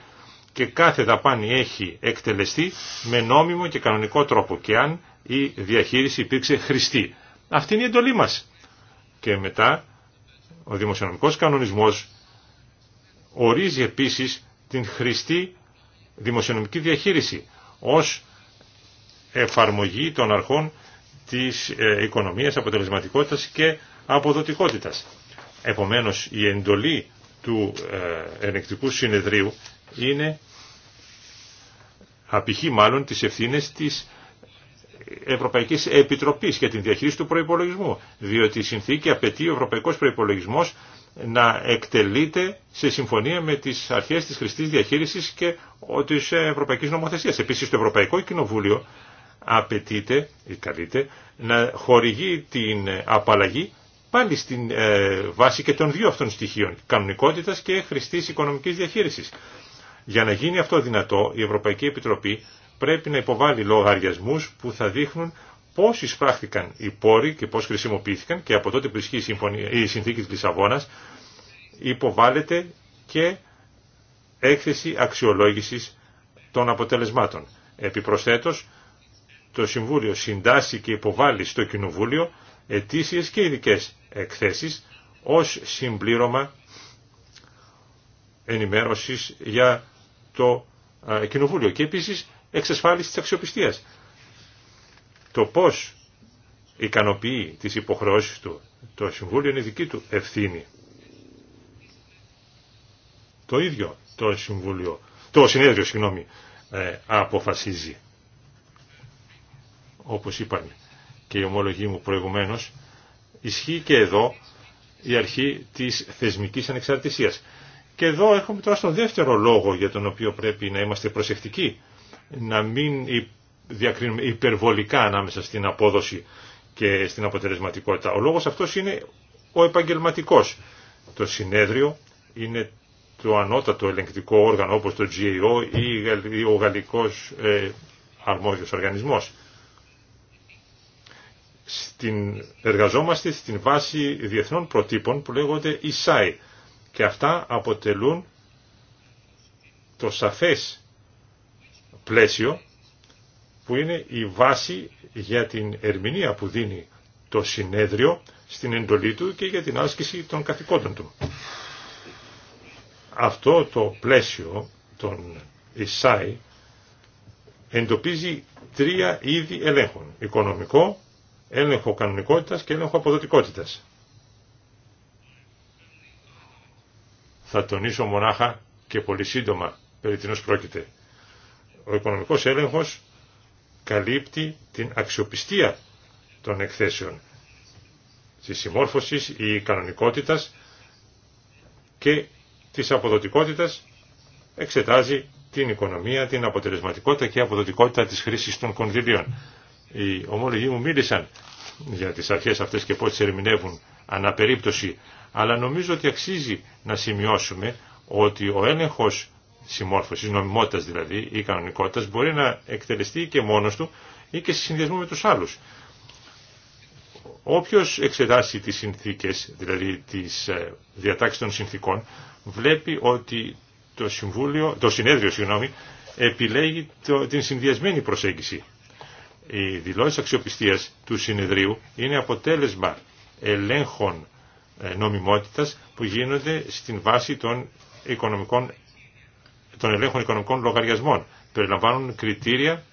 και κάθε δαπάνη έχει εκτελεστεί με νόμιμο και κανονικό τρόπο και αν η διαχείριση υπήρξε χρηστή. Αυτή είναι η εντολή μας. Και μετά ο δημοσιονομικός κανονισμός ορίζει επίσης την χρηστή δημοσιονομική διαχείριση ως εφαρμογή των αρχών της ε, οικονομίας αποτελεσματικότητας και αποδοτικότητας. Επομένως, η εντολή του ενεκτικού συνεδρίου είναι απηχή μάλλον τις ευθύνες της Ευρωπαϊκής Επιτροπής για την διαχείριση του προϋπολογισμού, διότι η συνθήκη απαιτεί ο Ευρωπαϊκός Προϋπολογισμός να εκτελείται σε συμφωνία με τις αρχές της χρηστής διαχείρισης και της Ευρωπαϊκής Νομοθεσίας. Επίσης, το Ευρωπαϊκό Κοινοβούλιο απαιτείται ή καλείται να χορηγεί την απαλλαγή πάλι στην ε, βάση και των δύο αυτών στοιχείων, κανονικότητας και χρηστής οικονομικής διαχείρισης. Για να γίνει αυτό δυνατό, η Ευρωπαϊκή Επιτροπή πρέπει να υποβάλει λογαριασμούς που θα δείχνουν πώς εισπράχθηκαν οι πόροι και πώς χρησιμοποιήθηκαν και από τότε που ισχύει η, συνθήκη της Λισαβόνας υποβάλλεται και έκθεση αξιολόγησης των αποτελεσμάτων. Επιπροσθέτως, το Συμβούλιο συντάσσει και υποβάλλει στο Κοινοβούλιο ετήσιες και ειδικέ εκθέσεις ως συμπλήρωμα ενημέρωσης για το Κοινοβούλιο και επίσης εξασφάλιση της αξιοπιστίας. Το πώς ικανοποιεί τις υποχρεώσεις του το Συμβούλιο είναι δική του ευθύνη. Το ίδιο το Συμβούλιο, το Συνέδριο συγγνώμη, ε, αποφασίζει όπως είπαν και οι ομολογοί μου προηγουμένως, ισχύει και εδώ η αρχή της θεσμικής ανεξαρτησίας. Και εδώ έχουμε τώρα στον δεύτερο λόγο για τον οποίο πρέπει να είμαστε προσεκτικοί, να μην διακρίνουμε υπερβολικά ανάμεσα στην απόδοση και στην αποτελεσματικότητα. Ο λόγος αυτός είναι ο επαγγελματικός. Το συνέδριο είναι το ανώτατο ελεγκτικό όργανο όπως το GAO ή ο γαλλικός ε, αρμόδιος οργανισμός στην, εργαζόμαστε στην βάση διεθνών προτύπων που λέγονται ΙΣΑΙ και αυτά αποτελούν το σαφές πλαίσιο που είναι η βάση για την ερμηνεία που δίνει το συνέδριο στην εντολή του και για την άσκηση των καθηκόντων του. Αυτό το πλαίσιο των ΙΣΑΙ εντοπίζει τρία είδη ελέγχων. Οικονομικό, έλεγχο κανονικότητας και έλεγχο αποδοτικότητας. Θα τονίσω μονάχα και πολύ σύντομα περί πρόκειται. Ο οικονομικός έλεγχος καλύπτει την αξιοπιστία των εκθέσεων τη συμμόρφωσης ή κανονικότητας και της αποδοτικότητας εξετάζει την οικονομία, την αποτελεσματικότητα και αποδοτικότητα της χρήσης των κονδυλίων οι ομολογοί μου μίλησαν για τις αρχές αυτές και πώς τις ερμηνεύουν αναπερίπτωση, αλλά νομίζω ότι αξίζει να σημειώσουμε ότι ο έλεγχος συμμόρφωσης, νομιμότητας δηλαδή ή κανονικότητας μπορεί να εκτελεστεί και μόνος του ή και σε συνδυασμό με τους άλλους. Όποιος εξετάσει τις συνθήκες, δηλαδή τις ε, διατάξεις των συνθήκων, βλέπει ότι το, το συνέδριο συγγνώμη, επιλέγει την συνδυασμένη προσέγγιση οι δηλώσεις αξιοπιστίας του συνεδρίου είναι αποτέλεσμα ελέγχων ε, νομιμότητας που γίνονται στην βάση των, οικονομικών, των ελέγχων οικονομικών λογαριασμών. Περιλαμβάνουν κριτήρια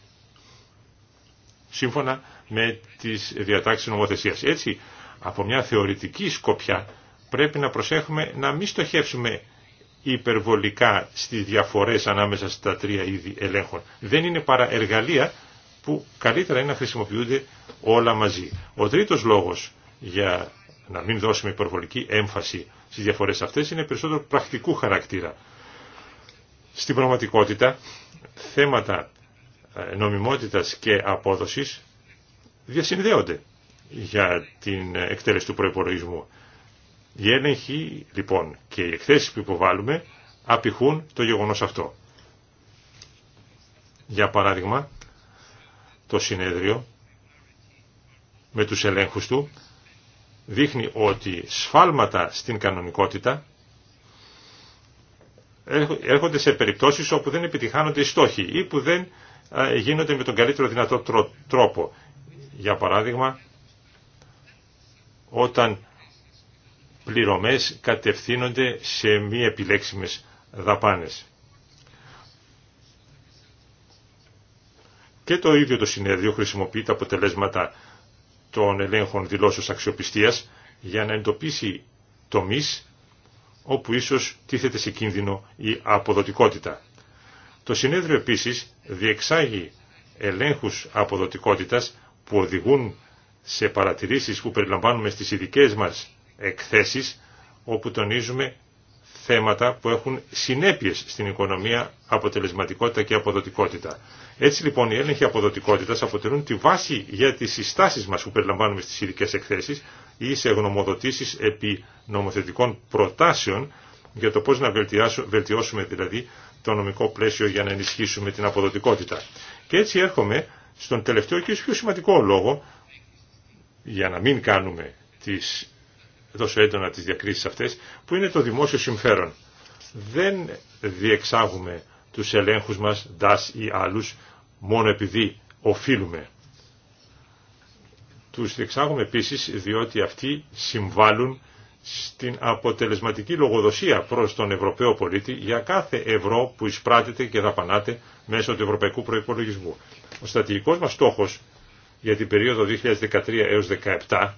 σύμφωνα με τις διατάξεις νομοθεσίας. Έτσι, από μια θεωρητική σκοπιά πρέπει να προσέχουμε να μην στοχεύσουμε υπερβολικά στις διαφορές ανάμεσα στα τρία είδη ελέγχων. Δεν είναι παρά εργαλεία που καλύτερα είναι να χρησιμοποιούνται όλα μαζί. Ο τρίτος λόγος για να μην δώσουμε υπερβολική έμφαση στις διαφορές αυτές είναι περισσότερο πρακτικού χαρακτήρα. Στην πραγματικότητα θέματα ε, νομιμότητας και απόδοσης διασυνδέονται για την εκτέλεση του προϋπολογισμού. Οι έλεγχοι λοιπόν και οι εκθέσεις που υποβάλλουμε απηχούν το γεγονός αυτό. Για παράδειγμα, το συνέδριο με τους ελέγχους του δείχνει ότι σφάλματα στην κανονικότητα έρχονται σε περιπτώσεις όπου δεν επιτυχάνονται οι στόχοι ή που δεν γίνονται με τον καλύτερο δυνατό τρόπο. Για παράδειγμα, όταν πληρωμές κατευθύνονται σε μη επιλέξιμες δαπάνες. Και το ίδιο το συνέδριο χρησιμοποιεί τα αποτελέσματα των ελέγχων δηλώσεως αξιοπιστίας για να εντοπίσει τομείς όπου ίσως τίθεται σε κίνδυνο η αποδοτικότητα. Το συνέδριο επίσης διεξάγει ελέγχους αποδοτικότητας που οδηγούν σε παρατηρήσεις που περιλαμβάνουμε στις ειδικέ μας εκθέσεις όπου τονίζουμε θέματα που έχουν συνέπειες στην οικονομία, αποτελεσματικότητα και αποδοτικότητα. Έτσι λοιπόν οι έλεγχοι αποδοτικότητας αποτελούν τη βάση για τις συστάσεις μας που περιλαμβάνουμε στις ειδικέ εκθέσεις ή σε γνωμοδοτήσεις επί νομοθετικών προτάσεων για το πώς να βελτιώσουμε δηλαδή το νομικό πλαίσιο για να ενισχύσουμε την αποδοτικότητα. Και έτσι έρχομαι στον τελευταίο και πιο σημαντικό λόγο για να μην κάνουμε τις τόσο έντονα τις διακρίσεις αυτές, που είναι το δημόσιο συμφέρον. Δεν διεξάγουμε τους ελέγχους μας, ντάς ή άλλους, μόνο επειδή οφείλουμε. Τους διεξάγουμε επίσης διότι αυτοί συμβάλλουν στην αποτελεσματική λογοδοσία προς τον Ευρωπαίο πολίτη για κάθε ευρώ που εισπράτεται και δαπανάται μέσω του Ευρωπαϊκού Προϋπολογισμού. Ο στρατηγικός μας στόχος για την περίοδο 2013 έως 2017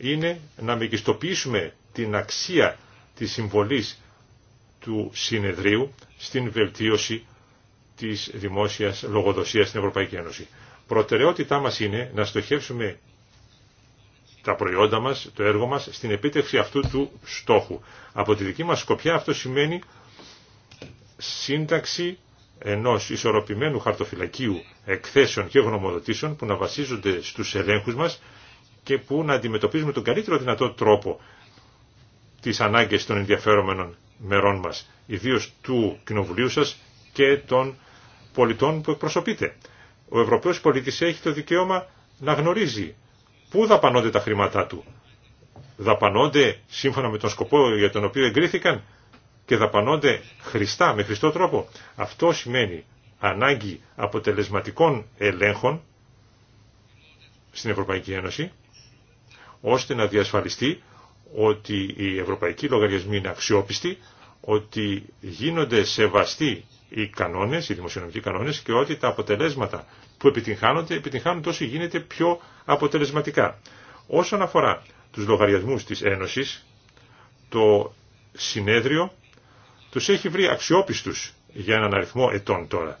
είναι να μεγιστοποιήσουμε την αξία της συμβολής του συνεδρίου στην βελτίωση της δημόσιας λογοδοσίας στην Ευρωπαϊκή Ένωση. Προτεραιότητά μας είναι να στοχεύσουμε τα προϊόντα μας, το έργο μας, στην επίτευξη αυτού του στόχου. Από τη δική μας σκοπιά αυτό σημαίνει σύνταξη ενός ισορροπημένου χαρτοφυλακίου εκθέσεων και γνωμοδοτήσεων που να βασίζονται στους ελέγχους μας και που να αντιμετωπίζουμε τον καλύτερο δυνατό τρόπο τις ανάγκες των ενδιαφέρομενων μερών μας, ιδίως του κοινοβουλίου σας και των πολιτών που εκπροσωπείτε. Ο Ευρωπαίος πολίτης έχει το δικαίωμα να γνωρίζει πού δαπανώνται τα χρήματά του. Δαπανώνται σύμφωνα με τον σκοπό για τον οποίο εγκρίθηκαν και δαπανώνται χρηστά, με χρηστό τρόπο. Αυτό σημαίνει ανάγκη αποτελεσματικών ελέγχων στην Ευρωπαϊκή Ένωση ώστε να διασφαλιστεί ότι οι ευρωπαϊκοί λογαριασμοί είναι αξιόπιστοι, ότι γίνονται σεβαστοί οι κανόνες, οι δημοσιονομικοί κανόνες και ότι τα αποτελέσματα που επιτυγχάνονται, επιτυγχάνονται τόσο γίνεται πιο αποτελεσματικά. Όσον αφορά τους λογαριασμούς της Ένωσης, το συνέδριο τους έχει βρει αξιόπιστους για έναν αριθμό ετών τώρα.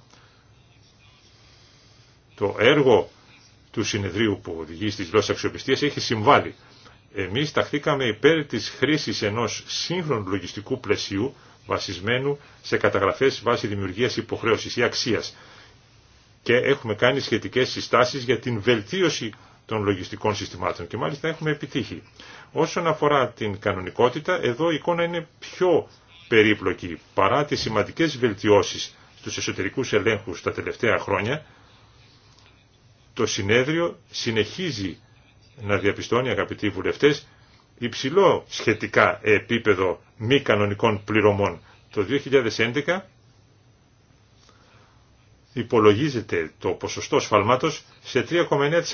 Το έργο του συνεδρίου που οδηγεί στις γλώσσες αξιοπιστίας έχει συμβάλει. Εμείς ταχθήκαμε υπέρ της χρήσης ενός σύγχρονου λογιστικού πλαισίου βασισμένου σε καταγραφές βάσει δημιουργίας υποχρέωσης ή αξίας και έχουμε κάνει σχετικές συστάσεις για την βελτίωση των λογιστικών συστημάτων και μάλιστα έχουμε επιτύχει. Όσον αφορά την κανονικότητα, εδώ η εικόνα είναι πιο περίπλοκη παρά τις σημαντικές βελτιώσεις στους εσωτερικούς ελέγχους τα τελευταία χρόνια το συνέδριο συνεχίζει να διαπιστώνει, αγαπητοί βουλευτές, υψηλό σχετικά επίπεδο μη κανονικών πληρωμών. Το 2011 υπολογίζεται το ποσοστό σφαλμάτος σε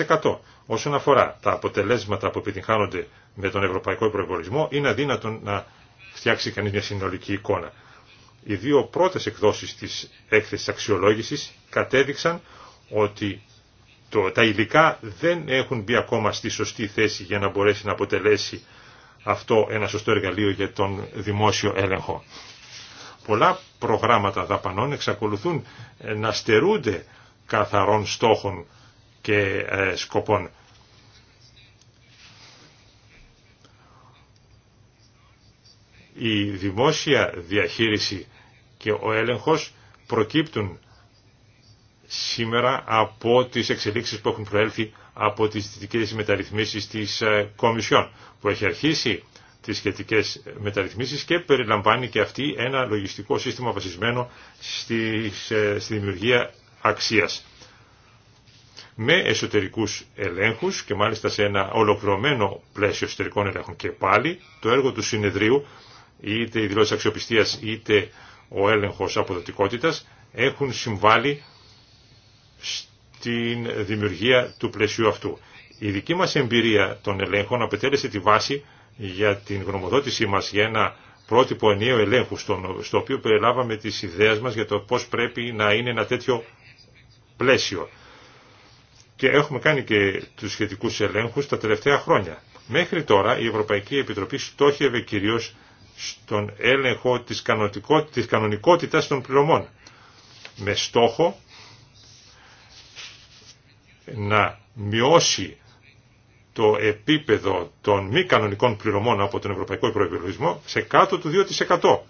3,9%. Όσον αφορά τα αποτελέσματα που επιτυγχάνονται με τον ευρωπαϊκό προϋπολογισμό, είναι αδύνατον να φτιάξει κανείς μια συνολική εικόνα. Οι δύο πρώτες εκδόσεις της έκθεσης αξιολόγησης κατέδειξαν ότι το, τα υλικά δεν έχουν μπει ακόμα στη σωστή θέση για να μπορέσει να αποτελέσει αυτό ένα σωστό εργαλείο για τον δημόσιο έλεγχο. Πολλά προγράμματα δαπανών εξακολουθούν ε, να στερούνται καθαρών στόχων και ε, σκοπών. Η δημόσια διαχείριση και ο έλεγχος προκύπτουν σήμερα από τις εξελίξεις που έχουν προέλθει από τις δυτικές μεταρρυθμίσεις της ε, Κομισιόν που έχει αρχίσει τις σχετικές μεταρρυθμίσεις και περιλαμβάνει και αυτή ένα λογιστικό σύστημα βασισμένο στη, ε, στη δημιουργία αξίας με εσωτερικούς ελέγχους και μάλιστα σε ένα ολοκληρωμένο πλαίσιο εσωτερικών ελέγχων και πάλι το έργο του συνεδρίου είτε η δηλώση αξιοπιστίας είτε ο έλεγχος αποδοτικότητας έχουν συμβάλει στην δημιουργία του πλαισίου αυτού. Η δική μας εμπειρία των ελέγχων αποτέλεσε τη βάση για την γνωμοδότησή μας για ένα πρότυπο ενίο ελέγχου στο οποίο περιλάβαμε τις ιδέες μας για το πώς πρέπει να είναι ένα τέτοιο πλαίσιο. Και έχουμε κάνει και τους σχετικούς ελέγχους τα τελευταία χρόνια. Μέχρι τώρα η Ευρωπαϊκή Επιτροπή στόχευε κυρίως στον έλεγχο της, της κανονικότητας των πληρωμών με στόχο να μειώσει το επίπεδο των μη κανονικών πληρωμών από τον Ευρωπαϊκό Προϋπολογισμό σε κάτω του 2%.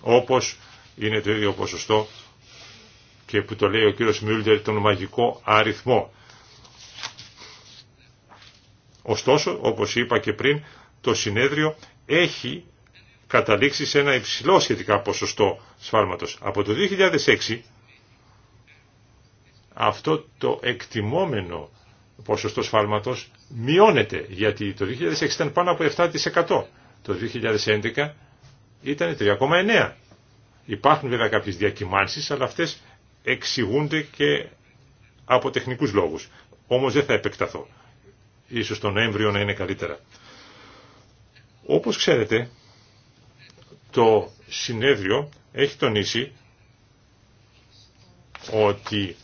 Όπως είναι το ίδιο ποσοστό και που το λέει ο κύριος Μιούλτερ τον μαγικό αριθμό. Ωστόσο, όπως είπα και πριν, το συνέδριο έχει καταλήξει σε ένα υψηλό σχετικά ποσοστό σφάλματος. Από το 2006 αυτό το εκτιμόμενο ποσοστό σφάλματος μειώνεται, γιατί το 2006 ήταν πάνω από 7%. Το 2011 ήταν 3,9%. Υπάρχουν βέβαια κάποιες διακυμάνσεις, αλλά αυτές εξηγούνται και από τεχνικούς λόγους. Όμως δεν θα επεκταθώ. Ίσως το Νοέμβριο να είναι καλύτερα. Όπως ξέρετε, το συνέδριο έχει τονίσει ότι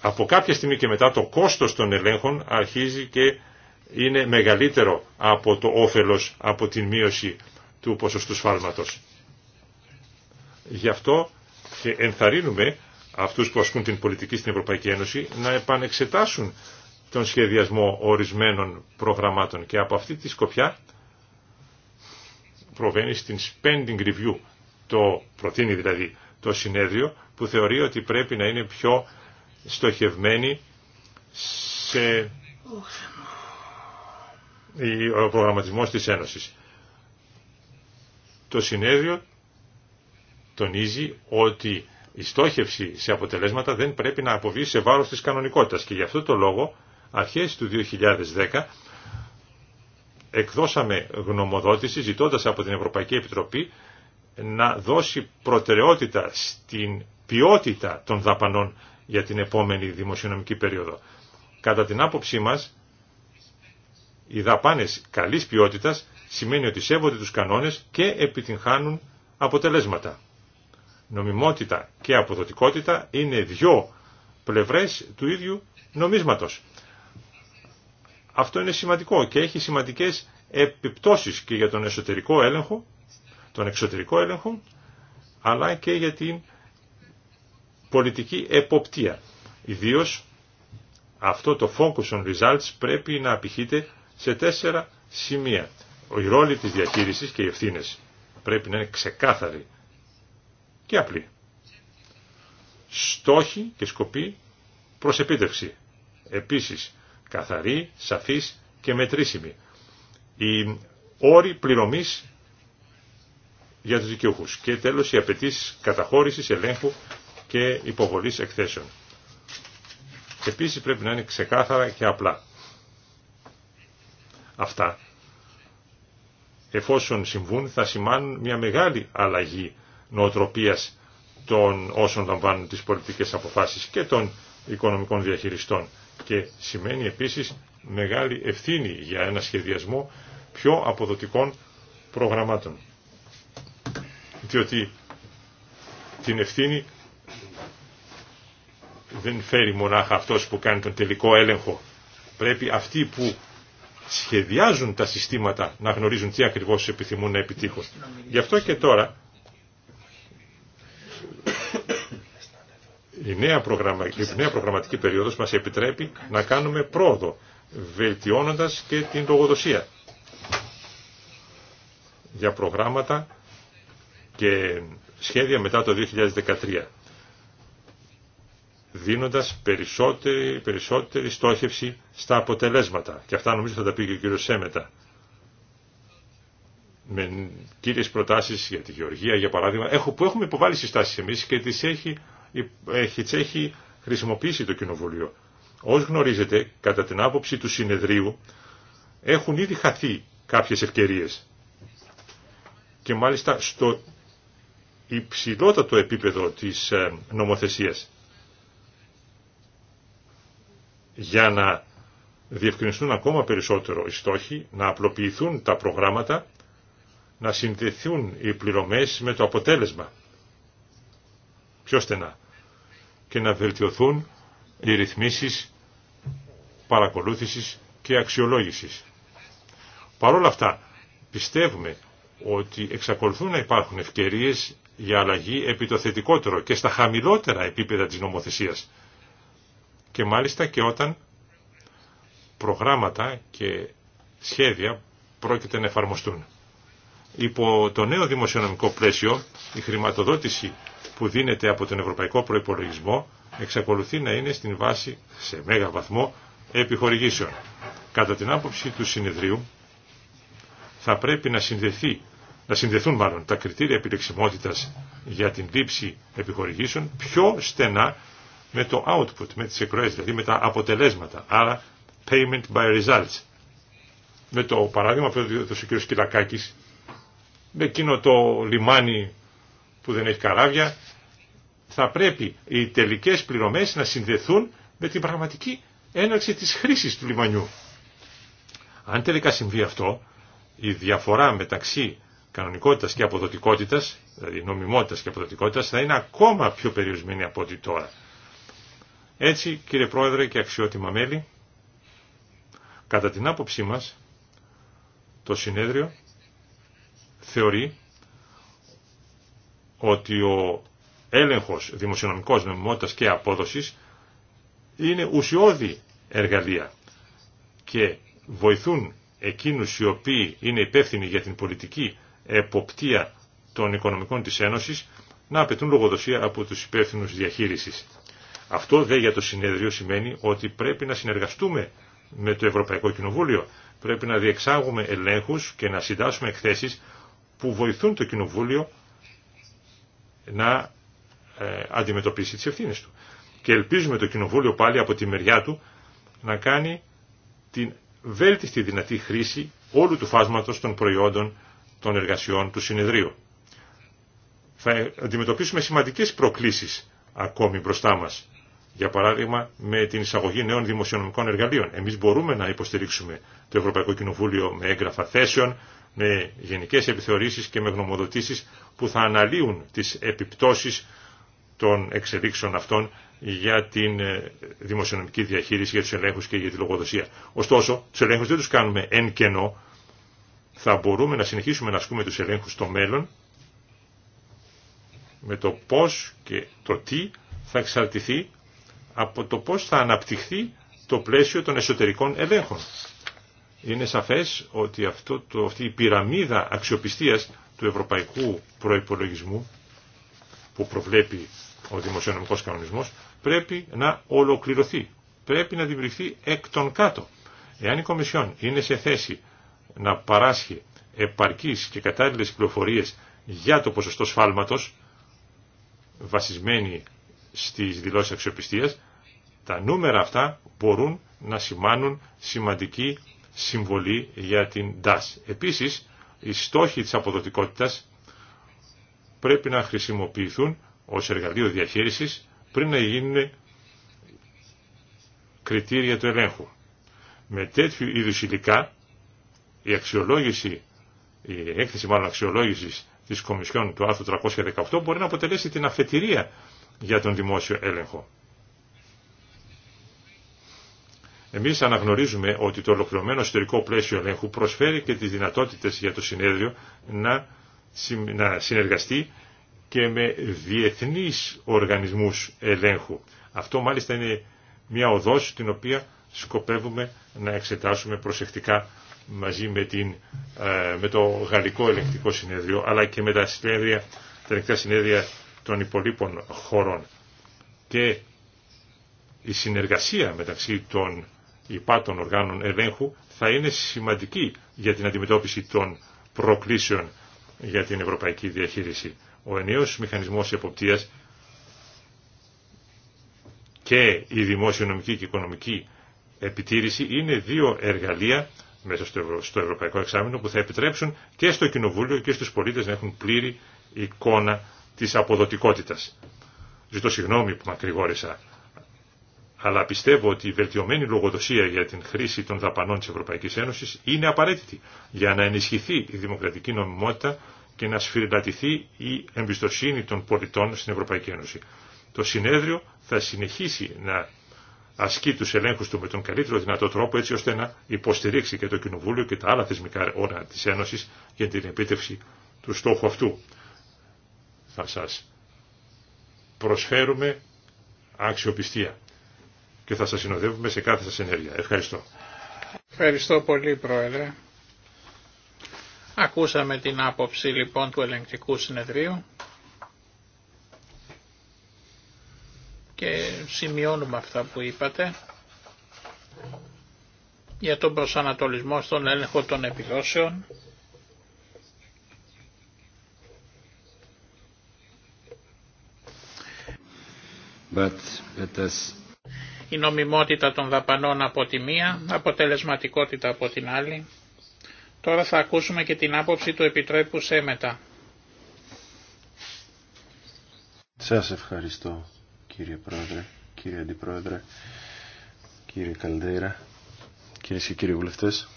από κάποια στιγμή και μετά το κόστος των ελέγχων αρχίζει και είναι μεγαλύτερο από το όφελος από την μείωση του ποσοστού σφάλματος. Γι' αυτό και ενθαρρύνουμε αυτούς που ασκούν την πολιτική στην Ευρωπαϊκή Ένωση να επανεξετάσουν τον σχεδιασμό ορισμένων προγραμμάτων και από αυτή τη σκοπιά προβαίνει στην spending review, το προτείνει δηλαδή το συνέδριο που θεωρεί ότι πρέπει να είναι πιο στοχευμένη σε ο προγραμματισμός της Ένωσης. Το συνέδριο τονίζει ότι η στόχευση σε αποτελέσματα δεν πρέπει να αποβεί σε βάρος της κανονικότητας και γι' αυτό το λόγο αρχές του 2010 εκδώσαμε γνωμοδότηση ζητώντας από την Ευρωπαϊκή Επιτροπή να δώσει προτεραιότητα στην ποιότητα των δαπανών για την επόμενη δημοσιονομική περίοδο. Κατά την άποψή μας, οι δαπάνες καλής ποιότητας σημαίνει ότι σέβονται τους κανόνες και επιτυγχάνουν αποτελέσματα. Νομιμότητα και αποδοτικότητα είναι δυο πλευρές του ίδιου νομίσματος. Αυτό είναι σημαντικό και έχει σημαντικές επιπτώσεις και για τον εσωτερικό έλεγχο, τον εξωτερικό έλεγχο, αλλά και για την πολιτική εποπτεία. Ιδίω αυτό το focus on results πρέπει να απηχείται σε τέσσερα σημεία. Οι ρόλοι της διαχείρισης και οι ευθύνε πρέπει να είναι ξεκάθαροι και απλοί. Στόχοι και σκοποί προς επίτευξη. Επίσης, καθαρή, σαφής και μετρήσιμη. Οι όροι πληρωμής για τους δικαιούχους. Και τέλος, οι απαιτήσει καταχώρησης, ελέγχου και υποβολής εκθέσεων. Επίσης πρέπει να είναι ξεκάθαρα και απλά. Αυτά, εφόσον συμβούν, θα σημάνουν μια μεγάλη αλλαγή νοοτροπίας των όσων λαμβάνουν τις πολιτικές αποφάσεις και των οικονομικών διαχειριστών και σημαίνει επίσης μεγάλη ευθύνη για ένα σχεδιασμό πιο αποδοτικών προγραμμάτων. Διότι την ευθύνη δεν φέρει μονάχα αυτός που κάνει τον τελικό έλεγχο. Πρέπει αυτοί που σχεδιάζουν τα συστήματα να γνωρίζουν τι ακριβώς επιθυμούν να επιτύχουν. Γι' αυτό και τώρα η νέα, προγραμμα... η προγραμματική περίοδος μας επιτρέπει να κάνουμε πρόοδο, βελτιώνοντας και την λογοδοσία για προγράμματα και σχέδια μετά το 2013 δίνοντας περισσότερη, περισσότερη στόχευση στα αποτελέσματα. Και αυτά νομίζω θα τα πει και ο κύριος Σέμετα. Με κύριες προτάσεις για τη Γεωργία, για παράδειγμα, έχω, που έχουμε υποβάλει συστάσεις εμείς και τις έχει, έχει, χρησιμοποιήσει το Κοινοβουλίο. Ως γνωρίζετε, κατά την άποψη του συνεδρίου, έχουν ήδη χαθεί κάποιες ευκαιρίες. Και μάλιστα στο υψηλότατο επίπεδο της ε, νομοθεσίας για να διευκρινιστούν ακόμα περισσότερο οι στόχοι, να απλοποιηθούν τα προγράμματα, να συνδεθούν οι πληρωμές με το αποτέλεσμα πιο στενά και να βελτιωθούν οι ρυθμίσεις παρακολούθησης και αξιολόγησης. Παρ' όλα αυτά, πιστεύουμε ότι εξακολουθούν να υπάρχουν ευκαιρίες για αλλαγή επί το θετικότερο και στα χαμηλότερα επίπεδα της νομοθεσίας και μάλιστα και όταν προγράμματα και σχέδια πρόκειται να εφαρμοστούν. Υπό το νέο δημοσιονομικό πλαίσιο, η χρηματοδότηση που δίνεται από τον Ευρωπαϊκό Προϋπολογισμό εξακολουθεί να είναι στην βάση, σε μέγα βαθμό, επιχορηγήσεων. Κατά την άποψη του συνεδρίου, θα πρέπει να, συνδεθεί, να συνδεθούν μάλλον τα κριτήρια επιλεξιμότητας για την λήψη επιχορηγήσεων πιο στενά με το output, με τις εκροές, δηλαδή με τα αποτελέσματα. Άρα payment by results. Με το παράδειγμα που έδωσε ο κ. Σκυλακάκης, με εκείνο το λιμάνι που δεν έχει καράβια, θα πρέπει οι τελικές πληρωμές να συνδεθούν με την πραγματική έναρξη της χρήσης του λιμανιού. Αν τελικά συμβεί αυτό, η διαφορά μεταξύ κανονικότητας και αποδοτικότητας, δηλαδή νομιμότητας και αποδοτικότητας, θα είναι ακόμα πιο περιορισμένη από ό,τι τώρα. Έτσι, κύριε Πρόεδρε και αξιότιμα μέλη, κατά την άποψή μας, το συνέδριο θεωρεί ότι ο έλεγχος δημοσιονομικός νομιμότητας και απόδοσης είναι ουσιώδη εργαλεία και βοηθούν εκείνους οι οποίοι είναι υπεύθυνοι για την πολιτική εποπτεία των οικονομικών της Ένωσης να απαιτούν λογοδοσία από τους υπεύθυνους διαχείρισης. Αυτό δε για το συνέδριο σημαίνει ότι πρέπει να συνεργαστούμε με το Ευρωπαϊκό Κοινοβούλιο. Πρέπει να διεξάγουμε ελέγχους και να συντάσσουμε εκθέσεις που βοηθούν το Κοινοβούλιο να ε, αντιμετωπίσει τις ευθύνες του. Και ελπίζουμε το Κοινοβούλιο πάλι από τη μεριά του να κάνει την βέλτιστη δυνατή χρήση όλου του φάσματος των προϊόντων των εργασιών του συνεδρίου. Θα αντιμετωπίσουμε σημαντικές προκλήσεις ακόμη μπροστά μας. Για παράδειγμα, με την εισαγωγή νέων δημοσιονομικών εργαλείων. Εμεί μπορούμε να υποστηρίξουμε το Ευρωπαϊκό Κοινοβούλιο με έγγραφα θέσεων, με γενικέ επιθεωρήσει και με γνωμοδοτήσει που θα αναλύουν τι επιπτώσει των εξελίξεων αυτών για την ε, δημοσιονομική διαχείριση, για του ελέγχου και για τη λογοδοσία. Ωστόσο, του ελέγχου δεν του κάνουμε εν κενό. Θα μπορούμε να συνεχίσουμε να ασκούμε του ελέγχου στο μέλλον με το πώ και το τι θα εξαρτηθεί από το πώς θα αναπτυχθεί το πλαίσιο των εσωτερικών ελέγχων. Είναι σαφές ότι αυτό, το, αυτή η πυραμίδα αξιοπιστίας του ευρωπαϊκού προϋπολογισμού που προβλέπει ο δημοσιονομικός κανονισμός πρέπει να ολοκληρωθεί. Πρέπει να δημιουργηθεί εκ των κάτω. Εάν η Κομισιόν είναι σε θέση να παράσχει επαρκείς και κατάλληλες πληροφορίες για το ποσοστό σφάλματος βασισμένη στις δηλώσεις αξιοπιστίας τα νούμερα αυτά μπορούν να σημάνουν σημαντική συμβολή για την DAS. Επίσης, οι στόχοι της αποδοτικότητας πρέπει να χρησιμοποιηθούν ως εργαλείο διαχείρισης πριν να γίνουν κριτήρια του ελέγχου. Με τέτοιου είδους υλικά η αξιολόγηση, η έκθεση μάλλον αξιολόγησης της Κομισιόν του άρθρου 318 μπορεί να αποτελέσει την αφετηρία για τον δημόσιο έλεγχο. Εμείς αναγνωρίζουμε ότι το ολοκληρωμένο ιστορικό πλαίσιο ελέγχου προσφέρει και τις δυνατότητες για το συνέδριο να, να συνεργαστεί και με διεθνείς οργανισμούς ελέγχου. Αυτό μάλιστα είναι μια οδός την οποία σκοπεύουμε να εξετάσουμε προσεκτικά μαζί με, την, ε, με το Γαλλικό Ελεκτικό Συνέδριο αλλά και με τα, συνέδρια, τα συνέδρια των υπολείπων χωρών. Και η συνεργασία μεταξύ των υπά των οργάνων ελέγχου θα είναι σημαντική για την αντιμετώπιση των προκλήσεων για την ευρωπαϊκή διαχείριση. Ο ενιαίος μηχανισμός εποπτείας και η δημοσιονομική και οικονομική επιτήρηση είναι δύο εργαλεία μέσα στο, Ευρωπαϊκό Εξάμεινο που θα επιτρέψουν και στο Κοινοβούλιο και στους πολίτες να έχουν πλήρη εικόνα της αποδοτικότητας. Ζητώ συγγνώμη που μακρηγόρησα αλλά πιστεύω ότι η βελτιωμένη λογοδοσία για την χρήση των δαπανών της Ευρωπαϊκής Ένωσης είναι απαραίτητη για να ενισχυθεί η δημοκρατική νομιμότητα και να σφυριλατηθεί η εμπιστοσύνη των πολιτών στην Ευρωπαϊκή Ένωση. Το συνέδριο θα συνεχίσει να ασκεί τους ελέγχους του με τον καλύτερο δυνατό τρόπο έτσι ώστε να υποστηρίξει και το Κοινοβούλιο και τα άλλα θεσμικά όργανα της Ένωσης για την επίτευξη του στόχου αυτού. Θα σας προσφέρουμε αξιοπιστία και θα σας συνοδεύουμε σε κάθε σας ενέργεια. Ευχαριστώ. Ευχαριστώ πολύ Πρόεδρε. Ακούσαμε την άποψη λοιπόν του ελεγκτικού συνεδρίου και σημειώνουμε αυτά που είπατε για τον προσανατολισμό στον έλεγχο των επιδόσεων But let us η νομιμότητα των δαπανών από τη μία, αποτελεσματικότητα από την άλλη. Τώρα θα ακούσουμε και την άποψη του Επιτρέπου Σέμετα. Σας ευχαριστώ κύριε Πρόεδρε, κύριε Αντιπρόεδρε, κύριε Καλδέρα, κύριε και κύριοι βουλευτές,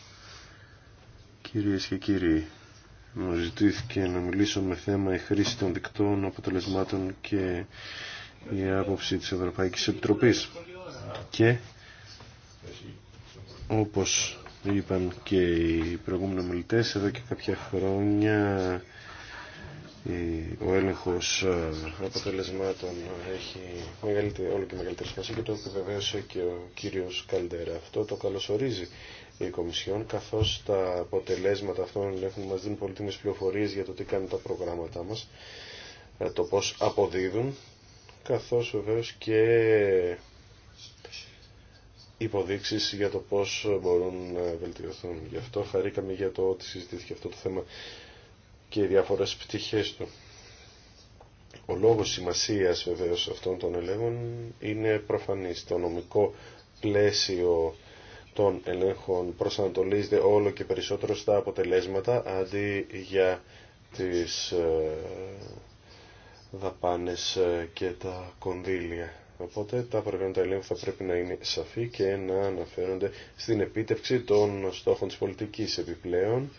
κυρίες και κύριοι. Μου ζητήθηκε να μιλήσω με θέμα η χρήση των δικτών αποτελεσμάτων και η άποψη της Ευρωπαϊκής Επιτροπής και όπως είπαν και οι προηγούμενοι ομιλητές εδώ και κάποια χρόνια ο έλεγχος ε, αποτελεσμάτων έχει όλο και μεγαλύτερη σημασία και το επιβεβαίωσε και ο κύριος Καλντέρα. Αυτό το καλωσορίζει η Κομισιόν καθώς τα αποτελέσματα αυτών έχουν μας δίνουν πολύτιμες πληροφορίες για το τι κάνουν τα προγράμματά μας, ε, το πώς αποδίδουν καθώς βεβαίως και υποδείξεις για το πώς μπορούν να βελτιωθούν. Γι' αυτό χαρήκαμε για το ότι συζητήθηκε αυτό το θέμα και οι διάφορες πτυχές του. Ο λόγος σημασίας βεβαίως αυτών των ελέγχων είναι προφανής. Το νομικό πλαίσιο των ελέγχων προσανατολίζεται όλο και περισσότερο στα αποτελέσματα αντί για τις ε, δαπάνες ε, και τα κονδύλια. Οπότε τα προγράμματα ελέγχου θα πρέπει να είναι σαφή και να αναφέρονται στην επίτευξη των στόχων της πολιτικής. Επιπλέον,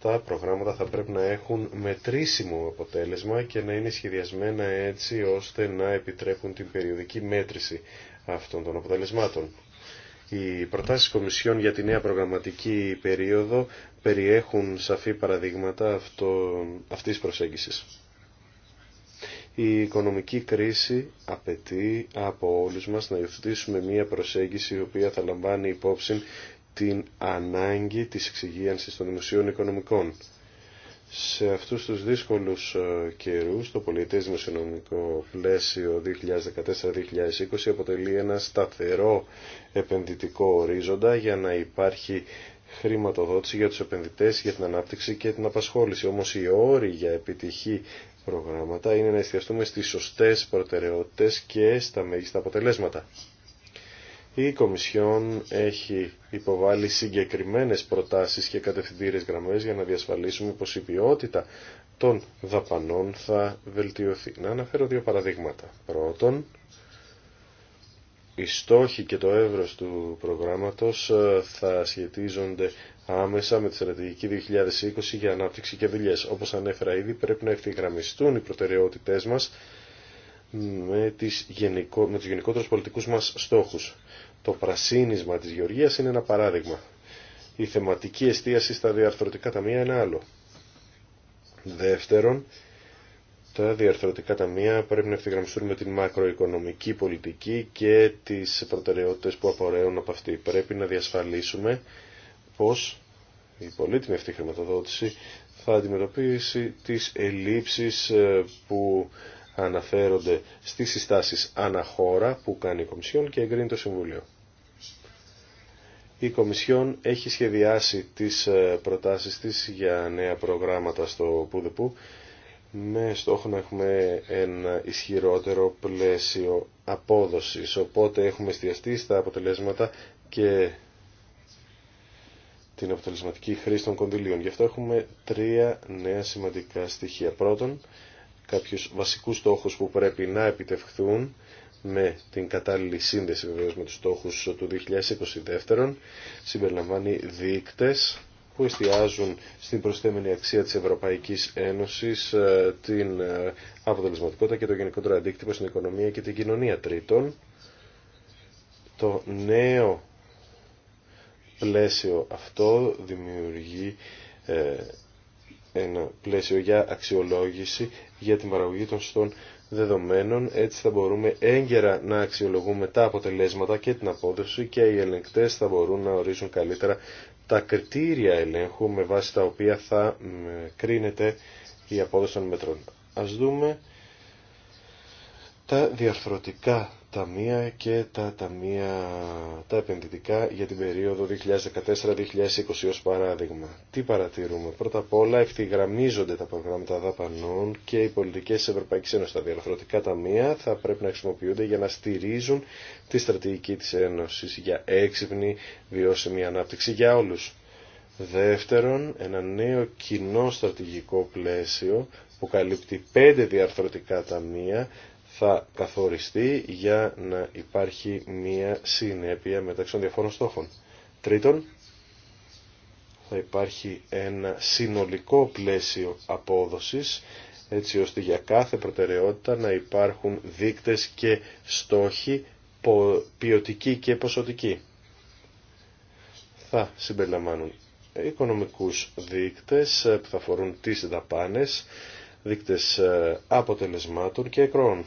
τα προγράμματα θα πρέπει να έχουν μετρήσιμο αποτέλεσμα και να είναι σχεδιασμένα έτσι ώστε να επιτρέπουν την περιοδική μέτρηση αυτών των αποτελεσμάτων. Οι προτάσεις Κομισιόν για τη νέα προγραμματική περίοδο περιέχουν σαφή παραδείγματα αυτής προσέγγισης. Η οικονομική κρίση απαιτεί από όλους μας να υιοθετήσουμε μία προσέγγιση η οποία θα λαμβάνει υπόψη την ανάγκη της εξυγίανσης των δημοσίων οικονομικών. Σε αυτούς τους δύσκολους ε, καιρούς, το πολιτές δημοσιονομικό πλαίσιο 2014-2020 αποτελεί ένα σταθερό επενδυτικό ορίζοντα για να υπάρχει χρηματοδότηση για τους επενδυτές, για την ανάπτυξη και την απασχόληση. Όμως οι όροι για επιτυχή προγράμματα είναι να εστιαστούμε στις σωστές προτεραιότητες και στα μέγιστα αποτελέσματα. Η Κομισιόν έχει υποβάλει συγκεκριμένες προτάσεις και κατευθυντήρες γραμμές για να διασφαλίσουμε πως η ποιότητα των δαπανών θα βελτιωθεί. Να αναφέρω δύο παραδείγματα. Πρώτον, οι στόχοι και το έβρος του προγράμματος ε, θα σχετίζονται άμεσα με τη στρατηγική 2020 για ανάπτυξη και δουλειέ. Όπω ανέφερα ήδη πρέπει να ευθυγραμμιστούν οι προτεραιότητές μα με, γενικό, με τους γενικότερους πολιτικούς μας στόχους. Το πρασίνισμα τη γεωργίας είναι ένα παράδειγμα. Η θεματική εστίαση στα διαρθρωτικά ταμεία είναι άλλο. Δεύτερον, τα διαρθρωτικά ταμεία πρέπει να ευθυγραμμιστούν με την μακροοικονομική πολιτική και τις προτεραιότητες που απορρέουν από αυτή. Πρέπει να διασφαλίσουμε πώς η πολύτιμη αυτή χρηματοδότηση θα αντιμετωπίσει τις ελλείψεις ε, που αναφέρονται στις συστάσεις αναχώρα που κάνει η Κομισιόν και εγκρίνει το Συμβουλίο. Η Κομισιόν έχει σχεδιάσει τις ε, προτάσεις της για νέα προγράμματα στο Πουδεπού με στόχο να έχουμε ένα ισχυρότερο πλαίσιο απόδοσης. Οπότε έχουμε εστιαστεί στα αποτελέσματα και την αποτελεσματική χρήση των κονδυλίων. Γι' αυτό έχουμε τρία νέα σημαντικά στοιχεία. Πρώτον, κάποιους βασικούς στόχους που πρέπει να επιτευχθούν με την κατάλληλη σύνδεση βεβαίως με τους στόχους του 2022. συμπεριλαμβάνει δείκτες που εστιάζουν στην προσθέμενη αξία της Ευρωπαϊκής Ένωσης, ε, την ε, αποτελεσματικότητα και το γενικότερο αντίκτυπο στην οικονομία και την κοινωνία. Τρίτον, το νέο πλαίσιο αυτό δημιουργεί ε, ένα πλαίσιο για αξιολόγηση για την παραγωγή των στον δεδομένων. Έτσι θα μπορούμε έγκαιρα να αξιολογούμε τα αποτελέσματα και την απόδοση και οι ελεγκτές θα μπορούν να ορίζουν καλύτερα τα κριτήρια ελέγχου με βάση τα οποία θα κρίνεται η απόδοση των μετρών. Ας δούμε τα διαρθρωτικά ταμεία και τα ταμεία τα επενδυτικά για την περίοδο 2014-2020 ως παράδειγμα. Τι παρατηρούμε. Πρώτα απ' όλα ευθυγραμμίζονται τα προγράμματα δαπανών και οι πολιτικές της Ευρωπαϊκής Ένωσης. Τα διαρθρωτικά ταμεία θα πρέπει να χρησιμοποιούνται για να στηρίζουν τη στρατηγική της Ένωσης για έξυπνη βιώσιμη ανάπτυξη για όλους. Δεύτερον, ένα νέο κοινό στρατηγικό πλαίσιο που καλύπτει πέντε διαρθρωτικά ταμεία θα καθοριστεί για να υπάρχει μία συνέπεια μεταξύ των διαφόρων στόχων. Τρίτον, θα υπάρχει ένα συνολικό πλαίσιο απόδοσης έτσι ώστε για κάθε προτεραιότητα να υπάρχουν δείκτες και στόχοι ποιοτικοί και ποσοτικοί. Θα συμπεριλαμβάνουν οικονομικούς δείκτες ε, που θα αφορούν τις δαπάνες, δείκτες ε, αποτελεσμάτων και εκρών.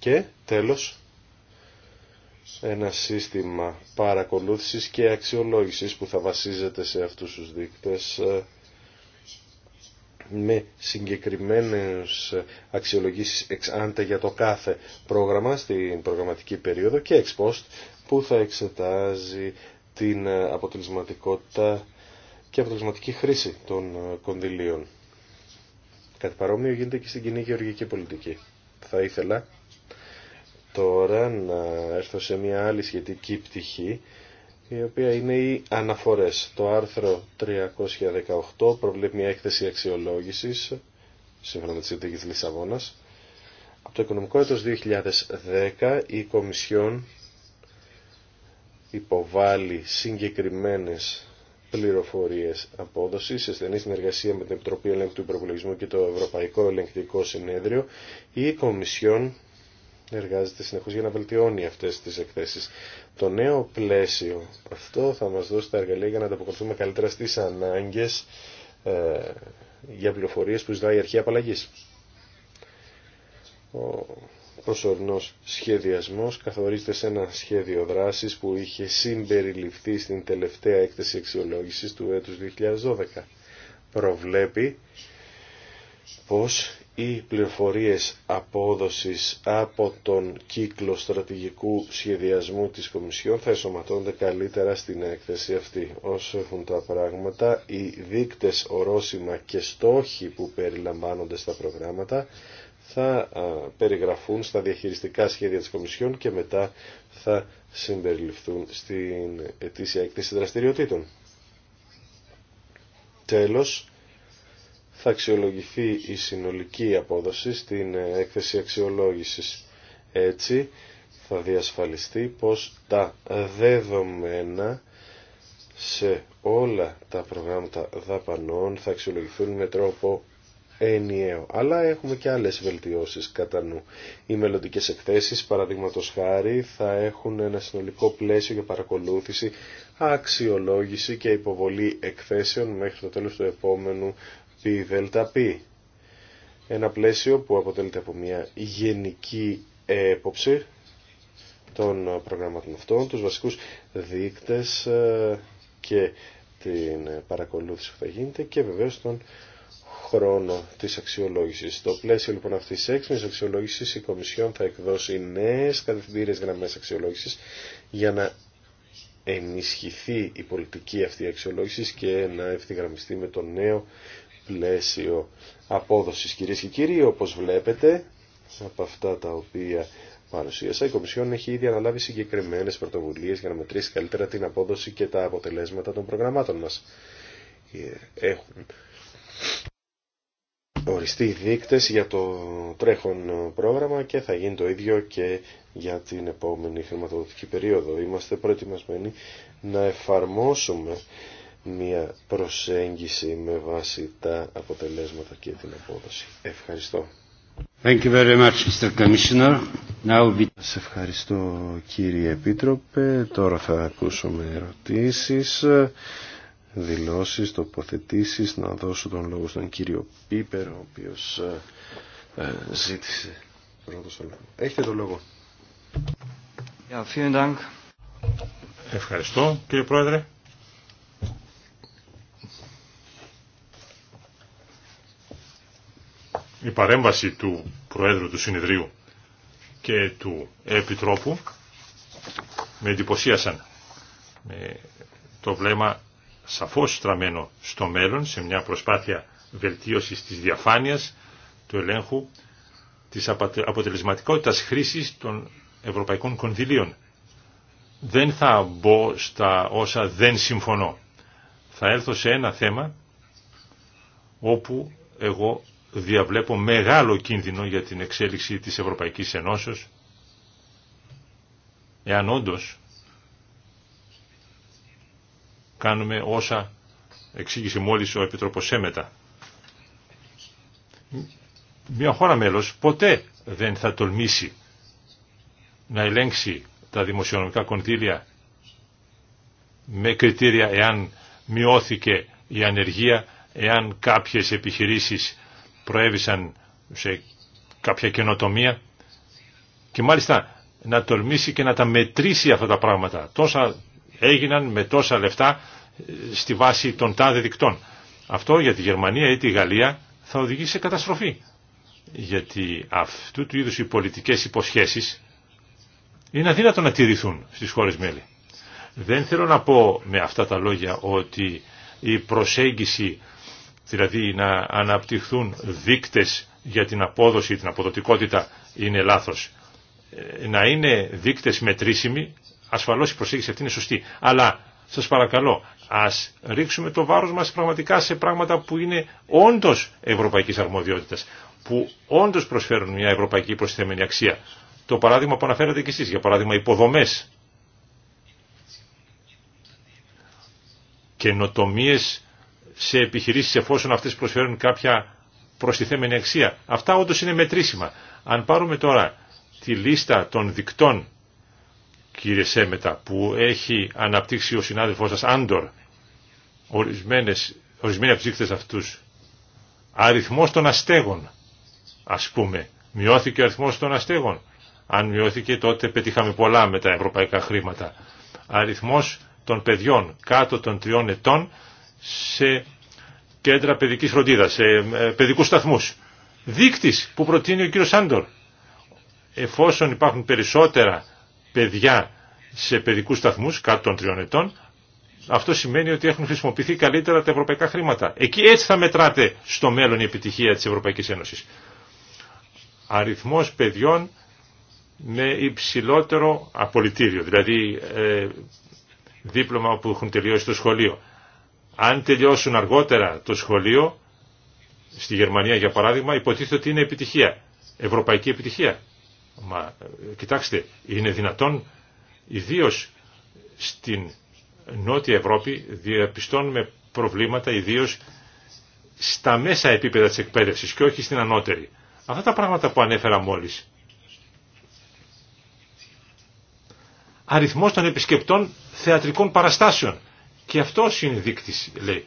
Και τέλος, ένα σύστημα παρακολούθησης και αξιολόγησης που θα βασίζεται σε αυτούς τους δείκτες ε, με συγκεκριμένες αξιολογήσεις εξ για το κάθε πρόγραμμα στην προγραμματική περίοδο και εξποστ post που θα εξετάζει την αποτελεσματικότητα και αποτελεσματική χρήση των ε, κονδυλίων. Κάτι παρόμοιο γίνεται και στην κοινή γεωργική πολιτική. Θα ήθελα τώρα να έρθω σε μια άλλη σχετική πτυχή η οποία είναι οι αναφορές. Το άρθρο 318 προβλέπει μια έκθεση αξιολόγησης σύμφωνα με τη της Λισαβόνας. Από το οικονομικό έτος 2010 η Κομισιόν υποβάλλει συγκεκριμένες πληροφορίες απόδοση σε στενή συνεργασία με την Επιτροπή Ελέγχου του και το Ευρωπαϊκό Ελεγκτικό Συνέδριο η Κομισιόν εργάζεται συνεχώς για να βελτιώνει αυτές τις εκθέσεις. Το νέο πλαίσιο αυτό θα μας δώσει τα εργαλεία για να ανταποκριθούμε καλύτερα στις ανάγκες ε, για πληροφορίες που ζητάει η αρχή απαλλαγής. Ο προσωρινός σχεδιασμός καθορίζεται σε ένα σχέδιο δράσης που είχε συμπεριληφθεί στην τελευταία έκθεση αξιολόγηση του έτους 2012. Προβλέπει πως οι πληροφορίες απόδοσης από τον κύκλο στρατηγικού σχεδιασμού της Κομισιόν θα εσωματώνται καλύτερα στην έκθεση αυτή. Όσο έχουν τα πράγματα, οι δείκτες ορόσημα και στόχοι που περιλαμβάνονται στα προγράμματα θα περιγραφούν στα διαχειριστικά σχέδια της Κομισιόν και μετά θα συμπεριληφθούν στην ετήσια έκθεση δραστηριοτήτων. Τέλος, θα αξιολογηθεί η συνολική απόδοση στην ε, έκθεση αξιολόγησης. Έτσι θα διασφαλιστεί πως τα δεδομένα σε όλα τα προγράμματα δαπανών θα αξιολογηθούν με τρόπο ενιαίο. Αλλά έχουμε και άλλες βελτιώσεις κατά νου. Οι μελλοντικές εκθέσεις, παραδείγματος χάρη, θα έχουν ένα συνολικό πλαίσιο για παρακολούθηση, αξιολόγηση και υποβολή εκθέσεων μέχρι το τέλος του επόμενου πι δελτα πι. Ένα πλαίσιο που αποτελείται από μια γενική έποψη των προγραμμάτων αυτών, τους βασικούς δείκτες ε, και την παρακολούθηση που θα γίνεται και βεβαίως τον χρόνο της αξιολόγησης. το πλαίσιο λοιπόν αυτής της έξυπνης αξιολόγησης η Κομισιόν θα εκδώσει νέες κατευθυντήριες γραμμές αξιολόγησης για να ενισχυθεί η πολιτική αυτή αξιολόγησης και να ευθυγραμμιστεί με το νέο πλαίσιο απόδοσης. Κυρίε και κύριοι, όπως βλέπετε από αυτά τα οποία παρουσίασα, η Κομισιόν έχει ήδη αναλάβει συγκεκριμένες πρωτοβουλίες για να μετρήσει καλύτερα την απόδοση και τα αποτελέσματα των προγραμμάτων μας. Ε, έχουν οριστεί δείκτες για το τρέχον πρόγραμμα και θα γίνει το ίδιο και για την επόμενη χρηματοδοτική περίοδο. Είμαστε προετοιμασμένοι να εφαρμόσουμε μια προσέγγιση με βάση τα αποτελέσματα και την απόδοση. Ευχαριστώ. Thank you very much, Mr. Commissioner. Now Σας ευχαριστώ κύριε Επίτροπε. Τώρα θα ακούσουμε ερωτήσεις, δηλώσεις, τοποθετήσεις. Να δώσω τον λόγο στον κύριο Πίπερ, ο οποίος ε, ζήτησε πρώτος τον λόγο. Έχετε τον λόγο. vielen Dank. Ευχαριστώ κύριε Πρόεδρε. η παρέμβαση του Προέδρου του Συνεδρίου και του Επιτρόπου με εντυπωσίασαν με το βλέμμα σαφώς στραμμένο στο μέλλον σε μια προσπάθεια βελτίωσης της διαφάνειας του ελέγχου της αποτελεσματικότητας χρήσης των ευρωπαϊκών κονδυλίων. Δεν θα μπω στα όσα δεν συμφωνώ. Θα έρθω σε ένα θέμα όπου εγώ διαβλέπω μεγάλο κίνδυνο για την εξέλιξη της Ευρωπαϊκής Ενώσεως εάν όντω κάνουμε όσα εξήγησε μόλις ο Επιτροποσέμετα. Σέμετα. Μια χώρα μέλος ποτέ δεν θα τολμήσει να ελέγξει τα δημοσιονομικά κονδύλια με κριτήρια εάν μειώθηκε η ανεργία, εάν κάποιες επιχειρήσεις προέβησαν σε κάποια καινοτομία και μάλιστα να τολμήσει και να τα μετρήσει αυτά τα πράγματα. Τόσα έγιναν με τόσα λεφτά ε, στη βάση των τάδε δικτών. Αυτό για τη Γερμανία ή τη Γαλλία θα οδηγήσει σε καταστροφή. Γιατί αυτού του είδους οι πολιτικές υποσχέσεις είναι αδύνατο να τηρηθούν στις χώρες μέλη. Δεν θέλω να πω με αυτά τα λόγια ότι η προσέγγιση δηλαδή να αναπτυχθούν δείκτες για την απόδοση, την αποδοτικότητα είναι λάθος. Ε, να είναι δείκτες μετρήσιμοι, ασφαλώς η προσέγγιση αυτή είναι σωστή. Αλλά σας παρακαλώ, ας ρίξουμε το βάρος μας πραγματικά σε πράγματα που είναι όντως ευρωπαϊκής αρμοδιότητας, που όντως προσφέρουν μια ευρωπαϊκή προσθέμενη αξία. Το παράδειγμα που αναφέρατε και εσείς, για παράδειγμα υποδομές, καινοτομίες σε επιχειρήσεις εφόσον αυτές προσφέρουν κάποια προστιθέμενη αξία. Αυτά όντως είναι μετρήσιμα. Αν πάρουμε τώρα τη λίστα των δικτών, κύριε Σέμετα, που έχει αναπτύξει ο συνάδελφός σας Άντορ, ορισμένες, ορισμένοι από τους αυτούς, αριθμός των αστέγων, ας πούμε, μειώθηκε ο αριθμός των αστέγων. Αν μειώθηκε τότε πετύχαμε πολλά με τα ευρωπαϊκά χρήματα. Αριθμός των παιδιών κάτω των τριών ετών σε κέντρα παιδικής φροντίδας, σε ε, παιδικούς σταθμούς. Δείκτης που προτείνει ο κύριος Σάντορ. Εφόσον υπάρχουν περισσότερα παιδιά σε παιδικούς σταθμούς κάτω των τριών ετών, αυτό σημαίνει ότι έχουν χρησιμοποιηθεί καλύτερα τα ευρωπαϊκά χρήματα. Εκεί έτσι θα μετράτε στο μέλλον η επιτυχία της Ευρωπαϊκής Ένωσης. Αριθμός παιδιών με υψηλότερο απολυτήριο, δηλαδή ε, δίπλωμα που έχουν τελειώσει το σχολείο. Αν τελειώσουν αργότερα το σχολείο, στη Γερμανία για παράδειγμα, υποτίθεται ότι είναι επιτυχία, ευρωπαϊκή επιτυχία. Μα ε, κοιτάξτε, είναι δυνατόν ιδίω στην Νότια Ευρώπη διαπιστώνουμε προβλήματα ιδίω στα μέσα επίπεδα της εκπαίδευσης και όχι στην ανώτερη. Αυτά τα πράγματα που ανέφερα μόλις. Αριθμός των επισκεπτών θεατρικών παραστάσεων. Και αυτό είναι δείκτης, λέει.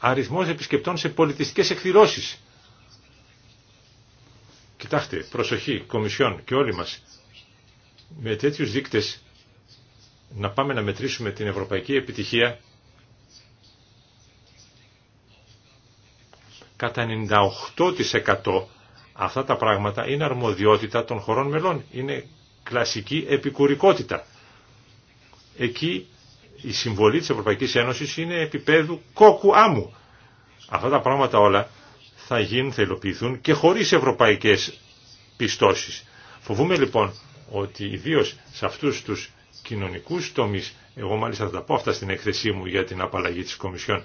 Αριθμός επισκεπτών σε πολιτιστικές εκδηλώσεις. Κοιτάξτε, προσοχή, κομισιόν και όλοι μας. Με τέτοιους δείκτες να πάμε να μετρήσουμε την ευρωπαϊκή επιτυχία κατά 98% αυτά τα πράγματα είναι αρμοδιότητα των χωρών μελών. Είναι κλασική επικουρικότητα. Εκεί η συμβολή της Ευρωπαϊκής Ένωσης είναι επίπεδου κόκκου άμμου. Αυτά τα πράγματα όλα θα γίνουν, θα υλοποιηθούν και χωρίς ευρωπαϊκές πιστώσεις. Φοβούμε λοιπόν ότι ιδίω σε αυτούς τους κοινωνικούς τομείς, εγώ μάλιστα θα τα πω αυτά στην έκθεσή μου για την απαλλαγή της Κομισιόν,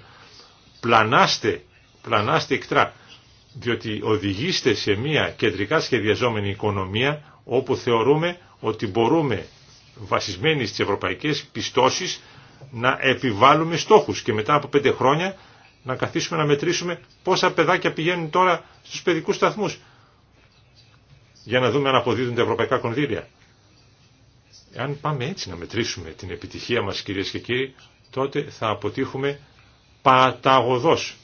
πλανάστε, πλανάστε εκτρά, διότι οδηγήστε σε μια κεντρικά σχεδιαζόμενη οικονομία όπου θεωρούμε ότι μπορούμε βασισμένοι στις ευρωπαϊκές πιστώσεις να επιβάλλουμε στόχους και μετά από πέντε χρόνια να καθίσουμε να μετρήσουμε πόσα παιδάκια πηγαίνουν τώρα στους παιδικούς σταθμούς για να δούμε αν αποδίδουν τα ευρωπαϊκά κονδύλια. Εάν πάμε έτσι να μετρήσουμε την επιτυχία μας κυρίες και κύριοι, τότε θα αποτύχουμε παταγωδός.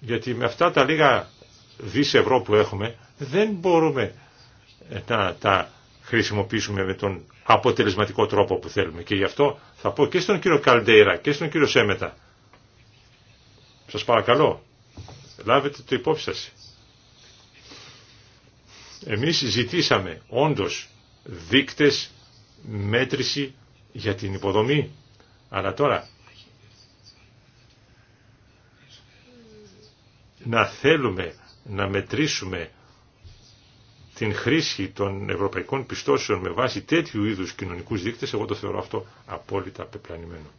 Γιατί με αυτά τα λίγα δις ευρώ που έχουμε δεν μπορούμε να τα χρησιμοποιήσουμε με τον αποτελεσματικό τρόπο που θέλουμε. Και γι' αυτό θα πω και στον κύριο Καλντέιρα και στον κύριο Σέμετα. Σας παρακαλώ, λάβετε το υπόψη σας. Εμείς ζητήσαμε όντως δίκτες μέτρηση για την υποδομή. Αλλά τώρα να θέλουμε να μετρήσουμε την χρήση των ευρωπαϊκών πιστώσεων με βάση τέτοιου είδους κοινωνικούς δείκτες, εγώ το θεωρώ αυτό απόλυτα πεπλανημένο.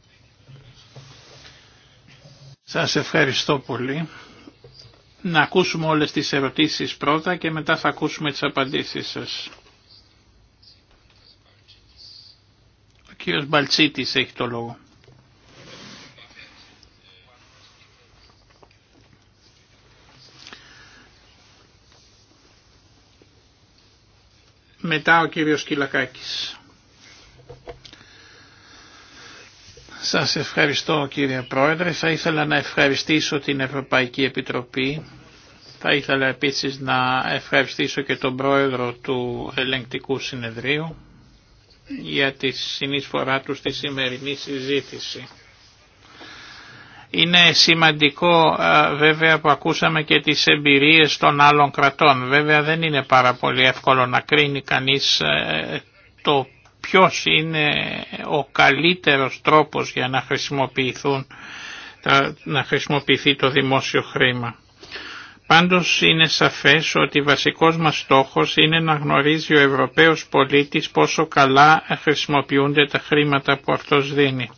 Σας ευχαριστώ πολύ. Να ακούσουμε όλες τις ερωτήσεις πρώτα και μετά θα ακούσουμε τις απαντήσεις σας. Ο κύριος Μπαλτσίτης έχει το λόγο. Μετά ο κύριος Κυλακάκης. Σας ευχαριστώ κύριε Πρόεδρε. Θα ήθελα να ευχαριστήσω την Ευρωπαϊκή Επιτροπή. Θα ήθελα επίσης να ευχαριστήσω και τον Πρόεδρο του Ελεγκτικού Συνεδρίου για τη συνεισφορά του στη σημερινή συζήτηση. Είναι σημαντικό βέβαια που ακούσαμε και τις εμπειρίες των άλλων κρατών. Βέβαια δεν είναι πάρα πολύ εύκολο να κρίνει κανείς ε, το ποιος είναι ο καλύτερος τρόπος για να, χρησιμοποιηθούν, να χρησιμοποιηθεί το δημόσιο χρήμα. Πάντως είναι σαφές ότι βασικός μας στόχος είναι να γνωρίζει ο Ευρωπαίος πολίτης πόσο καλά χρησιμοποιούνται τα χρήματα που αυτός δίνει.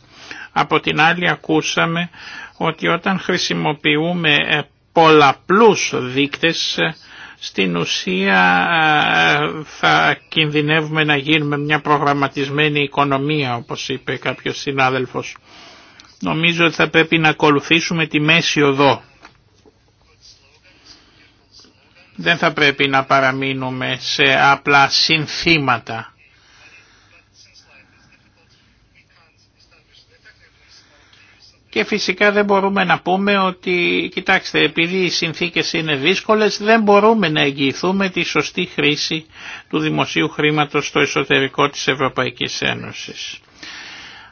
Από την άλλη ακούσαμε ότι όταν χρησιμοποιούμε ε, πολλαπλούς δείκτες ε, στην ουσία ε, θα κινδυνεύουμε να γίνουμε μια προγραμματισμένη οικονομία όπως είπε κάποιος συνάδελφος. Νομίζω ότι θα πρέπει να ακολουθήσουμε τη μέση οδό. Δεν θα πρέπει να παραμείνουμε σε απλά συνθήματα. Και φυσικά δεν μπορούμε να πούμε ότι, κοιτάξτε, επειδή οι συνθήκες είναι δύσκολες, δεν μπορούμε να εγγυηθούμε τη σωστή χρήση του δημοσίου χρήματος στο εσωτερικό της Ευρωπαϊκής Ένωσης.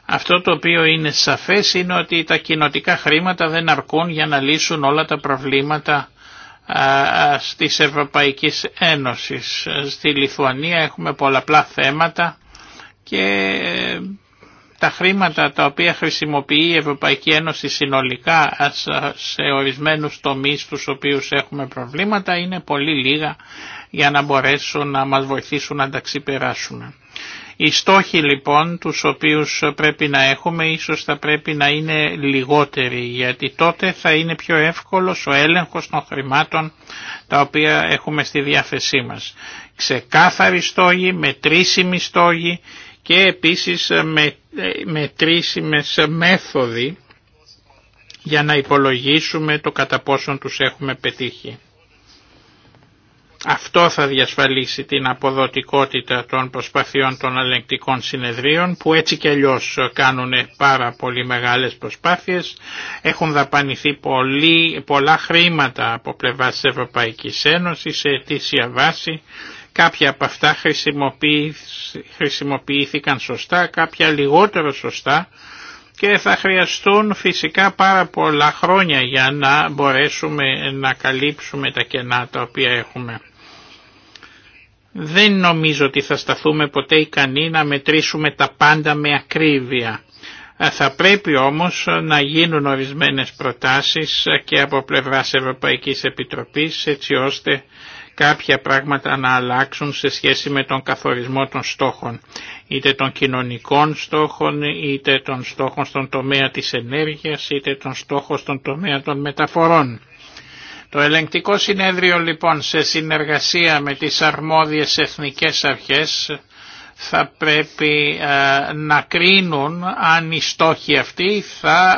Αυτό το οποίο είναι σαφές είναι ότι τα κοινοτικά χρήματα δεν αρκούν για να λύσουν όλα τα προβλήματα τη Ευρωπαϊκής Ένωσης. Στη Λιθουανία έχουμε πολλαπλά θέματα και ε, τα χρήματα τα οποία χρησιμοποιεί η Ευρωπαϊκή Ένωση συνολικά σε ορισμένους τομείς τους οποίους έχουμε προβλήματα είναι πολύ λίγα για να μπορέσουν να μας βοηθήσουν να τα ξεπεράσουμε. Οι στόχοι λοιπόν τους οποίους πρέπει να έχουμε ίσως θα πρέπει να είναι λιγότεροι γιατί τότε θα είναι πιο εύκολος ο έλεγχος των χρημάτων τα οποία έχουμε στη διάθεσή μας. Ξεκάθαροι στόγοι, μετρήσιμοι στόγοι και επίσης ε, με, ε, μετρήσιμες μέθοδοι για να υπολογίσουμε το κατά πόσον τους έχουμε πετύχει. Αυτό θα διασφαλίσει την αποδοτικότητα των προσπαθειών των ελεγκτικών συνεδρίων που έτσι και αλλιώ κάνουν πάρα πολύ μεγάλες προσπάθειες. Έχουν δαπανηθεί πολύ, πολλά χρήματα από πλευρά της Ευρωπαϊκής Ένωσης σε αιτήσια βάση Κάποια από αυτά χρησιμοποιήθηκαν σωστά, κάποια λιγότερο σωστά και θα χρειαστούν φυσικά πάρα πολλά χρόνια για να μπορέσουμε να καλύψουμε τα κενά τα οποία έχουμε. Δεν νομίζω ότι θα σταθούμε ποτέ ικανοί να μετρήσουμε τα πάντα με ακρίβεια. Θα πρέπει όμως να γίνουν ορισμένες προτάσεις και από πλευράς Ευρωπαϊκής Επιτροπής έτσι ώστε κάποια πράγματα να αλλάξουν σε σχέση με τον καθορισμό των στόχων, είτε των κοινωνικών στόχων, είτε των στόχων στον τομέα της ενέργειας, είτε των στόχων στον τομέα των μεταφορών. Το ελεγκτικό συνέδριο λοιπόν σε συνεργασία με τις αρμόδιες εθνικές αρχές θα πρέπει ε, να κρίνουν αν οι στόχοι αυτοί θα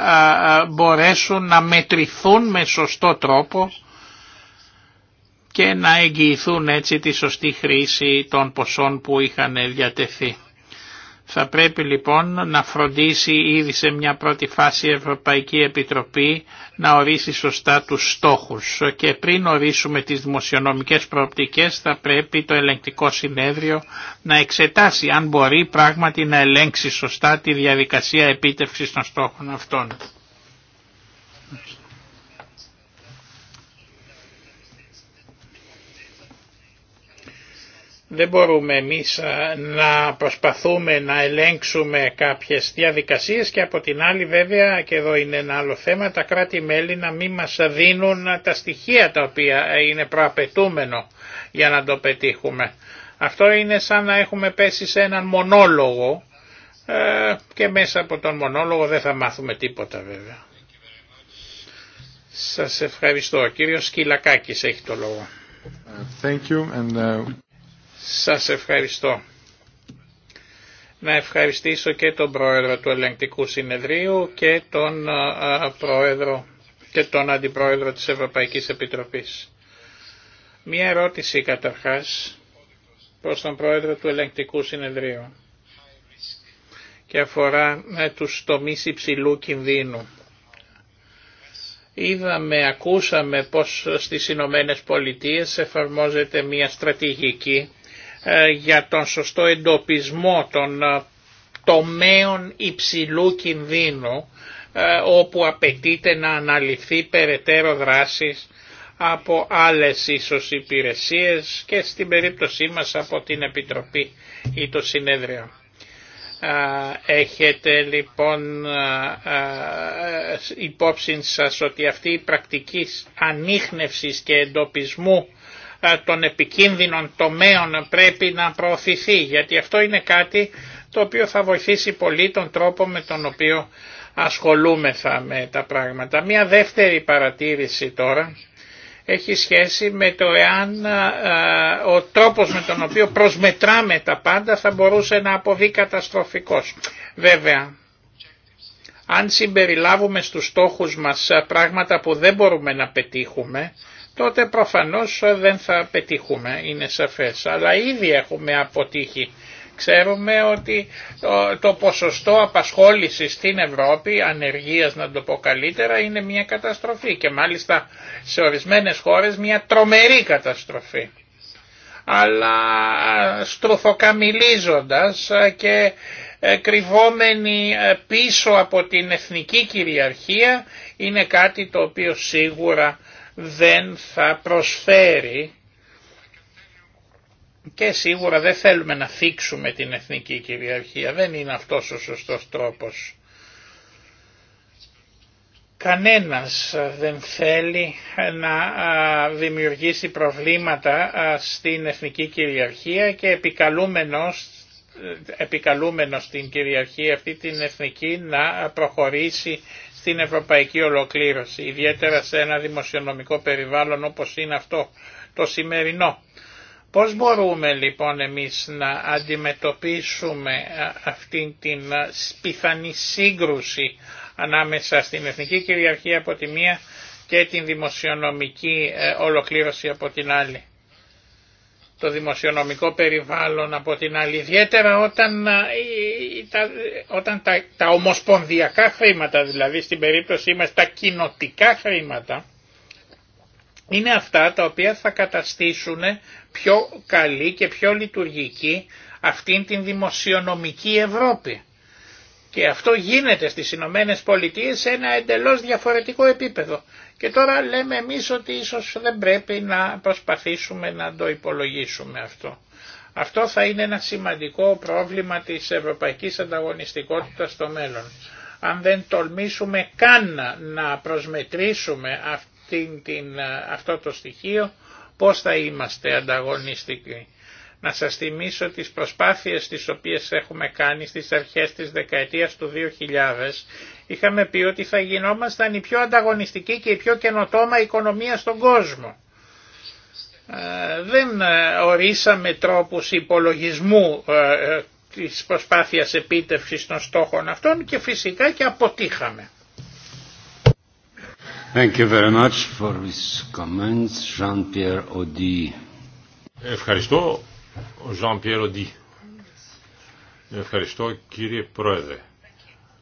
ε, ε, μπορέσουν να μετρηθούν με σωστό τρόπο και να εγγυηθούν έτσι τη σωστή χρήση των ποσών που είχαν διατεθεί. Θα πρέπει λοιπόν να φροντίσει ήδη σε μια πρώτη φάση η Ευρωπαϊκή Επιτροπή να ορίσει σωστά τους στόχους και πριν ορίσουμε τις δημοσιονομικές προοπτικές θα πρέπει το ελεγκτικό συνέδριο να εξετάσει αν μπορεί πράγματι να ελέγξει σωστά τη διαδικασία επίτευξης των στόχων αυτών. δεν μπορούμε εμείς να προσπαθούμε να ελέγξουμε κάποιες διαδικασίες και από την άλλη βέβαια και εδώ είναι ένα άλλο θέμα τα κράτη-μέλη να μην μας δίνουν τα στοιχεία τα οποία είναι προαπαιτούμενο για να το πετύχουμε. Αυτό είναι σαν να έχουμε πέσει σε έναν μονόλογο ε, και μέσα από τον μονόλογο δεν θα μάθουμε τίποτα βέβαια. Σας ευχαριστώ. Ο κύριος Σκυλακάκης έχει το λόγο. Thank you and... Uh, σας ευχαριστώ. Να ευχαριστήσω και τον Πρόεδρο του Ελεγκτικού Συνεδρίου και τον, πρόεδρο, και τον Αντιπρόεδρο της Ευρωπαϊκής Επιτροπής. Μία ερώτηση καταρχάς προς τον Πρόεδρο του Ελεγκτικού Συνεδρίου και αφορά με τους τομείς υψηλού κινδύνου. Είδαμε, ακούσαμε πως στις Ηνωμένε Πολιτείες εφαρμόζεται μια στρατηγική ε, για τον σωστό εντοπισμό των ε, τομέων υψηλού κινδύνου ε, όπου απαιτείται να αναλυθεί περαιτέρω δράσης από άλλες ίσως υπηρεσίες και στην περίπτωσή μας από την Επιτροπή ή το Συνέδριο. Έχετε λοιπόν υπόψη σας ότι αυτή η πρακτική ανείχνευσης και εντοπισμού των επικίνδυνων τομέων πρέπει να προωθηθεί γιατί αυτό είναι κάτι το οποίο θα βοηθήσει πολύ τον τρόπο με τον οποίο ασχολούμεθα με τα πράγματα. Μία δεύτερη παρατήρηση τώρα έχει σχέση με το εάν ο τρόπος με τον οποίο προσμετράμε τα πάντα θα μπορούσε να αποβεί καταστροφικός. Βέβαια, αν συμπεριλάβουμε στους στόχους μας πράγματα που δεν μπορούμε να πετύχουμε, τότε προφανώς δεν θα πετύχουμε, είναι σαφές. Αλλά ήδη έχουμε αποτύχει. Ξέρουμε ότι το ποσοστό απασχόλησης στην Ευρώπη, ανεργίας να το πω καλύτερα, είναι μια καταστροφή και μάλιστα σε ορισμένες χώρες μια τρομερή καταστροφή. Αλλά στροφοκαμιλίζοντας και ε, κρυβόμενοι ε, πίσω από την εθνική κυριαρχία είναι κάτι το οποίο σίγουρα δεν θα προσφέρει και σίγουρα δεν θέλουμε να φύξουμε την εθνική κυριαρχία, δεν είναι αυτός ο σωστός τρόπος. Κανένας δεν θέλει να δημιουργήσει προβλήματα στην εθνική κυριαρχία και επικαλούμενος, επικαλούμενος την κυριαρχία αυτή την εθνική να προχωρήσει στην ευρωπαϊκή ολοκλήρωση, ιδιαίτερα σε ένα δημοσιονομικό περιβάλλον όπως είναι αυτό το σημερινό. Πώς μπορούμε λοιπόν εμείς να αντιμετωπίσουμε αυτήν την πιθανή σύγκρουση ανάμεσα στην εθνική κυριαρχία από τη μία και την δημοσιονομική ε, ολοκλήρωση από την άλλη το δημοσιονομικό περιβάλλον από την άλλη, ιδιαίτερα όταν, ε, τα, όταν τα, ομοσπονδιακά χρήματα, δηλαδή στην περίπτωση μας τα κοινοτικά χρήματα, είναι αυτά τα οποία θα καταστήσουν πιο καλή και πιο λειτουργική αυτήν την δημοσιονομική Ευρώπη. Και αυτό γίνεται στις Ηνωμένε Πολιτείες σε ένα εντελώς διαφορετικό επίπεδο. Και τώρα λέμε εμείς ότι ίσως δεν πρέπει να προσπαθήσουμε να το υπολογίσουμε αυτό. Αυτό θα είναι ένα σημαντικό πρόβλημα της ευρωπαϊκής ανταγωνιστικότητας στο μέλλον. Αν δεν τολμήσουμε καν να προσμετρήσουμε αυτή, την, αυτό το στοιχείο, πώς θα είμαστε ανταγωνιστικοί. Να σας θυμίσω τις προσπάθειες τις οποίες έχουμε κάνει στις αρχές της δεκαετίας του 2000. Είχαμε πει ότι θα γινόμασταν η πιο ανταγωνιστική και η πιο καινοτόμα οικονομία στον κόσμο. Ε, δεν ε, ορίσαμε τρόπους υπολογισμού ε, της προσπάθειας επίτευξης των στόχων αυτών και φυσικά και αποτύχαμε. Thank you very much for comments, Jean-Pierre Ευχαριστώ Ζαν Πιέρο Ντί. Ευχαριστώ κύριε Πρόεδρε.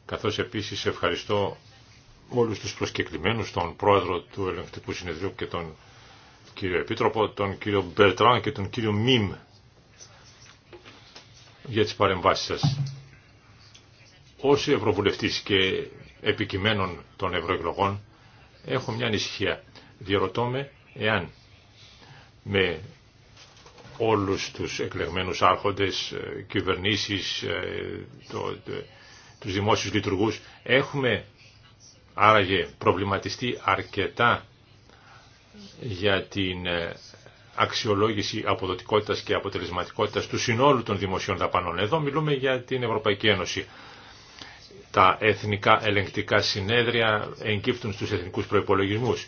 Καθώς επίσης ευχαριστώ όλους τους προσκεκλημένους, τον Πρόεδρο του Ελεγκτικού Συνεδρίου και τον κύριο Επίτροπο, τον κύριο Μπερτράν και τον κύριο Μιμ για τις παρεμβάσεις σας. Ως Ευρωβουλευτής και επικειμένων των ευρωεκλογών έχω μια ανησυχία. Διερωτώ με εάν με όλους τους εκλεγμένους άρχοντες, ε, κυβερνήσεις, ε, το, τους δημόσιους λειτουργούς. Έχουμε άραγε προβληματιστεί αρκετά για την ε, αξιολόγηση αποδοτικότητας και αποτελεσματικότητας του συνόλου των δημοσίων δαπανών. Εδώ μιλούμε για την Ευρωπαϊκή Ένωση. Τα εθνικά ελεγκτικά συνέδρια εγκύπτουν στους εθνικούς προϋπολογισμούς.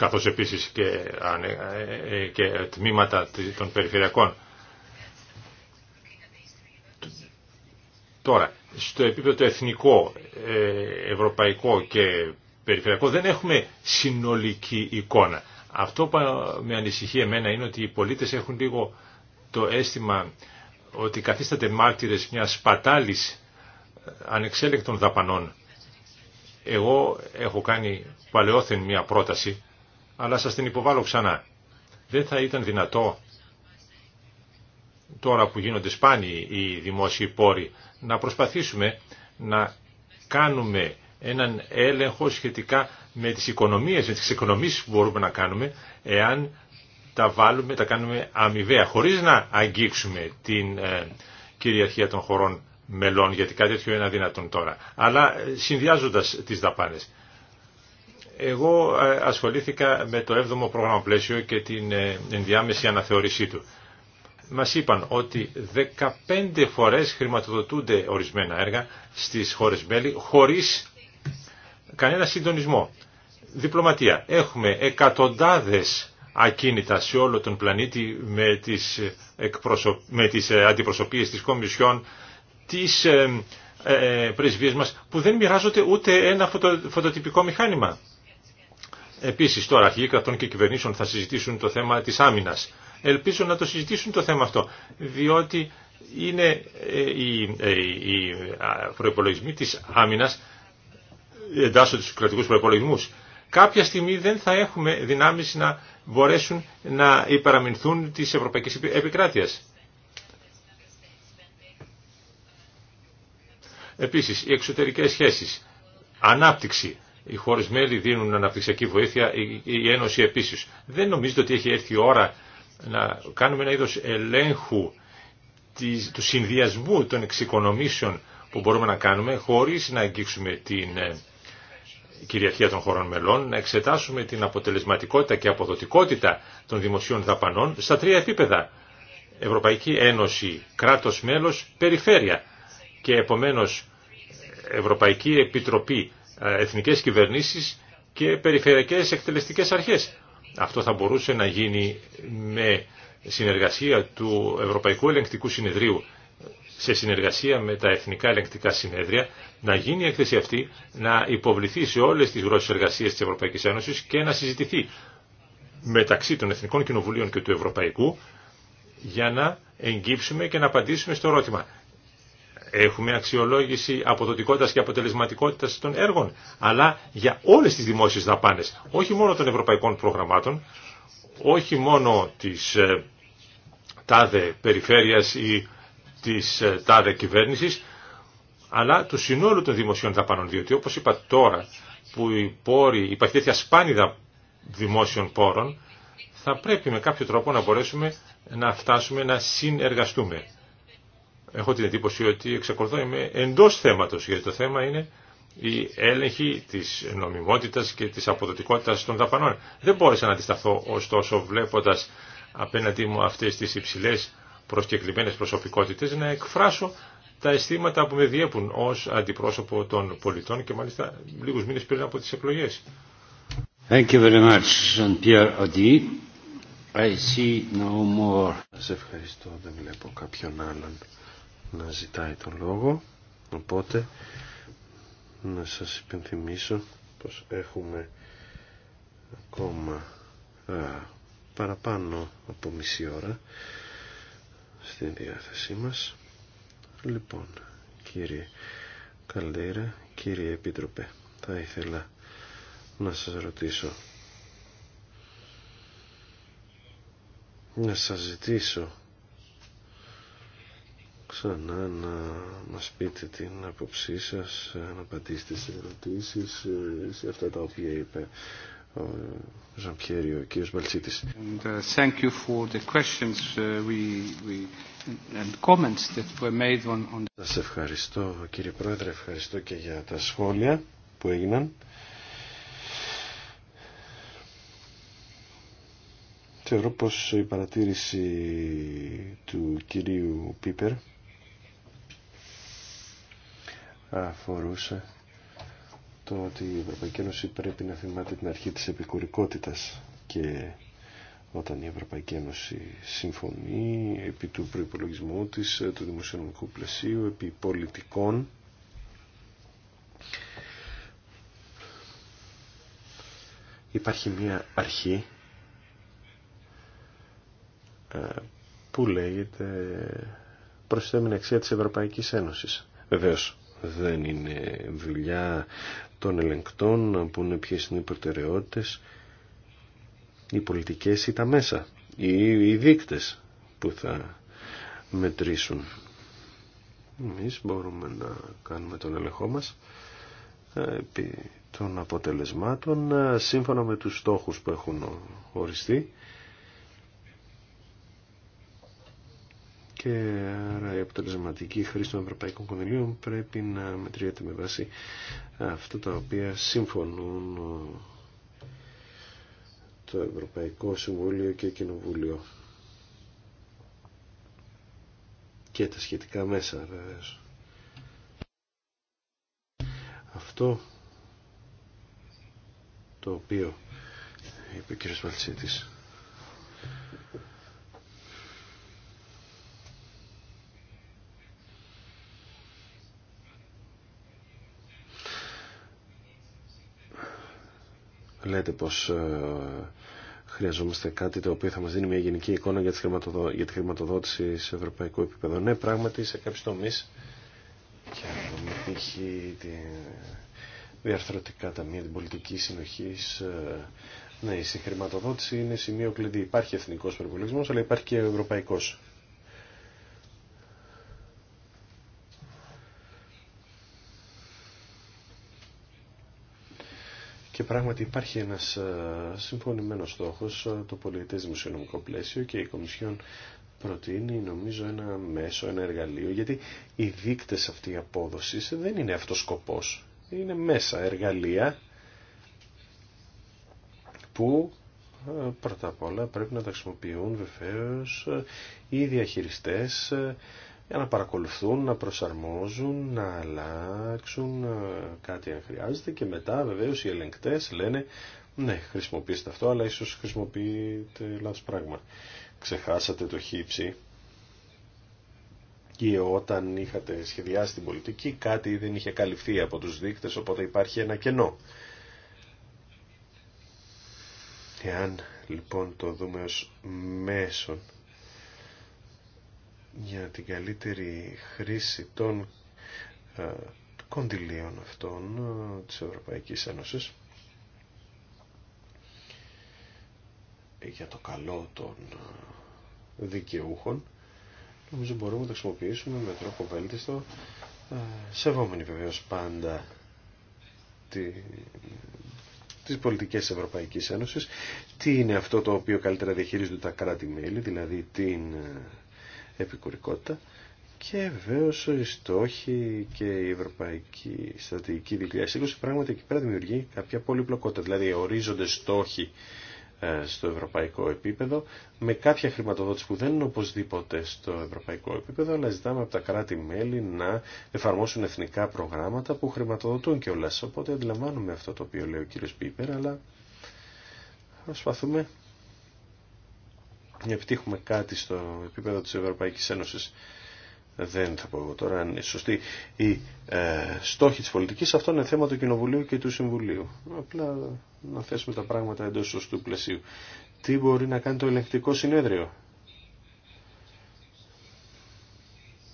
καθώς επίσης και, ε, ε, και τμήματα των περιφερειακών. Τώρα, στο επίπεδο εθνικό, ε, ευρωπαϊκό και περιφερειακό δεν έχουμε συνολική εικόνα. Αυτό που με ανησυχεί εμένα είναι ότι οι πολίτες έχουν λίγο το αίσθημα ότι καθίστανται μάρτυρες μιας σπατάλης ανεξέλεκτων δαπανών. Εγώ έχω κάνει παλαιόθεν μια πρόταση αλλά σας την υποβάλλω ξανά. Δεν θα ήταν δυνατό τώρα που γίνονται σπάνιοι οι δημόσιοι πόροι να προσπαθήσουμε να κάνουμε έναν έλεγχο σχετικά με τις οικονομίες, με τις οικονομίες που μπορούμε να κάνουμε εάν τα βάλουμε, τα κάνουμε αμοιβαία, χωρίς να αγγίξουμε την ε, κυριαρχία των χωρών μελών, γιατί κάτι τέτοιο είναι αδυνατόν τώρα, αλλά ε, συνδυάζοντας τις δαπάνες. Εγώ ε, ασχολήθηκα με το 7ο πρόγραμμα πλαίσιο και την ε, ενδιάμεση αναθεώρησή του. Μας είπαν ότι 15 φορές χρηματοδοτούνται ορισμένα έργα στις χώρες μέλη χωρίς κανένα συντονισμό. Διπλωματία. Έχουμε εκατοντάδες ακίνητα σε όλο τον πλανήτη με τις, ε, εκπροσω... με τις αντιπροσωπείες της Κομισιόν, τις ε, μας που δεν μοιράζονται ούτε ένα φωτοτυπικό μηχάνημα. Επίσης τώρα αρχηγοί κρατών και κυβερνήσεων θα συζητήσουν το θέμα της άμυνας. Ελπίζω να το συζητήσουν το θέμα αυτό, διότι είναι ε, οι, ε, οι ε, προπολογισμοί της άμυνας εντάσσονται στους κρατικούς προϋπολογισμούς. Κάποια στιγμή δεν θα έχουμε δυνάμεις να μπορέσουν να υπεραμεινθούν της ευρωπαϊκής επικράτειας. Επίσης, οι εξωτερικές σχέσεις, ανάπτυξη, οι χώρες μέλη δίνουν αναπτυξιακή βοήθεια, η Ένωση επίσης. Δεν νομίζετε ότι έχει έρθει η ώρα να κάνουμε ένα είδος ελέγχου του συνδυασμού των εξοικονομήσεων που μπορούμε να κάνουμε χωρίς να αγγίξουμε την ε, κυριαρχία των χωρών μελών, να εξετάσουμε την αποτελεσματικότητα και αποδοτικότητα των δημοσίων δαπανών στα τρία επίπεδα. Ευρωπαϊκή Ένωση, κράτος μέλος, περιφέρεια και επομένως Ευρωπαϊκή Επιτροπή ε, εθνικές κυβερνήσεις και περιφερειακές εκτελεστικές αρχές. Αυτό θα μπορούσε να γίνει με συνεργασία του Ευρωπαϊκού Ελεγκτικού Συνεδρίου σε συνεργασία με τα Εθνικά Ελεγκτικά Συνέδρια να γίνει η έκθεση αυτή να υποβληθεί σε όλες τις γλώσσες εργασίες της Ευρωπαϊκής Ένωσης και να συζητηθεί μεταξύ των Εθνικών Κοινοβουλίων και του Ευρωπαϊκού για να εγγύψουμε και να απαντήσουμε στο ερώτημα Έχουμε αξιολόγηση αποδοτικότητας και αποτελεσματικότητας των έργων, αλλά για όλες τις δημόσιες δαπάνες, όχι μόνο των ευρωπαϊκών προγραμμάτων, όχι μόνο της ε, τάδε περιφέρειας ή της ε, τάδε κυβέρνησης, αλλά του συνόλου των δημοσίων δαπάνων, διότι όπως είπα τώρα που υπάρχει τέτοια σπάνιδα δημόσιων πόρων, θα πρέπει με κάποιο τρόπο να μπορέσουμε να φτάσουμε να συνεργαστούμε έχω την εντύπωση ότι εξακολουθώ είμαι εντός θέματος, γιατί το θέμα είναι η έλεγχη της νομιμότητας και της αποδοτικότητας των δαπανών. Δεν μπόρεσα να αντισταθώ ωστόσο βλέποντας απέναντί μου αυτές τις υψηλές προσκεκλημένες προσωπικότητες να εκφράσω τα αισθήματα που με διέπουν ως αντιπρόσωπο των πολιτών και μάλιστα λίγους μήνες πριν από τις εκλογές. Thank you very much, Jean-Pierre Audi. I see Σε ευχαριστώ, δεν βλέπω κάποιον άλλον να ζητάει τον λόγο οπότε να σας υπενθυμίσω πως έχουμε ακόμα α, παραπάνω από μισή ώρα στην διάθεσή μας λοιπόν κύριε Καλδέρα κύριε Επίτροπε θα ήθελα να σας ρωτήσω να σας ζητήσω ξανά να μας πείτε την απόψή σας, να πατήσετε στις ερωτήσεις, ε, σε αυτά τα οποία είπε ο Ζανπιέρη, ο κ. Μπαλτσίτης. Σας ευχαριστώ κύριε Πρόεδρε, ευχαριστώ και για τα σχόλια που έγιναν. Θεωρώ πως η παρατήρηση του κυρίου Πίπερ αφορούσε το ότι η Ευρωπαϊκή Ένωση πρέπει να θυμάται την αρχή της επικουρικότητας και όταν η Ευρωπαϊκή Ένωση συμφωνεί επί του προϋπολογισμού της, του δημοσιονομικού πλαισίου, επί πολιτικών υπάρχει μία αρχή ε, που λέγεται προσθέμενη αξία της Ευρωπαϊκής Ένωσης. Βεβαίως, δεν είναι δουλειά των ελεγκτών να πούνε ποιες είναι οι προτεραιότητες οι πολιτικές ή τα μέσα ή οι δείκτες που θα μετρήσουν εμείς μπορούμε να κάνουμε τον ελεγχό μας ε, επί των αποτελεσμάτων ε, σύμφωνα με τους στόχους που έχουν οριστεί και άρα η αποτελεσματική χρήση των ευρωπαϊκών κονδυλίων πρέπει να μετριέται με βάση αυτά τα οποία συμφωνούν το Ευρωπαϊκό Συμβούλιο και Κοινοβούλιο και τα σχετικά μέσα βέβαια. Αυτό το οποίο είπε ο κ. λέτε πως ε, χρειαζόμαστε κάτι το οποίο θα μας δίνει μια γενική εικόνα για, τη χρηματοδότηση σε ευρωπαϊκό επίπεδο. Ναι, πράγματι σε κάποιους τομείς και αν δούμε τη διαρθρωτικά ταμεία, την πολιτική συνοχή. Ε, ναι, η συγχρηματοδότηση είναι σημείο κλειδί. Υπάρχει εθνικός προπολογισμό, αλλά υπάρχει και ευρωπαϊκός. Και πράγματι υπάρχει ένας ε, συμφωνημένος στόχος, ε, το πολιτές δημοσιονομικό πλαίσιο και η Κομισιόν προτείνει νομίζω ένα μέσο, ένα εργαλείο, γιατί οι δείκτες αυτή η απόδοση δεν είναι αυτός σκοπός. Είναι μέσα εργαλεία που ε, πρώτα απ' όλα πρέπει να τα χρησιμοποιούν βεβαίως οι διαχειριστές για να παρακολουθούν, να προσαρμόζουν, να αλλάξουν ε, κάτι αν χρειάζεται και μετά βεβαίως οι ελεγκτές λένε ναι χρησιμοποιήστε αυτό αλλά ίσως χρησιμοποιείτε λάθος πράγμα. Ξεχάσατε το χύψη και όταν είχατε σχεδιάσει την πολιτική κάτι δεν είχε καλυφθεί από τους δείκτες οπότε υπάρχει ένα κενό. Εάν λοιπόν το δούμε ως μέσον για την καλύτερη χρήση των ε, κοντιλίων αυτών ε, της Ευρωπαϊκής Ένωσης για το καλό των ε, δικαιούχων νομίζω μπορούμε να τα χρησιμοποιήσουμε με τρόπο βέλτιστο σεβόμενοι βεβαίως πάντα τη, τις πολιτικές Ευρωπαϊκής Ένωσης τι είναι αυτό το οποίο καλύτερα διαχειρίζονται τα κράτη-μέλη δηλαδή την επικουρικότητα και βεβαίω οι στόχοι και η Ευρωπαϊκή Στρατηγική 2020 πράγματι εκεί πέρα δημιουργεί κάποια πολυπλοκότητα. Δηλαδή ορίζονται στόχοι ε, στο ευρωπαϊκό επίπεδο με κάποια χρηματοδότηση που δεν είναι οπωσδήποτε στο ευρωπαϊκό επίπεδο αλλά ζητάμε από τα κράτη-μέλη να εφαρμόσουν εθνικά προγράμματα που χρηματοδοτούν κιόλα. Οπότε αντιλαμβάνουμε αυτό το οποίο λέει ο κύριος Πίπερ αλλά προσπαθούμε επιτύχουμε κάτι στο επίπεδο της Ευρωπαϊκής Ένωσης. Δεν θα πω εγώ τώρα αν είναι σωστή η ε, στόχη της πολιτικής. Αυτό είναι θέμα του Κοινοβουλίου και του Συμβουλίου. Απλά να θέσουμε τα πράγματα εντός σωστού πλαισίου. Τι μπορεί να κάνει το ελεγκτικό συνέδριο.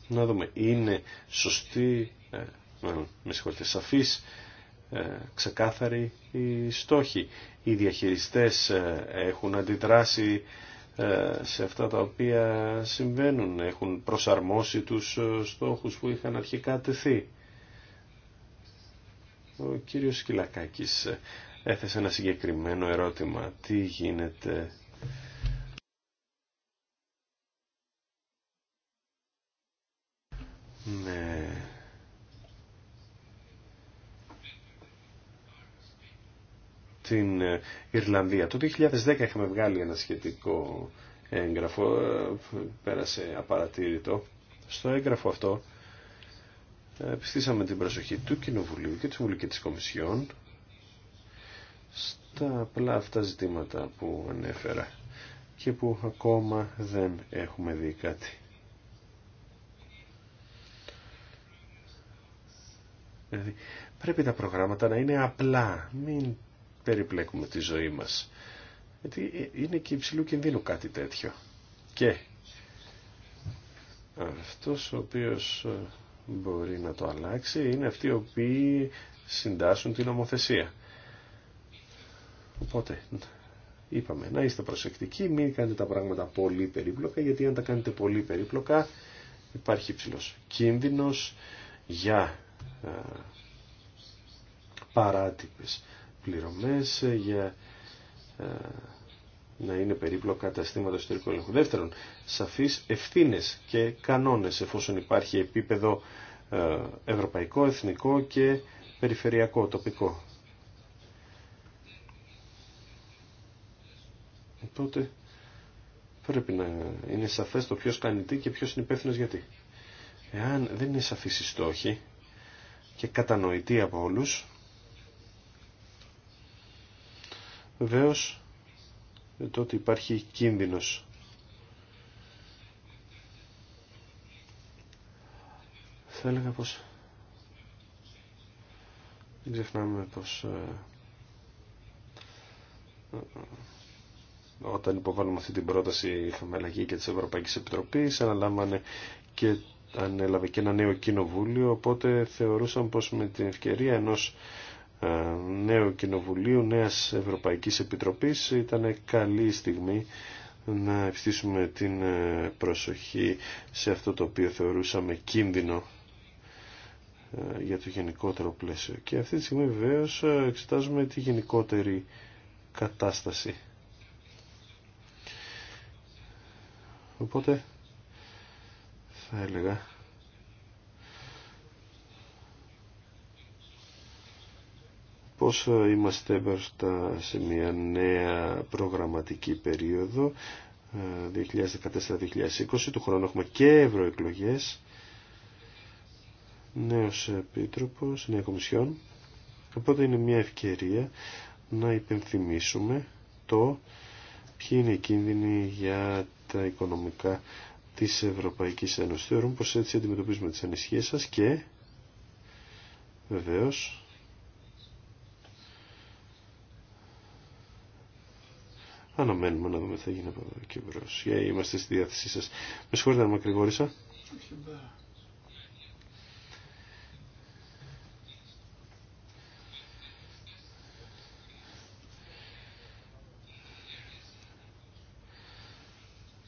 Να δούμε. Είναι σωστή, ε, με συγχωρείτε, σαφής, ε, ξεκάθαρη η στόχη. Οι διαχειριστές ε, έχουν αντιδράσει ε, σε αυτά τα οποία συμβαίνουν. Έχουν προσαρμόσει τους ε, στόχους που είχαν αρχικά τεθεί. Ο κύριος Σκυλακάκης έθεσε ένα συγκεκριμένο ερώτημα. Τι γίνεται... Ναι την ε, Ιρλανδία. Το 2010 είχαμε βγάλει ένα σχετικό έγγραφο, ε, πέρασε απαρατήρητο. Στο έγγραφο αυτό επιστήσαμε την προσοχή του Κοινοβουλίου και της Βουλικής Κομισιόν στα απλά αυτά ζητήματα που ανέφερα και που ακόμα δεν έχουμε δει κάτι. Δηλαδή, πρέπει τα προγράμματα να είναι απλά, μην περιπλέκουμε τη ζωή μας. Γιατί είναι και υψηλού κινδύνου κάτι τέτοιο. Και αυτός ο οποίος ε, μπορεί να το αλλάξει είναι αυτοί οι οποίοι συντάσσουν την ομοθεσία. Οπότε, είπαμε, να είστε προσεκτικοί, μην κάνετε τα πράγματα πολύ περίπλοκα, γιατί αν τα κάνετε πολύ περίπλοκα υπάρχει υψηλός κίνδυνος για ε, παράτυπες πληρωμές, ε, για ε, να είναι περίπλοκα τα αισθήματα εσωτερικού ελέγχου. Δεύτερον, σαφείς ευθύνες και κανόνες εφόσον υπάρχει επίπεδο ε, ευρωπαϊκό, εθνικό και περιφερειακό, τοπικό. Οπότε πρέπει να είναι σαφές το ποιος κάνει τι και ποιος είναι υπεύθυνο γιατί. Εάν δεν είναι σαφής η στόχη και κατανοητή από όλους, Βεβαίω τότε υπάρχει κίνδυνος. Θα έλεγα πως δεν ξεχνάμε πως ε, όταν υποβάλλουμε αυτή την πρόταση είχαμε αλλαγή και της Ευρωπαϊκής Επιτροπής αναλάμβανε και ανέλαβε και ένα νέο κοινοβούλιο οπότε θεωρούσαν πως με την ευκαιρία ενός ε, νέου κοινοβουλίου, νέας Ευρωπαϊκής Επιτροπής. Ήταν καλή στιγμή να ευστήσουμε την ε, προσοχή σε αυτό το οποίο θεωρούσαμε κίνδυνο ε, για το γενικότερο πλαίσιο. Και αυτή τη στιγμή βεβαίω εξετάζουμε τη γενικότερη κατάσταση. Οπότε θα έλεγα πως ε, είμαστε μπροστά σε μια νέα προγραμματική περίοδο 2014-2020 ε, του χρόνου έχουμε και ευρωεκλογές νέος επίτροπος, νέα κομισιόν οπότε είναι μια ευκαιρία να υπενθυμίσουμε το ποιοι είναι οι κίνδυνοι για τα οικονομικά της Ευρωπαϊκής Ένωσης θεωρούμε πως έτσι αντιμετωπίζουμε τις ανησυχίες σας και βεβαίως αναμένουμε να δούμε τι θα γίνει από εδώ και μπρο. Ε, είμαστε στη διάθεσή σα. Με συγχωρείτε να μακρηγόρησα.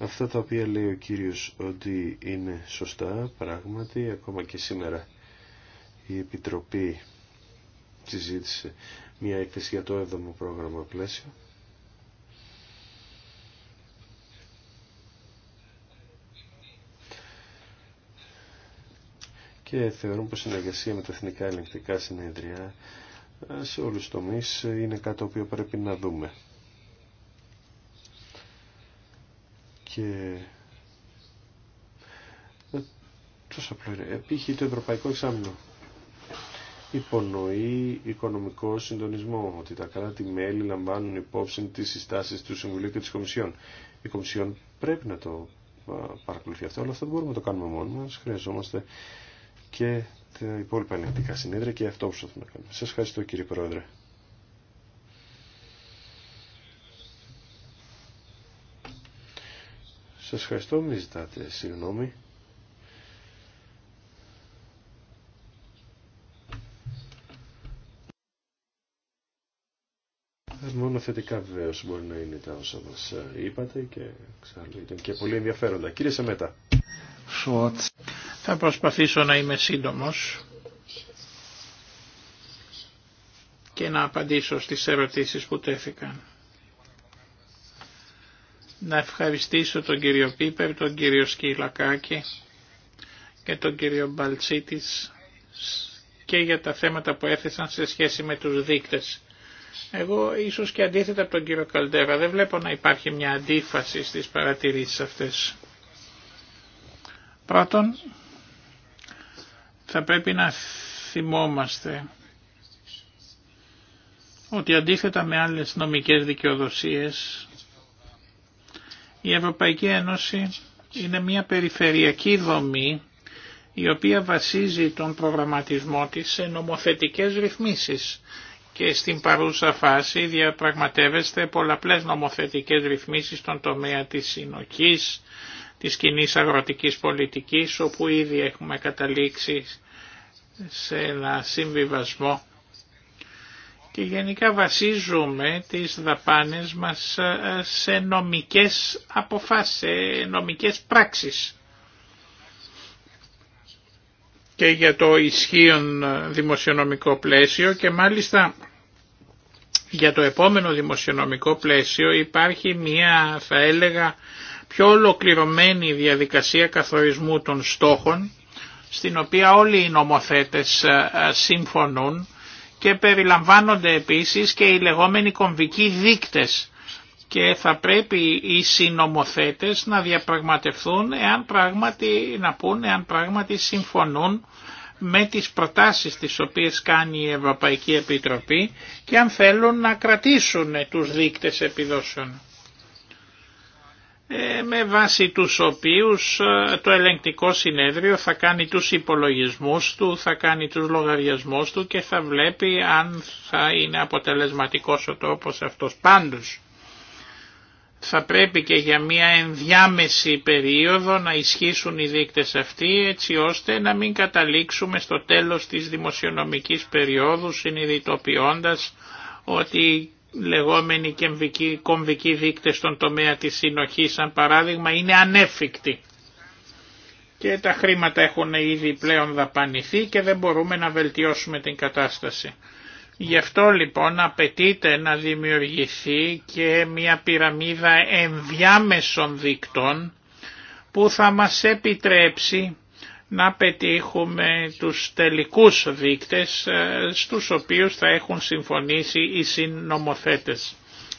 Αυτά τα οποία λέει ο κύριος ότι είναι σωστά, πράγματι, ακόμα και σήμερα η Επιτροπή συζήτησε μια έκθεση για το 7ο πρόγραμμα πλαίσιο. και θεωρούν πως η συνεργασία με τα εθνικά ελεγκτικά συνέδρια ε, σε όλους τους τομείς είναι κάτι το οποίο πρέπει να δούμε. Και ε, τόσο απλό είναι. Ε, το Ευρωπαϊκό Εξάμεινο υπονοεί οικονομικό συντονισμό, ότι τα κράτη-μέλη λαμβάνουν υπόψη τι συστάσει του Συμβουλίου και τη Κομισιόν. Η Κομισιόν πρέπει να το παρακολουθεί αυτό, αλλά αυτό δεν μπορούμε να το κάνουμε μόνοι μα. Χρειαζόμαστε και τα υπόλοιπα ελεγκτικά συνέδρια και αυτό που θα να κάνουμε. Σας ευχαριστώ κύριε Πρόεδρε. Σας ευχαριστώ, μην ζητάτε συγγνώμη. Μόνο θετικά βεβαίω μπορεί να είναι τα όσα μας είπατε και εξάλλου ήταν και πολύ ενδιαφέροντα. Κύριε Σεμέτα. Θα προσπαθήσω να είμαι σύντομος και να απαντήσω στις ερωτήσεις που τέθηκαν. Να ευχαριστήσω τον κύριο Πίπερ, τον κύριο Σκυλακάκη και τον κύριο Μπαλτσίτης και για τα θέματα που έθεσαν σε σχέση με τους δείκτες. Εγώ ίσως και αντίθετα από τον κύριο Καλτέρα δεν βλέπω να υπάρχει μια αντίφαση στις παρατηρήσεις αυτές. Πρώτον, θα πρέπει να θυμόμαστε ότι αντίθετα με άλλες νομικές δικαιοδοσίες η Ευρωπαϊκή Ένωση είναι μια περιφερειακή δομή η οποία βασίζει τον προγραμματισμό της σε νομοθετικές ρυθμίσεις και στην παρούσα φάση διαπραγματεύεστε πολλαπλές νομοθετικές ρυθμίσεις στον τομέα της συνοχής, της κοινή αγροτικής πολιτικής όπου ήδη έχουμε καταλήξει σε ένα συμβιβασμό και γενικά βασίζουμε τις δαπάνες μας ε, σε νομικές αποφάσεις, σε νομικές πράξεις. Και για το ισχύον δημοσιονομικό πλαίσιο και μάλιστα για το επόμενο δημοσιονομικό πλαίσιο υπάρχει μια θα έλεγα πιο ολοκληρωμένη διαδικασία καθορισμού των στόχων στην οποία όλοι οι νομοθέτες ε, ε, συμφωνούν και περιλαμβάνονται επίσης και οι λεγόμενοι κομβικοί δείκτες και θα πρέπει οι συνομοθέτες να διαπραγματευθούν εάν πράγματι, να πούν εάν πράγματι συμφωνούν με τις προτάσεις τις οποίες κάνει η Ευρωπαϊκή Επιτροπή και αν θέλουν να κρατήσουν τους δείκτες επιδόσεων. Ε, με βάση τους οποίους ε, το ελεγκτικό συνέδριο θα κάνει τους υπολογισμούς του, θα κάνει τους λογαριασμούς του και θα βλέπει αν θα είναι αποτελεσματικός ο τόπος αυτός. Πάντως θα πρέπει και για μια ενδιάμεση περίοδο να ισχύσουν οι δείκτες αυτοί έτσι ώστε να μην καταλήξουμε στο τέλος της δημοσιονομικής περίοδου συνειδητοποιώντα ότι λεγόμενοι κομβικοί, κομβικοί δείκτες στον τομέα της συνοχής σαν παράδειγμα είναι ανέφικτοι και τα χρήματα έχουν ήδη πλέον δαπανηθεί και δεν μπορούμε να βελτιώσουμε την κατάσταση. Γι' αυτό λοιπόν απαιτείται να δημιουργηθεί και μια πυραμίδα ενδιάμεσων δείκτων που θα μας επιτρέψει να πετύχουμε τους τελικούς δείκτες ε, στους οποίους θα έχουν συμφωνήσει οι συνομοθέτες.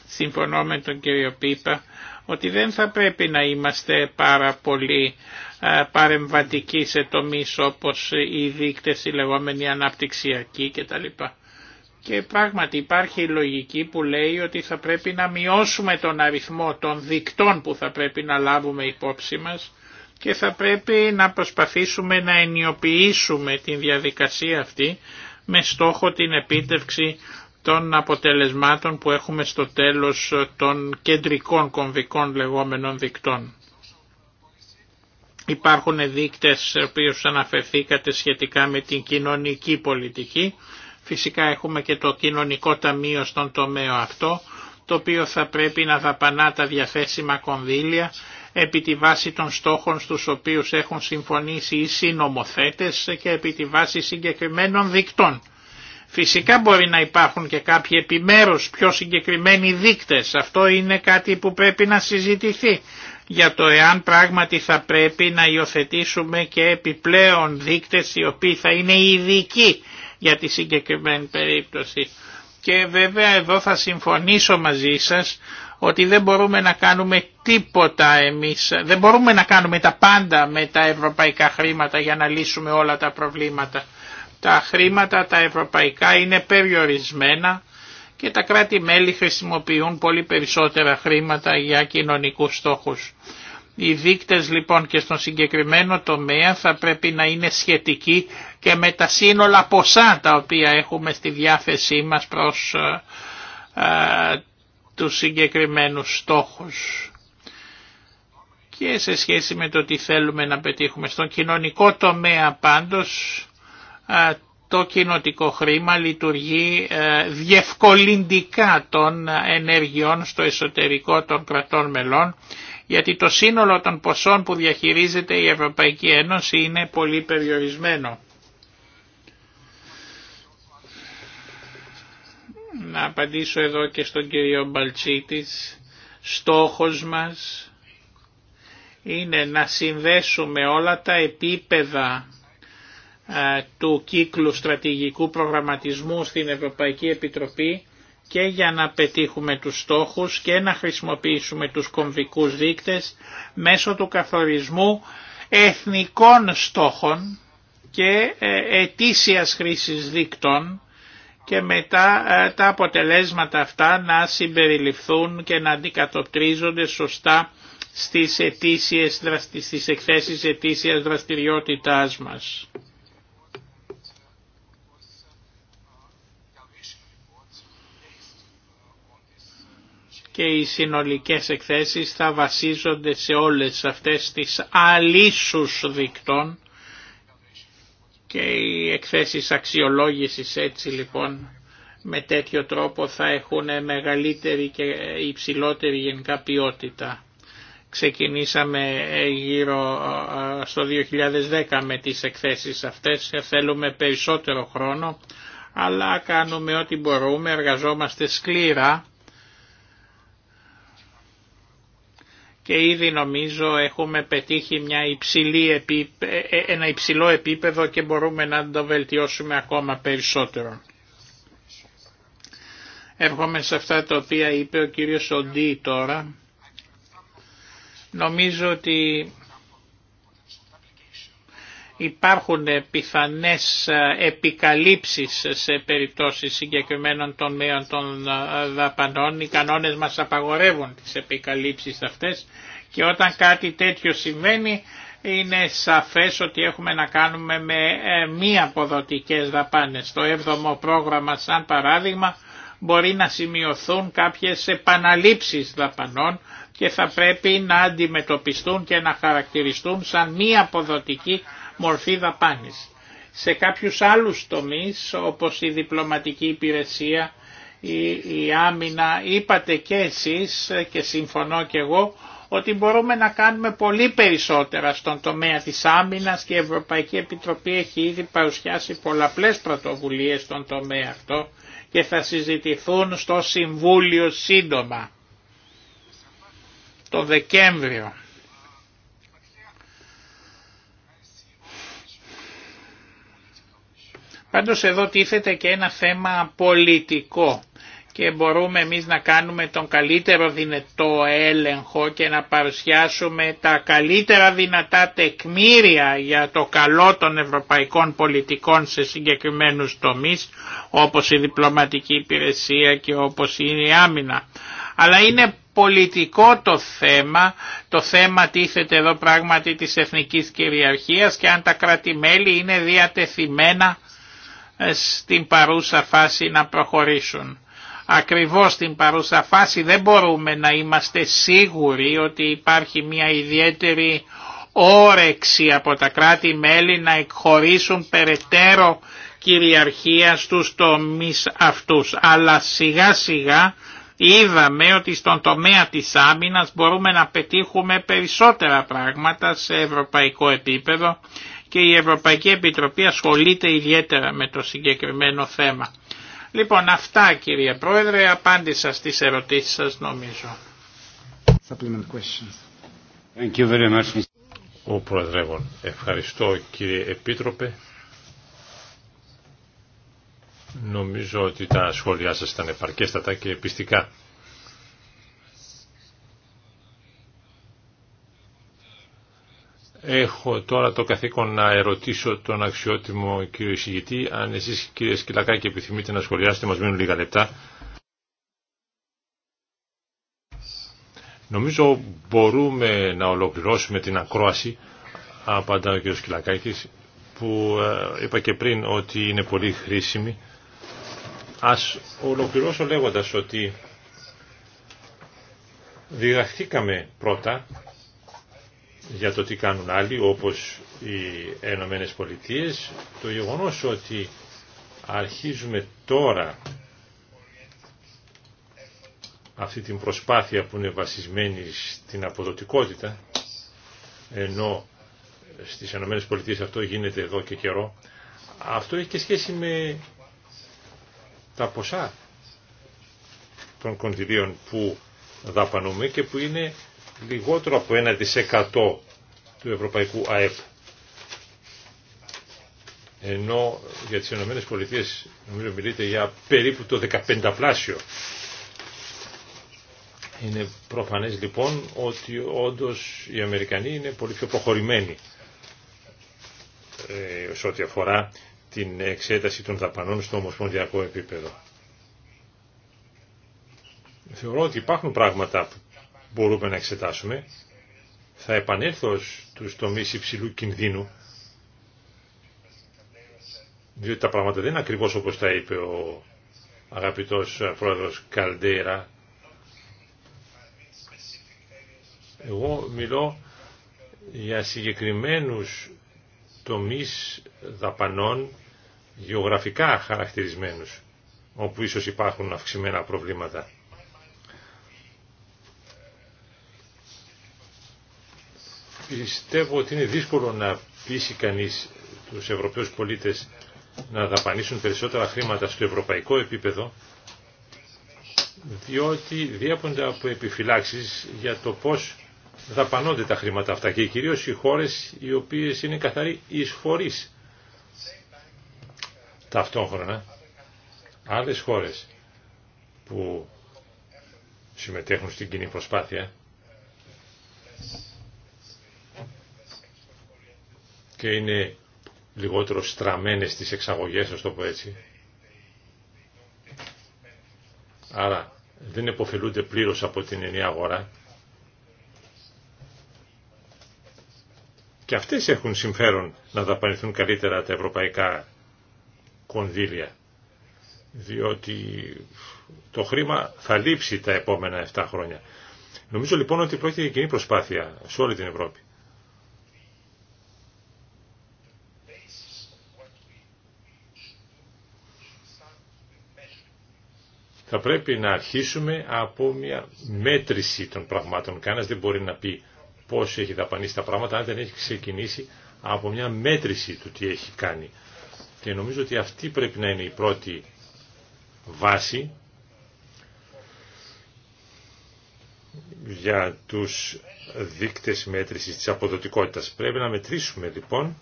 Συμφωνώ με τον κύριο Πίπα ότι δεν θα πρέπει να είμαστε πάρα πολύ ε, παρεμβατικοί σε τομείς όπως οι δείκτες, οι λεγόμενοι αναπτυξιακοί κτλ. Και πράγματι υπάρχει η λογική που λέει ότι θα πρέπει να μειώσουμε τον αριθμό των δικτών που θα πρέπει να λάβουμε υπόψη μας και θα πρέπει να προσπαθήσουμε να ενιοποιήσουμε την διαδικασία αυτή με στόχο την επίτευξη των αποτελεσμάτων που έχουμε στο τέλος των κεντρικών κομβικών λεγόμενων δικτών. Υπάρχουν δείκτες οποίους αναφερθήκατε σχετικά με την κοινωνική πολιτική. Φυσικά έχουμε και το κοινωνικό ταμείο στον τομέα αυτό, το οποίο θα πρέπει να δαπανά τα διαθέσιμα κονδύλια επί τη βάση των στόχων στους οποίους έχουν συμφωνήσει οι συνομοθέτες και επί τη βάση συγκεκριμένων δικτών. Φυσικά μπορεί να υπάρχουν και κάποιοι επιμέρους πιο συγκεκριμένοι δείκτες. Αυτό είναι κάτι που πρέπει να συζητηθεί για το εάν πράγματι θα πρέπει να υιοθετήσουμε και επιπλέον δείκτες οι οποίοι θα είναι ειδικοί για τη συγκεκριμένη περίπτωση. Και βέβαια εδώ θα συμφωνήσω μαζί σας ότι δεν μπορούμε να κάνουμε τίποτα εμείς, δεν μπορούμε να κάνουμε τα πάντα με τα ευρωπαϊκά χρήματα για να λύσουμε όλα τα προβλήματα. Τα χρήματα τα ευρωπαϊκά είναι περιορισμένα και τα κράτη-μέλη χρησιμοποιούν πολύ περισσότερα χρήματα για κοινωνικούς στόχους. Οι δείκτες λοιπόν και στον συγκεκριμένο τομέα θα πρέπει να είναι σχετικοί και με τα σύνολα ποσά τα οποία έχουμε στη διάθεσή μας προς ε, ε, τους συγκεκριμένους στόχους και σε σχέση με το τι θέλουμε να πετύχουμε. Στον κοινωνικό τομέα πάντως το κοινοτικό χρήμα λειτουργεί ε, διευκολυντικά των ενεργειών στο εσωτερικό των κρατών μελών γιατί το σύνολο των ποσών που διαχειρίζεται η Ευρωπαϊκή Ένωση είναι πολύ περιορισμένο. να απαντήσω εδώ και στον κύριο Μπαλτσίτης. Στόχος μας είναι να συνδέσουμε όλα τα επίπεδα του κύκλου στρατηγικού προγραμματισμού στην Ευρωπαϊκή Επιτροπή και για να πετύχουμε τους στόχους και να χρησιμοποιήσουμε τους κομβικούς δείκτες μέσω του καθορισμού εθνικών στόχων και ε, ετήσιας χρήσης δείκτων και μετά ε, τα αποτελέσματα αυτά να συμπεριληφθούν και να αντικατοπτρίζονται σωστά στις, ετήσιες, στις εκθέσεις αιτήσια δραστηριότητάς μας. και οι συνολικές εκθέσεις θα βασίζονται σε όλες αυτές τις αλήσους δικτών και οι εκθέσεις αξιολόγησης έτσι λοιπόν με τέτοιο τρόπο θα έχουν μεγαλύτερη και υψηλότερη γενικά ποιότητα. Ξεκινήσαμε γύρω στο 2010 με τις εκθέσεις αυτές, θέλουμε περισσότερο χρόνο, αλλά κάνουμε ό,τι μπορούμε, εργαζόμαστε σκληρά και ήδη νομίζω έχουμε πετύχει μια ε, ε, ένα υψηλό επίπεδο και μπορούμε να το βελτιώσουμε ακόμα περισσότερο. Έρχομαι σε αυτά τα οποία είπε ο κύριος Οντί τώρα. Νομίζω ότι υπάρχουν ε, πιθανές ε, επικαλύψεις σε περιπτώσεις συγκεκριμένων μείων των ε, δαπανών. Οι κανόνες μας απαγορεύουν τις επικαλύψεις αυτές και όταν κάτι τέτοιο συμβαίνει είναι σαφές ότι έχουμε να κάνουμε με μη αποδοτικές δαπάνες. Το 7ο πρόγραμμα σαν παράδειγμα μπορεί να σημειωθούν κάποιες επαναλήψεις δαπανών και θα πρέπει να αντιμετωπιστούν και να χαρακτηριστούν σαν μη αποδοτική μορφή δαπάνης. Σε κάποιους άλλους τομείς όπως η διπλωματική υπηρεσία, η, η άμυνα, είπατε και εσείς και συμφωνώ και εγώ ότι μπορούμε να κάνουμε πολύ περισσότερα στον τομέα της άμυνας και η Ευρωπαϊκή Επιτροπή έχει ήδη παρουσιάσει πολλαπλές πρωτοβουλίες στον τομέα αυτό και θα συζητηθούν στο Συμβούλιο σύντομα, το Δεκέμβριο. Πάντως εδώ τίθεται και ένα θέμα πολιτικό και μπορούμε εμείς να κάνουμε τον καλύτερο δυνατό έλεγχο και να παρουσιάσουμε τα καλύτερα δυνατά τεκμήρια για το καλό των ευρωπαϊκών πολιτικών σε συγκεκριμένους τομείς όπως η διπλωματική υπηρεσία και όπως η άμυνα. Αλλά είναι πολιτικό το θέμα, το θέμα τίθεται εδώ πράγματι της εθνικής κυριαρχίας και αν τα κράτη-μέλη είναι διατεθειμένα ε, στην παρούσα φάση να προχωρήσουν. Ακριβώς στην παρούσα φάση δεν μπορούμε να είμαστε σίγουροι ότι υπάρχει μια ιδιαίτερη όρεξη από τα κράτη-μέλη να εκχωρήσουν περαιτέρω κυριαρχία στους τομείς αυτούς. Αλλά σιγά σιγά είδαμε ότι στον τομέα της άμυνας μπορούμε να πετύχουμε περισσότερα πράγματα σε ευρωπαϊκό επίπεδο και η Ευρωπαϊκή Επιτροπή ασχολείται ιδιαίτερα με το συγκεκριμένο θέμα. Λοιπόν αυτά κύριε Πρόεδρε, απάντησα στις ερωτήσεις σας νομίζω. Thank you very much. Ο Προεδρεύων, ευχαριστώ κύριε Επίτροπε. Νομίζω ότι τα σχόλιά σας ήταν επαρκέστατα και επιστικά. Έχω τώρα το καθήκον να ερωτήσω τον αξιότιμο κύριο εισηγητή. Αν εσείς κύριε Σκυλακάκη επιθυμείτε να σχολιάσετε, μας μείνουν λίγα λεπτά. Νομίζω μπορούμε να ολοκληρώσουμε την ακρόαση, απαντά ο κύριος Σκυλακάκης, που ε, είπα και πριν ότι είναι πολύ χρήσιμη. Ας ολοκληρώσω λέγοντας ότι διδαχθήκαμε πρώτα για το τι κάνουν άλλοι όπως οι Ενωμένε Πολιτείε, το γεγονός ότι αρχίζουμε τώρα αυτή την προσπάθεια που είναι βασισμένη στην αποδοτικότητα ενώ στις Ενωμένε Πολιτείες αυτό γίνεται εδώ και καιρό αυτό έχει και σχέση με τα ποσά των κονδυλίων που δαπανούμε και που είναι λιγότερο από 1% του ευρωπαϊκού ΑΕΠ. Ενώ για τις Ηνωμένες Πολιτείες νομίζω μιλείται για περίπου το 15 πλάσιο. Είναι προφανές λοιπόν ότι όντως οι Αμερικανοί είναι πολύ πιο προχωρημένοι ε, σε ό,τι αφορά την εξέταση των δαπανών στο ομοσπονδιακό επίπεδο. Θεωρώ ότι υπάρχουν πράγματα που μπορούμε να εξετάσουμε. Θα επανέλθω στους τομείς υψηλού κινδύνου, διότι τα πράγματα δεν είναι ακριβώς όπως τα είπε ο αγαπητός πρόεδρος Καλντέρα. Εγώ μιλώ για συγκεκριμένους τομείς δαπανών γεωγραφικά χαρακτηρισμένους, όπου ίσως υπάρχουν αυξημένα προβλήματα. Πιστεύω ότι είναι δύσκολο να πείσει κανείς τους Ευρωπαίους πολίτες να δαπανίσουν περισσότερα χρήματα στο ευρωπαϊκό επίπεδο, διότι διέπονται από επιφυλάξεις για το πώς δαπανώνται τα χρήματα αυτά και κυρίως οι χώρες οι οποίες είναι καθαροί εισφορείς. Ταυτόχρονα, άλλες χώρες που συμμετέχουν στην κοινή προσπάθεια και είναι λιγότερο στραμμένες στις εξαγωγές, ας το πω έτσι. Άρα δεν εποφελούνται πλήρως από την ενιαία αγορά. Και αυτές έχουν συμφέρον να δαπανηθούν καλύτερα τα ευρωπαϊκά κονδύλια. Διότι το χρήμα θα λείψει τα επόμενα 7 χρόνια. Νομίζω λοιπόν ότι πρόκειται για κοινή προσπάθεια σε όλη την Ευρώπη. θα πρέπει να αρχίσουμε από μια μέτρηση των πραγμάτων. Κανένας δεν μπορεί να πει πώς έχει δαπανίσει τα πράγματα αν δεν έχει ξεκινήσει από μια μέτρηση του τι έχει κάνει. Και νομίζω ότι αυτή πρέπει να είναι η πρώτη βάση για τους δείκτες μέτρησης της αποδοτικότητας. Πρέπει να μετρήσουμε λοιπόν.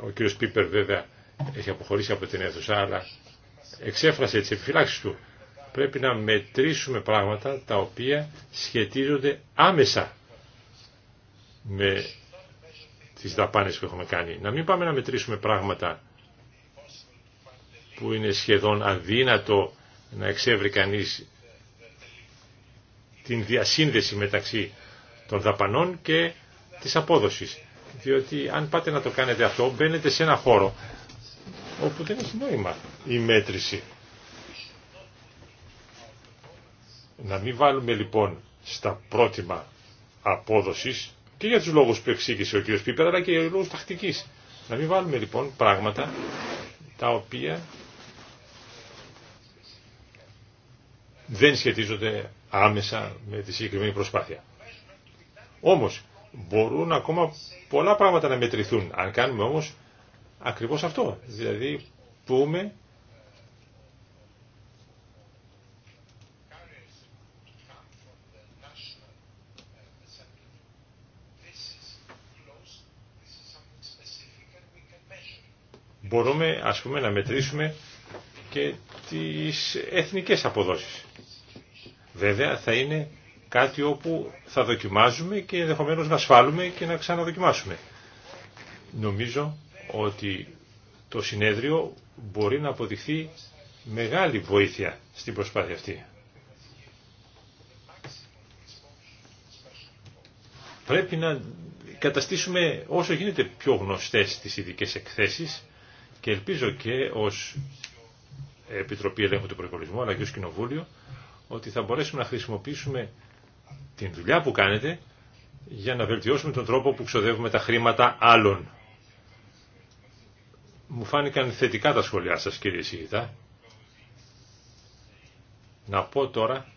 Ο κύριος Πίπερ βέβαια έχει αποχωρήσει από την αίθουσα, αλλά εξέφρασε τι επιφυλάξει του. Πρέπει να μετρήσουμε πράγματα τα οποία σχετίζονται άμεσα με τις δαπάνες που έχουμε κάνει. Να μην πάμε να μετρήσουμε πράγματα που είναι σχεδόν αδύνατο να εξεύρει κανείς την διασύνδεση μεταξύ των δαπανών και της απόδοσης. Διότι αν πάτε να το κάνετε αυτό, μπαίνετε σε ένα χώρο όπου δεν έχει νόημα η μέτρηση. Να μην βάλουμε λοιπόν στα πρότυπα απόδοσης και για τους λόγους που εξήγησε ο κ. Πίπερα, αλλά και για λόγους τακτικής. Να μην βάλουμε λοιπόν πράγματα τα οποία δεν σχετίζονται άμεσα με τη συγκεκριμένη προσπάθεια. Όμως μπορούν ακόμα πολλά πράγματα να μετρηθούν. Αν κάνουμε όμως ακριβώς αυτό. Δηλαδή πούμε μπορούμε ας πούμε να μετρήσουμε και τις εθνικές αποδόσεις. Βέβαια θα είναι κάτι όπου θα δοκιμάζουμε και ενδεχομένω να ασφάλουμε και να ξαναδοκιμάσουμε. Νομίζω ότι το συνέδριο μπορεί να αποδειχθεί μεγάλη βοήθεια στην προσπάθεια αυτή. Πρέπει να καταστήσουμε όσο γίνεται πιο γνωστές τις ειδικές εκθέσεις και ελπίζω και ως Επιτροπή Ελέγχου του Προϋπολογισμού αλλά και ως Κοινοβούλιο ότι θα μπορέσουμε να χρησιμοποιήσουμε την δουλειά που κάνετε για να βελτιώσουμε τον τρόπο που ξοδεύουμε τα χρήματα άλλων. Μου φάνηκαν θετικά τα σχόλιά σας κύριε Σιγητά. Να πω τώρα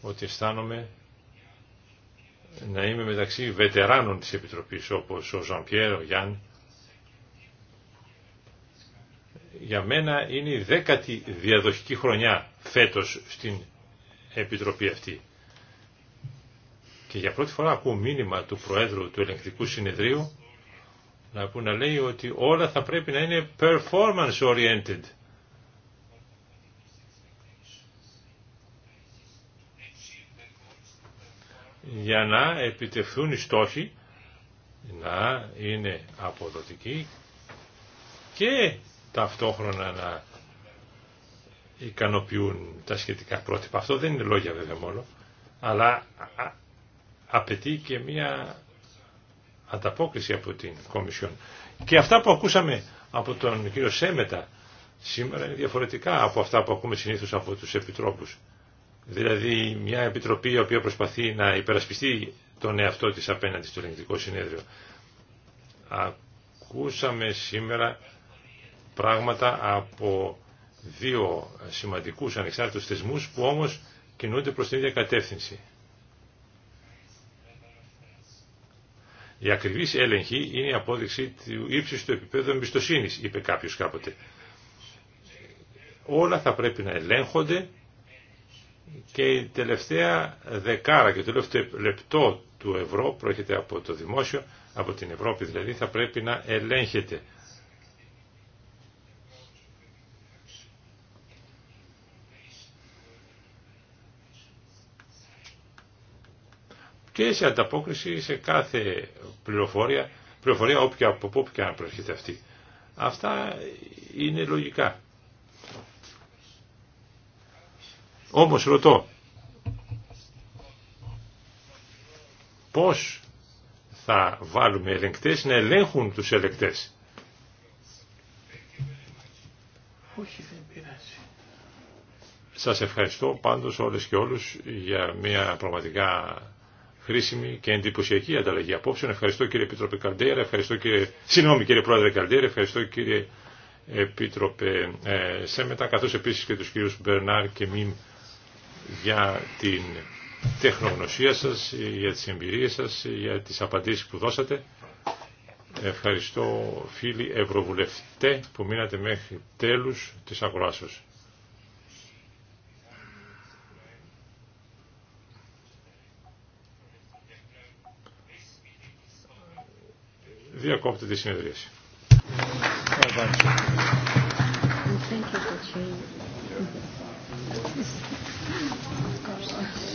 ότι αισθάνομαι να είμαι μεταξύ βετεράνων της Επιτροπής όπως ο Ζανπιέρ, ο Γιάννη. Για μένα είναι η δέκατη διαδοχική χρονιά φέτος στην Επιτροπή αυτή. Και για πρώτη φορά ακούω μήνυμα του Προέδρου του Ελεγκτικού Συνεδρίου να, που να λέει ότι όλα θα πρέπει να είναι performance oriented. για να επιτευχθούν οι στόχοι να είναι αποδοτικοί και ταυτόχρονα να ικανοποιούν τα σχετικά πρότυπα. Αυτό δεν είναι λόγια βέβαια μόνο, αλλά απαιτεί και μια ανταπόκριση από την Κομισιόν. Και αυτά που ακούσαμε από τον κύριο Σέμετα σήμερα είναι διαφορετικά από αυτά που ακούμε συνήθως από τους επιτρόπους. Δηλαδή μια επιτροπή η οποία προσπαθεί να υπερασπιστεί τον εαυτό της απέναντι στο ελληνικό συνέδριο. Ακούσαμε σήμερα πράγματα από δύο σημαντικούς ανεξάρτητους θεσμούς που όμως κινούνται προς την ίδια κατεύθυνση. Η ακριβή έλεγχη είναι η απόδειξη του ύψου του επίπεδου εμπιστοσύνη, είπε κάποιο κάποτε. Όλα θα πρέπει να ελέγχονται και η τελευταία δεκάρα και το τελευταίο λεπτό του ευρώ προέρχεται από το δημόσιο, από την Ευρώπη δηλαδή, θα πρέπει να ελέγχεται. και σε ανταπόκριση σε κάθε πληροφορία, πληροφορία όποια από πού και αν προέρχεται αυτή. Αυτά είναι λογικά. Όμως ρωτώ, πώς θα βάλουμε ελεγκτές να ελέγχουν τους ελεγκτές. Όχι, Σας ευχαριστώ πάντως όλες και όλους για μια πραγματικά χρήσιμη και εντυπωσιακή ανταλλαγή απόψεων. Ευχαριστώ κύριε Επίτροπε Καλντέρα, ευχαριστώ κύριε, συγγνώμη κύριε Πρόεδρε Καλντέρα, ευχαριστώ κύριε Επίτροπε ε, Σέμετα, καθώς επίσης και τους κύριους Μπερνάρ και Μιμ για την τεχνογνωσία σας, για τις εμπειρίες σας, για τις απαντήσεις που δώσατε. Ευχαριστώ φίλοι Ευρωβουλευτέ που μείνατε μέχρι τέλους της αγοράσεως. διακόπτει τη συνεδρίαση. Thank you for